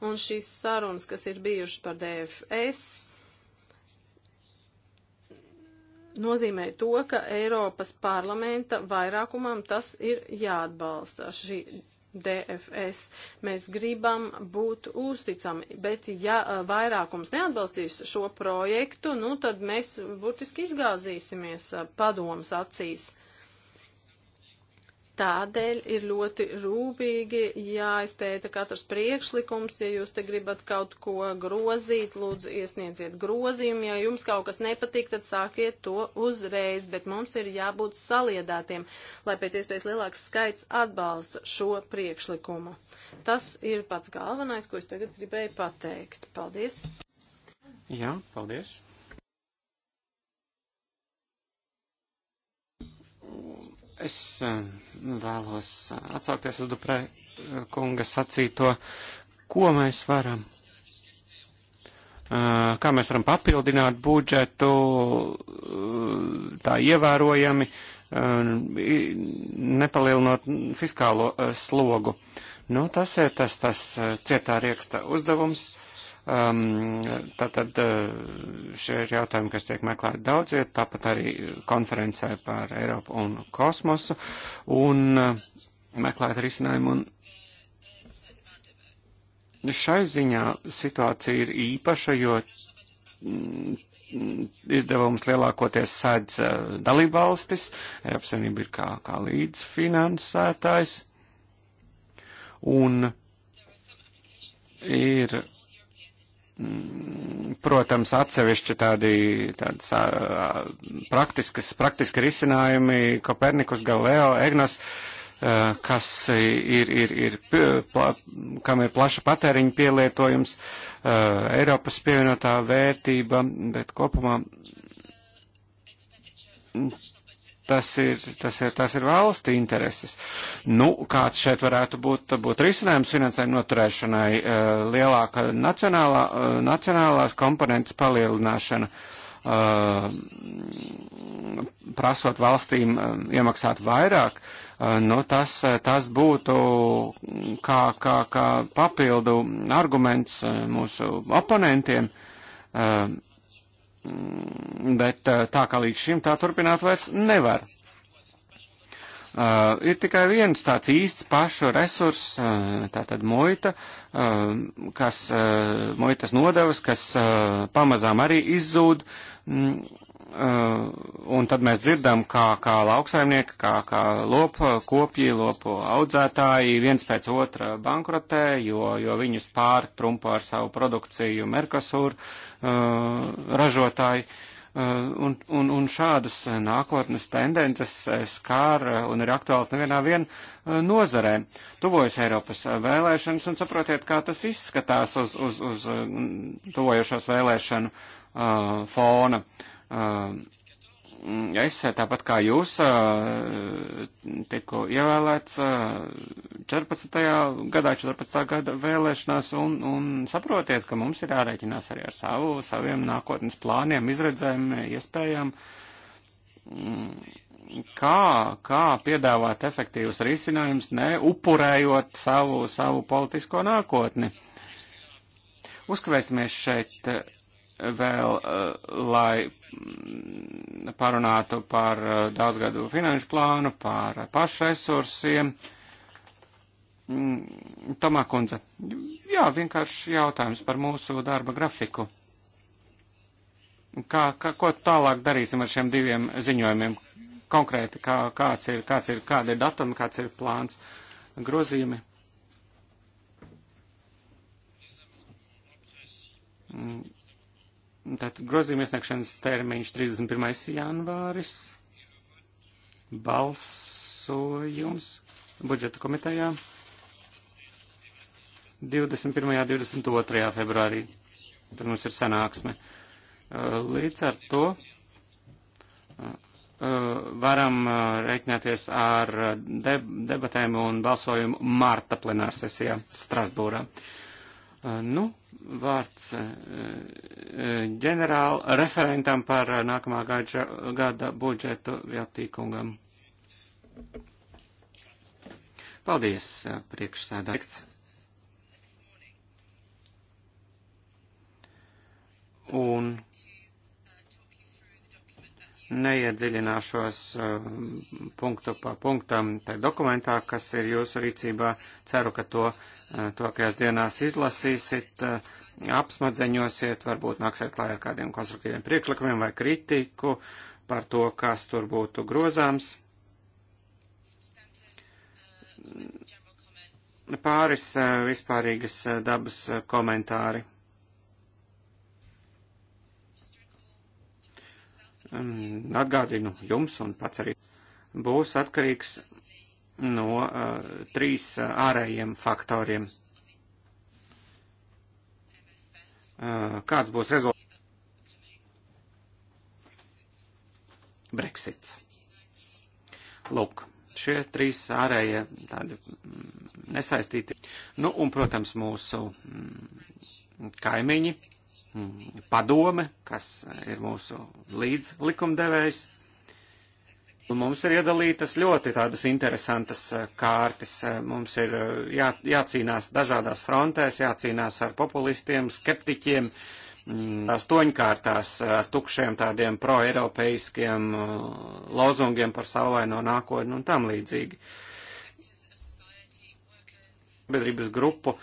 Un šīs sarunas, kas ir bijušas par DFS, nozīmē to, ka Eiropas parlamenta vairākumam tas ir jāatbalsta. Šī DFS. Mēs gribam būt uzticami, bet ja vairākums neatbalstīs šo projektu, nu tad mēs burtiski izgāzīsimies padomas acīs. Tādēļ ir ļoti rūpīgi jāizpēta katrs priekšlikums, ja jūs te gribat kaut ko grozīt, lūdzu iesniedziet grozījumu, ja jums kaut kas nepatīk, tad sākiet to uzreiz, bet mums ir jābūt saliedātiem, lai pēc iespējas lielāks skaits atbalsta šo priekšlikumu. Tas ir pats galvenais, ko es tagad gribēju pateikt. Paldies! Jā, paldies! Es eh, nu, vēlos eh, atsaukties uz Duprē eh, kunga sacīto, ko mēs varam, kā mēs varam papildināt budžetu tā ievērojami, nepalielinot fiskālo slogu. Nu, tas ir tas, tas cietā rieksta uzdevums. Uh, Um, Tātad uh, šie ir jautājumi, kas tiek meklēti daudz viet, tāpat arī konferencē par Eiropu un kosmosu, un uh, meklēt risinājumu. Un šai ziņā situācija ir īpaša, jo mm, izdevumus lielākoties sēdz uh, dalībvalstis, Eiropas Savienība ir kā, kā līdzfinansētājs, un ir Mm, protams, atsevišķi tādi tādas, praktiskas, praktiski risinājumi, Kopernikus, Galileo, Egnos, eh, kas ir, ir, ir, pla, kam ir plaša patēriņa pielietojums, eh, Eiropas pievienotā vērtība, bet kopumā tas ir, tas ir, tas ir valsts intereses. Nu, kāds šeit varētu būt, būt risinājums finansējuma noturēšanai, eh, lielāka nacionālā, eh, nacionālās komponentes palielināšana, eh, prasot valstīm iemaksāt vairāk, nu, tas, tas būtu kā, kā, kā papildu arguments mūsu oponentiem Mm, bet eh, tā kā līdz šim tā turpināt vairs nevar. Uh, ir tikai viens tāds īsts pašu resurs, uh, tātad muita, uh, kas, uh, muitas nodevas, kas uh, pamazām arī izzūd. Mm, Uh, un tad mēs dzirdam, kā, kā lauksaimnieki, kā, kā lopa kopji, lopu audzētāji viens pēc otra bankrotē, jo, jo viņus pārtrumpo ar savu produkciju Merkosūru uh, ražotāji. Uh, un, un, un šādas nākotnes tendences skār un ir aktuāls nevienā vien uh, nozarē. Tuvojas Eiropas vēlēšanas un saprotiet, kā tas izskatās uz, uz, uz mm, tuvojošos vēlēšanu uh, fona. Uh, Es, tāpat kā jūs, tiku ievēlēts 14. gadā, 14. gada vēlēšanās un, un saprotiet, ka mums ir jārēķinās arī ar savu, saviem nākotnes plāniem, izredzēm, iespējām mm, kā, kā piedāvāt efektīvus risinājumus, ne upurējot savu, savu politisko nākotni. Uzkavēsimies šeit vēl, lai Mm, parunātu par uh, daudzgadu finanšu plānu, par pašresursiem. Mm, Tomā kundze, jā, vienkārši jautājums par mūsu darba grafiku. Kā, kā, ko tālāk darīsim ar šiem diviem ziņojumiem? Konkrēti, kā, kāds ir, kāds ir, kāda ir datuma, kāds ir plāns, grozījumi? Mm Tātad grozījuma iesniegšanas termiņš 31. janvāris. Balsojums budžeta komitejā 21. un 22. februārī. Tad mums ir sanāksme. Uh, līdz ar to uh, uh, varam reiķināties ar debatēm un balsojumu marta plenārsesijā Strasbūrā. Eh, nu, vārds eh, eh, ģenerāla referentam par nākamā gada, gada budžetu Vjatīkungam. Paldies, priekšsēdētājs. Un neiedziļināšos punktu pa punktam tajā dokumentā, kas ir jūsu rīcībā. Ceru, ka to Eh, tokajās dienās izlasīsit, eh, apsmadzeņosiet, varbūt nāksiet klājā ar kādiem konstruktīviem priekšlikumiem vai kritiku par to, kas tur būtu grozāms. Pāris eh, vispārīgas dabas komentāri. Mm, atgādinu jums un pats arī būs atkarīgs no uh, trīs eh, ārējiem faktoriem. Uh, kāds būs rezultāts? Brexits. Lūk, šie trīs ārējie tādi mm, nesaistīti. Nu, un, protams, mūsu mm, kaimiņi, mm, padome, kas ir mūsu līdzlikumdevējs, Mums ir iedalītas ļoti tādas interesantas eh, kārtas. Eh, mums ir eh, jā, jācīnās dažādās frontēs, jācīnās ar populistiem, skeptiķiem, mm, tās toņkārtās ar tukšiem tādiem proeiropeiskiem lozungiem par saulaino nākotni un tam līdzīgi. Bedrības grupu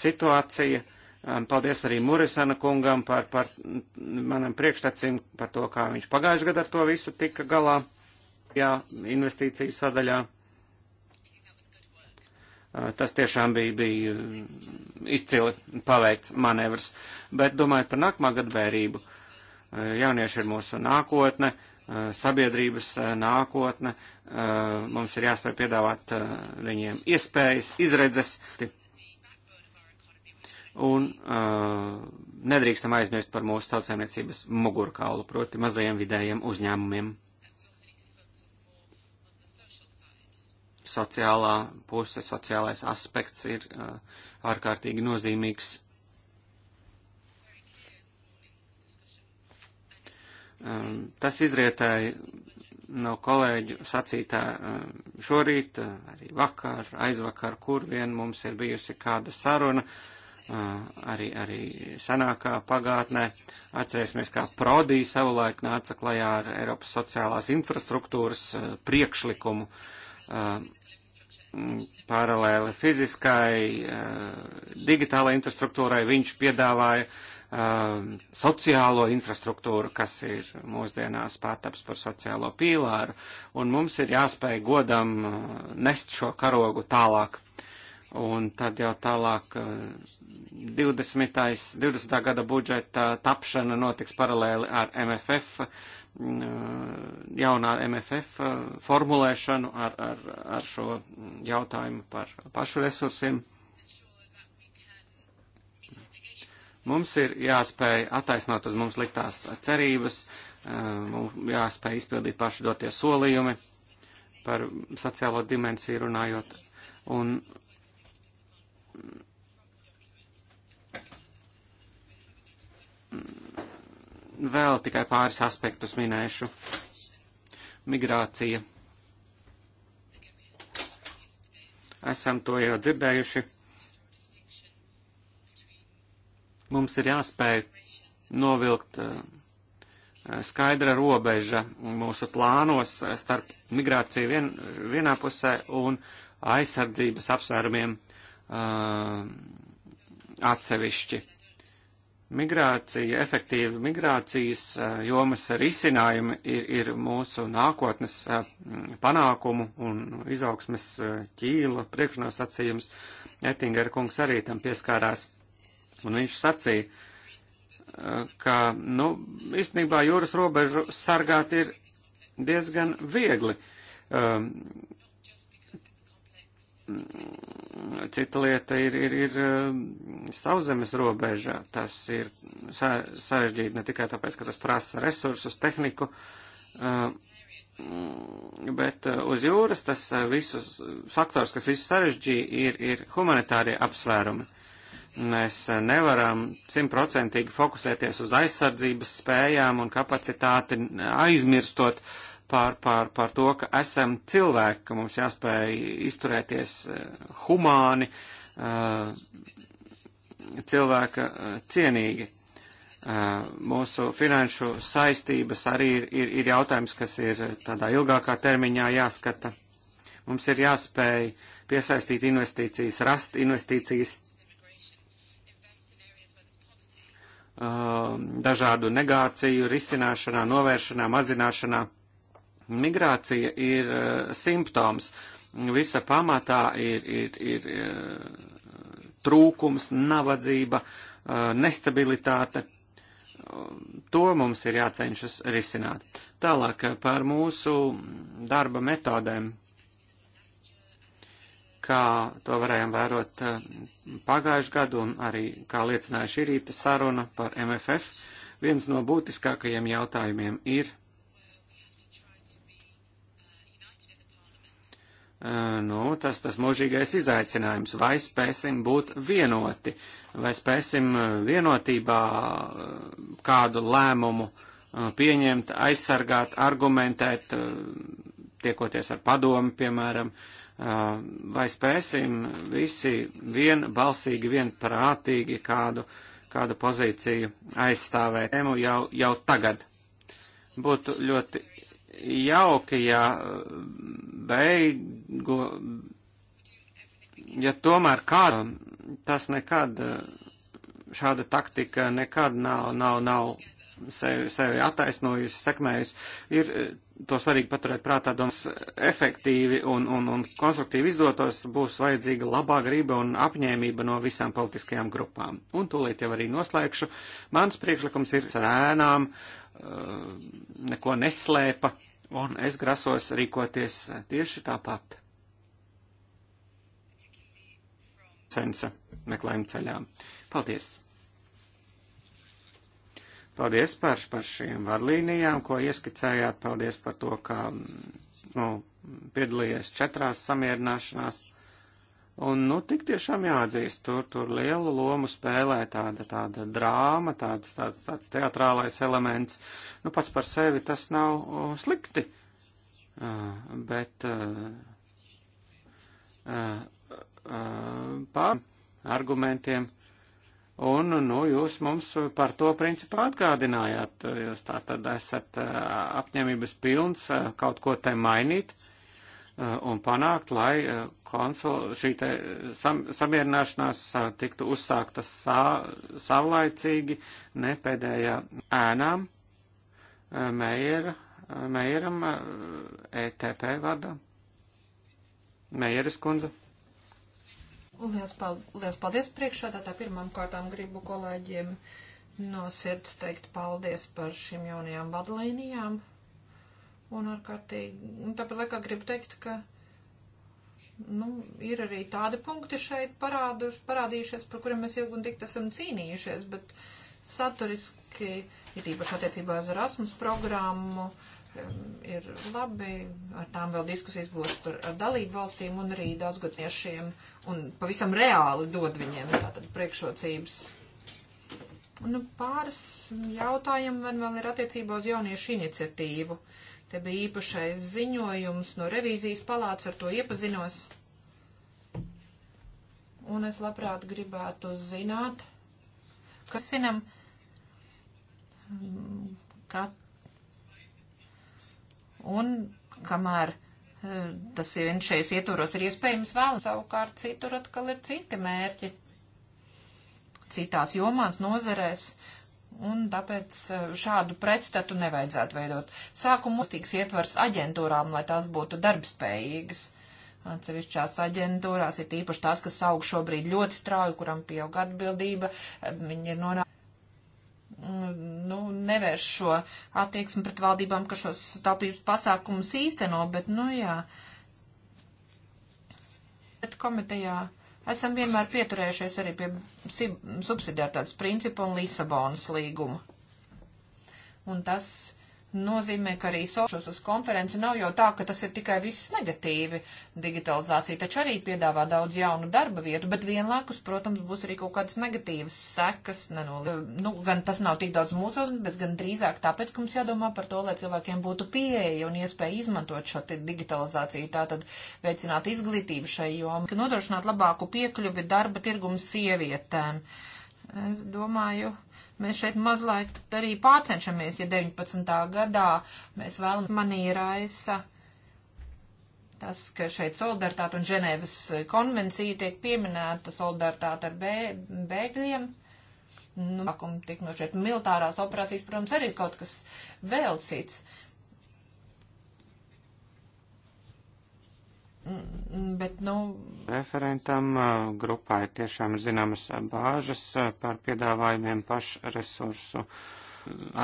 situācija. Paldies arī Murisana kungam par, par manam priekštecim, par to, kā viņš pagājušajā gadā ar to visu tika galā. Jā, investīciju sadaļā. Tas tiešām bija, bija izcili paveikts manevrs. Bet domājot par nākamā gada vērību, jaunieši ir mūsu nākotne, sabiedrības nākotne, mums ir jāspēj piedāvāt viņiem iespējas, izredzes. Un nedrīkstam aizmirst par mūsu tautsēmniecības mugurkaulu, proti mazajiem vidējiem uzņēmumiem. sociālā puse, sociālais aspekts ir uh, ārkārtīgi nozīmīgs. Um, tas izrietēja no kolēģu sacītā um, šorīt, uh, arī vakar, aizvakar, kur vien mums ir bijusi kāda saruna, uh, arī, arī senākā pagātnē. Atcerēsimies, kā Prodī savulaik nāca klajā ar Eiropas sociālās infrastruktūras uh, priekšlikumu. Uh, Mm, paralēli fiziskai, eh, digitālai infrastruktūrai, viņš piedāvāja eh, sociālo infrastruktūru, kas ir mūsdienās pārtaps par sociālo pīlāru, un mums ir jāspēj godam eh, nest šo karogu tālāk. Un tad jau tālāk 20. 20. gada budžeta tapšana notiks paralēli ar MFF Mm, jaunā MFF uh, formulēšanu, ar, ar, ar šo jautājumu par pašu resursiem. Mums ir jāspēj attaisnot uz mums liktās cerības, uh, mums jāspēj izpildīt paši dotie solījumi par sociālo dimensiju runājot. Un mm, Vēl tikai pāris aspektus minēšu. Migrācija. Esam to jau dzirdējuši. Mums ir jāspēj novilkt eh, skaidra robeža mūsu plānos eh, starp migrāciju vien, vienā pusē un aizsardzības apsvērumiem uh, atsevišķi. Migrācija, efektīva migrācijas jomas risinājumi ir, ir mūsu nākotnes panākumu un izaugsmes ķīla priekšnosacījums. Ettingera kungs arī tam pieskārās, un viņš sacīja, ka, nu, īstenībā jūras robežu sargāt ir diezgan viegli. Um, Mm, cita lieta ir, ir, ir eh, sauszemes robeža. Tas ir sarežģīti ne tikai tāpēc, ka tas prasa resursus, tehniku, eh, mm, bet eh, uz jūras tas visus faktors, kas visu sarežģīja, ir, ir humanitārie apsvērumi. Mēs nevaram simtprocentīgi fokusēties uz aizsardzības spējām un kapacitāti aizmirstot uh, par, par, par to, ka esam cilvēki, ka mums jāspēj izturēties eh, humāni, eh, cilvēka eh, cienīgi. Mūsu finanšu saistības arī ir, ir, ir jautājums, kas ir tādā ilgākā termiņā jāskata. Mums ir jāspēj piesaistīt investīcijas, rast investīcijas dažādu negāciju risināšanā, novēršanā, mazināšanā Migrācija ir eh, simptoms. Visa pamatā ir, ir, ir eh, trūkums, navadzība, eh, nestabilitāte. To mums ir jāceņšas risināt. Tālāk par mūsu darba metodēm kā to varējām vērot pagājušajā gadu un arī kā liecināja šī rīta saruna par MFF, viens no būtiskākajiem jautājumiem ir nu, tas, tas mūžīgais izaicinājums. Vai spēsim būt vienoti, vai spēsim vienotībā kādu lēmumu pieņemt, aizsargāt, argumentēt, tiekoties ar padomu, piemēram, vai spēsim visi vienbalsīgi, vienprātīgi kādu, kādu pozīciju aizstāvēt jau, jau tagad. Būtu ļoti jauki, ja beigu, ja tomēr kāda, tas nekad, šāda taktika nekad nav, nav, nav sevi, sevi attaisnojusi, sekmējusi. Ir to svarīgi paturēt prātā, domas efektīvi un, un, un konstruktīvi izdotos, būs vajadzīga labā griba un apņēmība no visām politiskajām grupām. Un tūlīt jau arī noslēgšu. Mans priekšlikums ir ar ēnām, uh, neko neslēpa un es grasos rīkoties tieši tāpat. Censa meklējuma ceļā. Paldies! Paldies par, par šīm vadlīnijām, ko ieskicējāt. Paldies par to, ka mm, nu, piedalījies četrās samierināšanās. Un, nu, tik tiešām jāatzīst, tur, tur lielu lomu spēlē tāda, tāda drāma, tāds, tāds, tāds teatrālais elements. Nu, pats par sevi tas nav slikti, uh, bet uh, uh, pār argumentiem. Un, nu, jūs mums par to principā atgādinājāt. Jūs tā tad esat apņēmības pilns kaut ko te mainīt. Uh, Uh, un panākt, lai uh, konsul, šī te uh, sam, samierināšanās tiktu uzsākta sā, savlaicīgi, ne pēdējā ēnām Meijer, Meijeram ETP vārdā. Meijeris kundze. Liels paldies, paldies priekšādātā. Pirmām kārtām gribu kolēģiem no sirds teikt paldies par šīm jaunajām vadlīnijām, Un ārkārtīgi, un tāpat laikā gribu teikt, ka, nu, ir arī tādi punkti šeit parāduši, parādījušies, par kuriem mēs ilgi un tik esam cīnījušies, bet saturiski, ir īpaši attiecībā uz Erasmus programmu, ir labi, ar tām vēl diskusijas būs par dalību valstīm un arī daudzgadniešiem, un pavisam reāli dod viņiem tātad priekšrocības. Nu, pāris jautājumu man vēl ir attiecībā uz jauniešu iniciatīvu. Uh, Te bija īpašais ziņojums no revīzijas palāca, ar to iepazinos. Un es labprāt gribētu zināt, kas vienam, ka, un kamēr e, tas ir viens šajos ietvaros ir iespējams vēl, un savukārt citur atkal ir citi mērķi, citās jomās, nozerēs. Uh, un tāpēc eh, šādu pretstatu nevajadzētu veidot. Sākumu uztīgs ietvars aģentūrām, lai tās būtu darbspējīgas. Atsevišķās aģentūrās ir tīpaši tās, kas aug šobrīd ļoti strauji, kuram pieaug atbildība, eh, viņi ir nonākuši. Nu, nevērš šo attieksmi pret valdībām, ka šos taupības pasākumus īsteno, bet, nu jā, bet komitejā Esam vienmēr pieturējušies arī pie subsidiartātes principa un Lisabonas līguma. Un tas nozīmē, ka arī sošos uz konferenci nav jau tā, ka tas ir tikai viss negatīvi. Digitalizācija taču arī piedāvā daudz jaunu darba vietu, bet vienlaikus, protams, būs arī kaut kādas negatīvas sekas. Nenoli... Nu, gan tas nav tik daudz mūsu uzmanības, gan drīzāk tāpēc, ka mums jādomā par to, lai cilvēkiem būtu pieeja un iespēja izmantot šo digitalizāciju, tātad veicināt izglītību šai jomai, nodrošināt labāku piekļuvi darba tirgumu sievietēm. Es domāju, Mēs šeit mazliet arī pārcenšamies, ja 19. gadā mēs vēlamies manī raisa tas, ka šeit solidaritāte un Ženēvas konvencija tiek pieminēta solidaritāte ar bē, bēgļiem. Nu, tik no šeit militārās operācijas, protams, arī ir kaut kas vēl cits. Uh, Bet, nu. Referentam grupai tiešām ir zināmas bāžas par piedāvājumiem pašresursu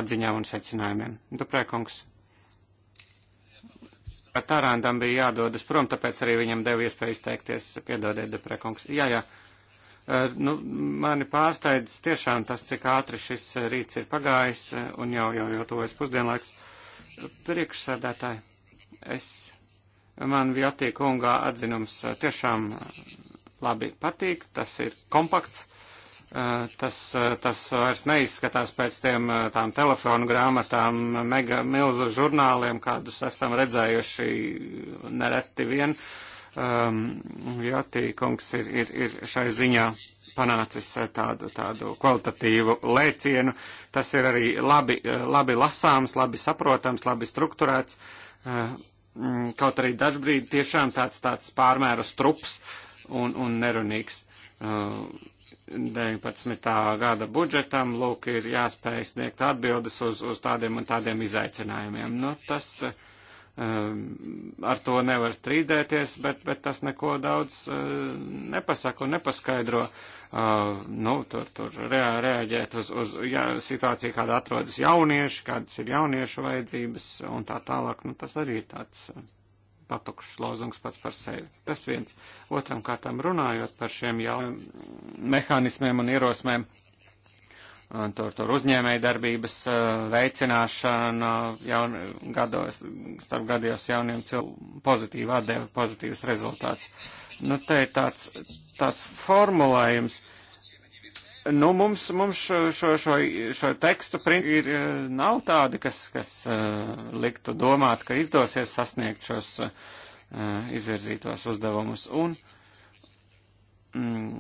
atziņām un secinājumiem. Duprēkungs. Tarandam bija jādodas prom, tāpēc arī viņam deva iespēju izteikties. Piedodiet, Duprēkungs. Jā, jā. Nu, mani pārsteidz tiešām tas, cik ātri šis rīts ir pagājis un jau, jau, jau tuvojas pusdienlaiks. Priekšsēdētāji, es Man Vjotī kungā atzinums tiešām labi patīk, tas ir kompakts, tas, tas vairs neizskatās pēc tiem tām telefonu grāmatām, mega milzu žurnāliem, kādus esam redzējuši nereti vien. Vjotī kungs ir, ir, ir šai ziņā panācis tādu, tādu kvalitatīvu lēcienu. Tas ir arī labi, labi lasāms, labi saprotams, labi strukturēts. Mm, kaut arī dažbrīd tiešām tāds, tāds pārmēru strups un, un nerunīgs. 19. Mm, gada budžetam, lūk, ir jāspēj sniegt atbildes uz, uz tādiem un tādiem izaicinājumiem. Nu, tas uh, Ehm, ar to nevar strīdēties, bet, bet tas neko daudz eh, nepasaka un nepaskaidro. Ehm, nu, tur, tur reaģēt uz, uz jā, situāciju, kāda atrodas jaunieši, kādas ir jauniešu vajadzības un tā tālāk. Nu, tas arī ir tāds eh, patukšs lozungs pats par sevi. Tas viens. Otram kārtām runājot par šiem jā, mehānismiem un ierosmēm tur, tur uzņēmēja darbības uh, veicināšana jaun, gados, starp gadījos jauniem cilvēkiem pozitīvi atdeva pozitīvs rezultāts. Nu, te ir tāds, tāds formulējums. Nu, mums, mums šo, šo, šo, šo tekstu ir, uh, nav tādi, kas, kas uh, liktu domāt, ka izdosies sasniegt šos izvirzītos uzdevumus. Un, mm,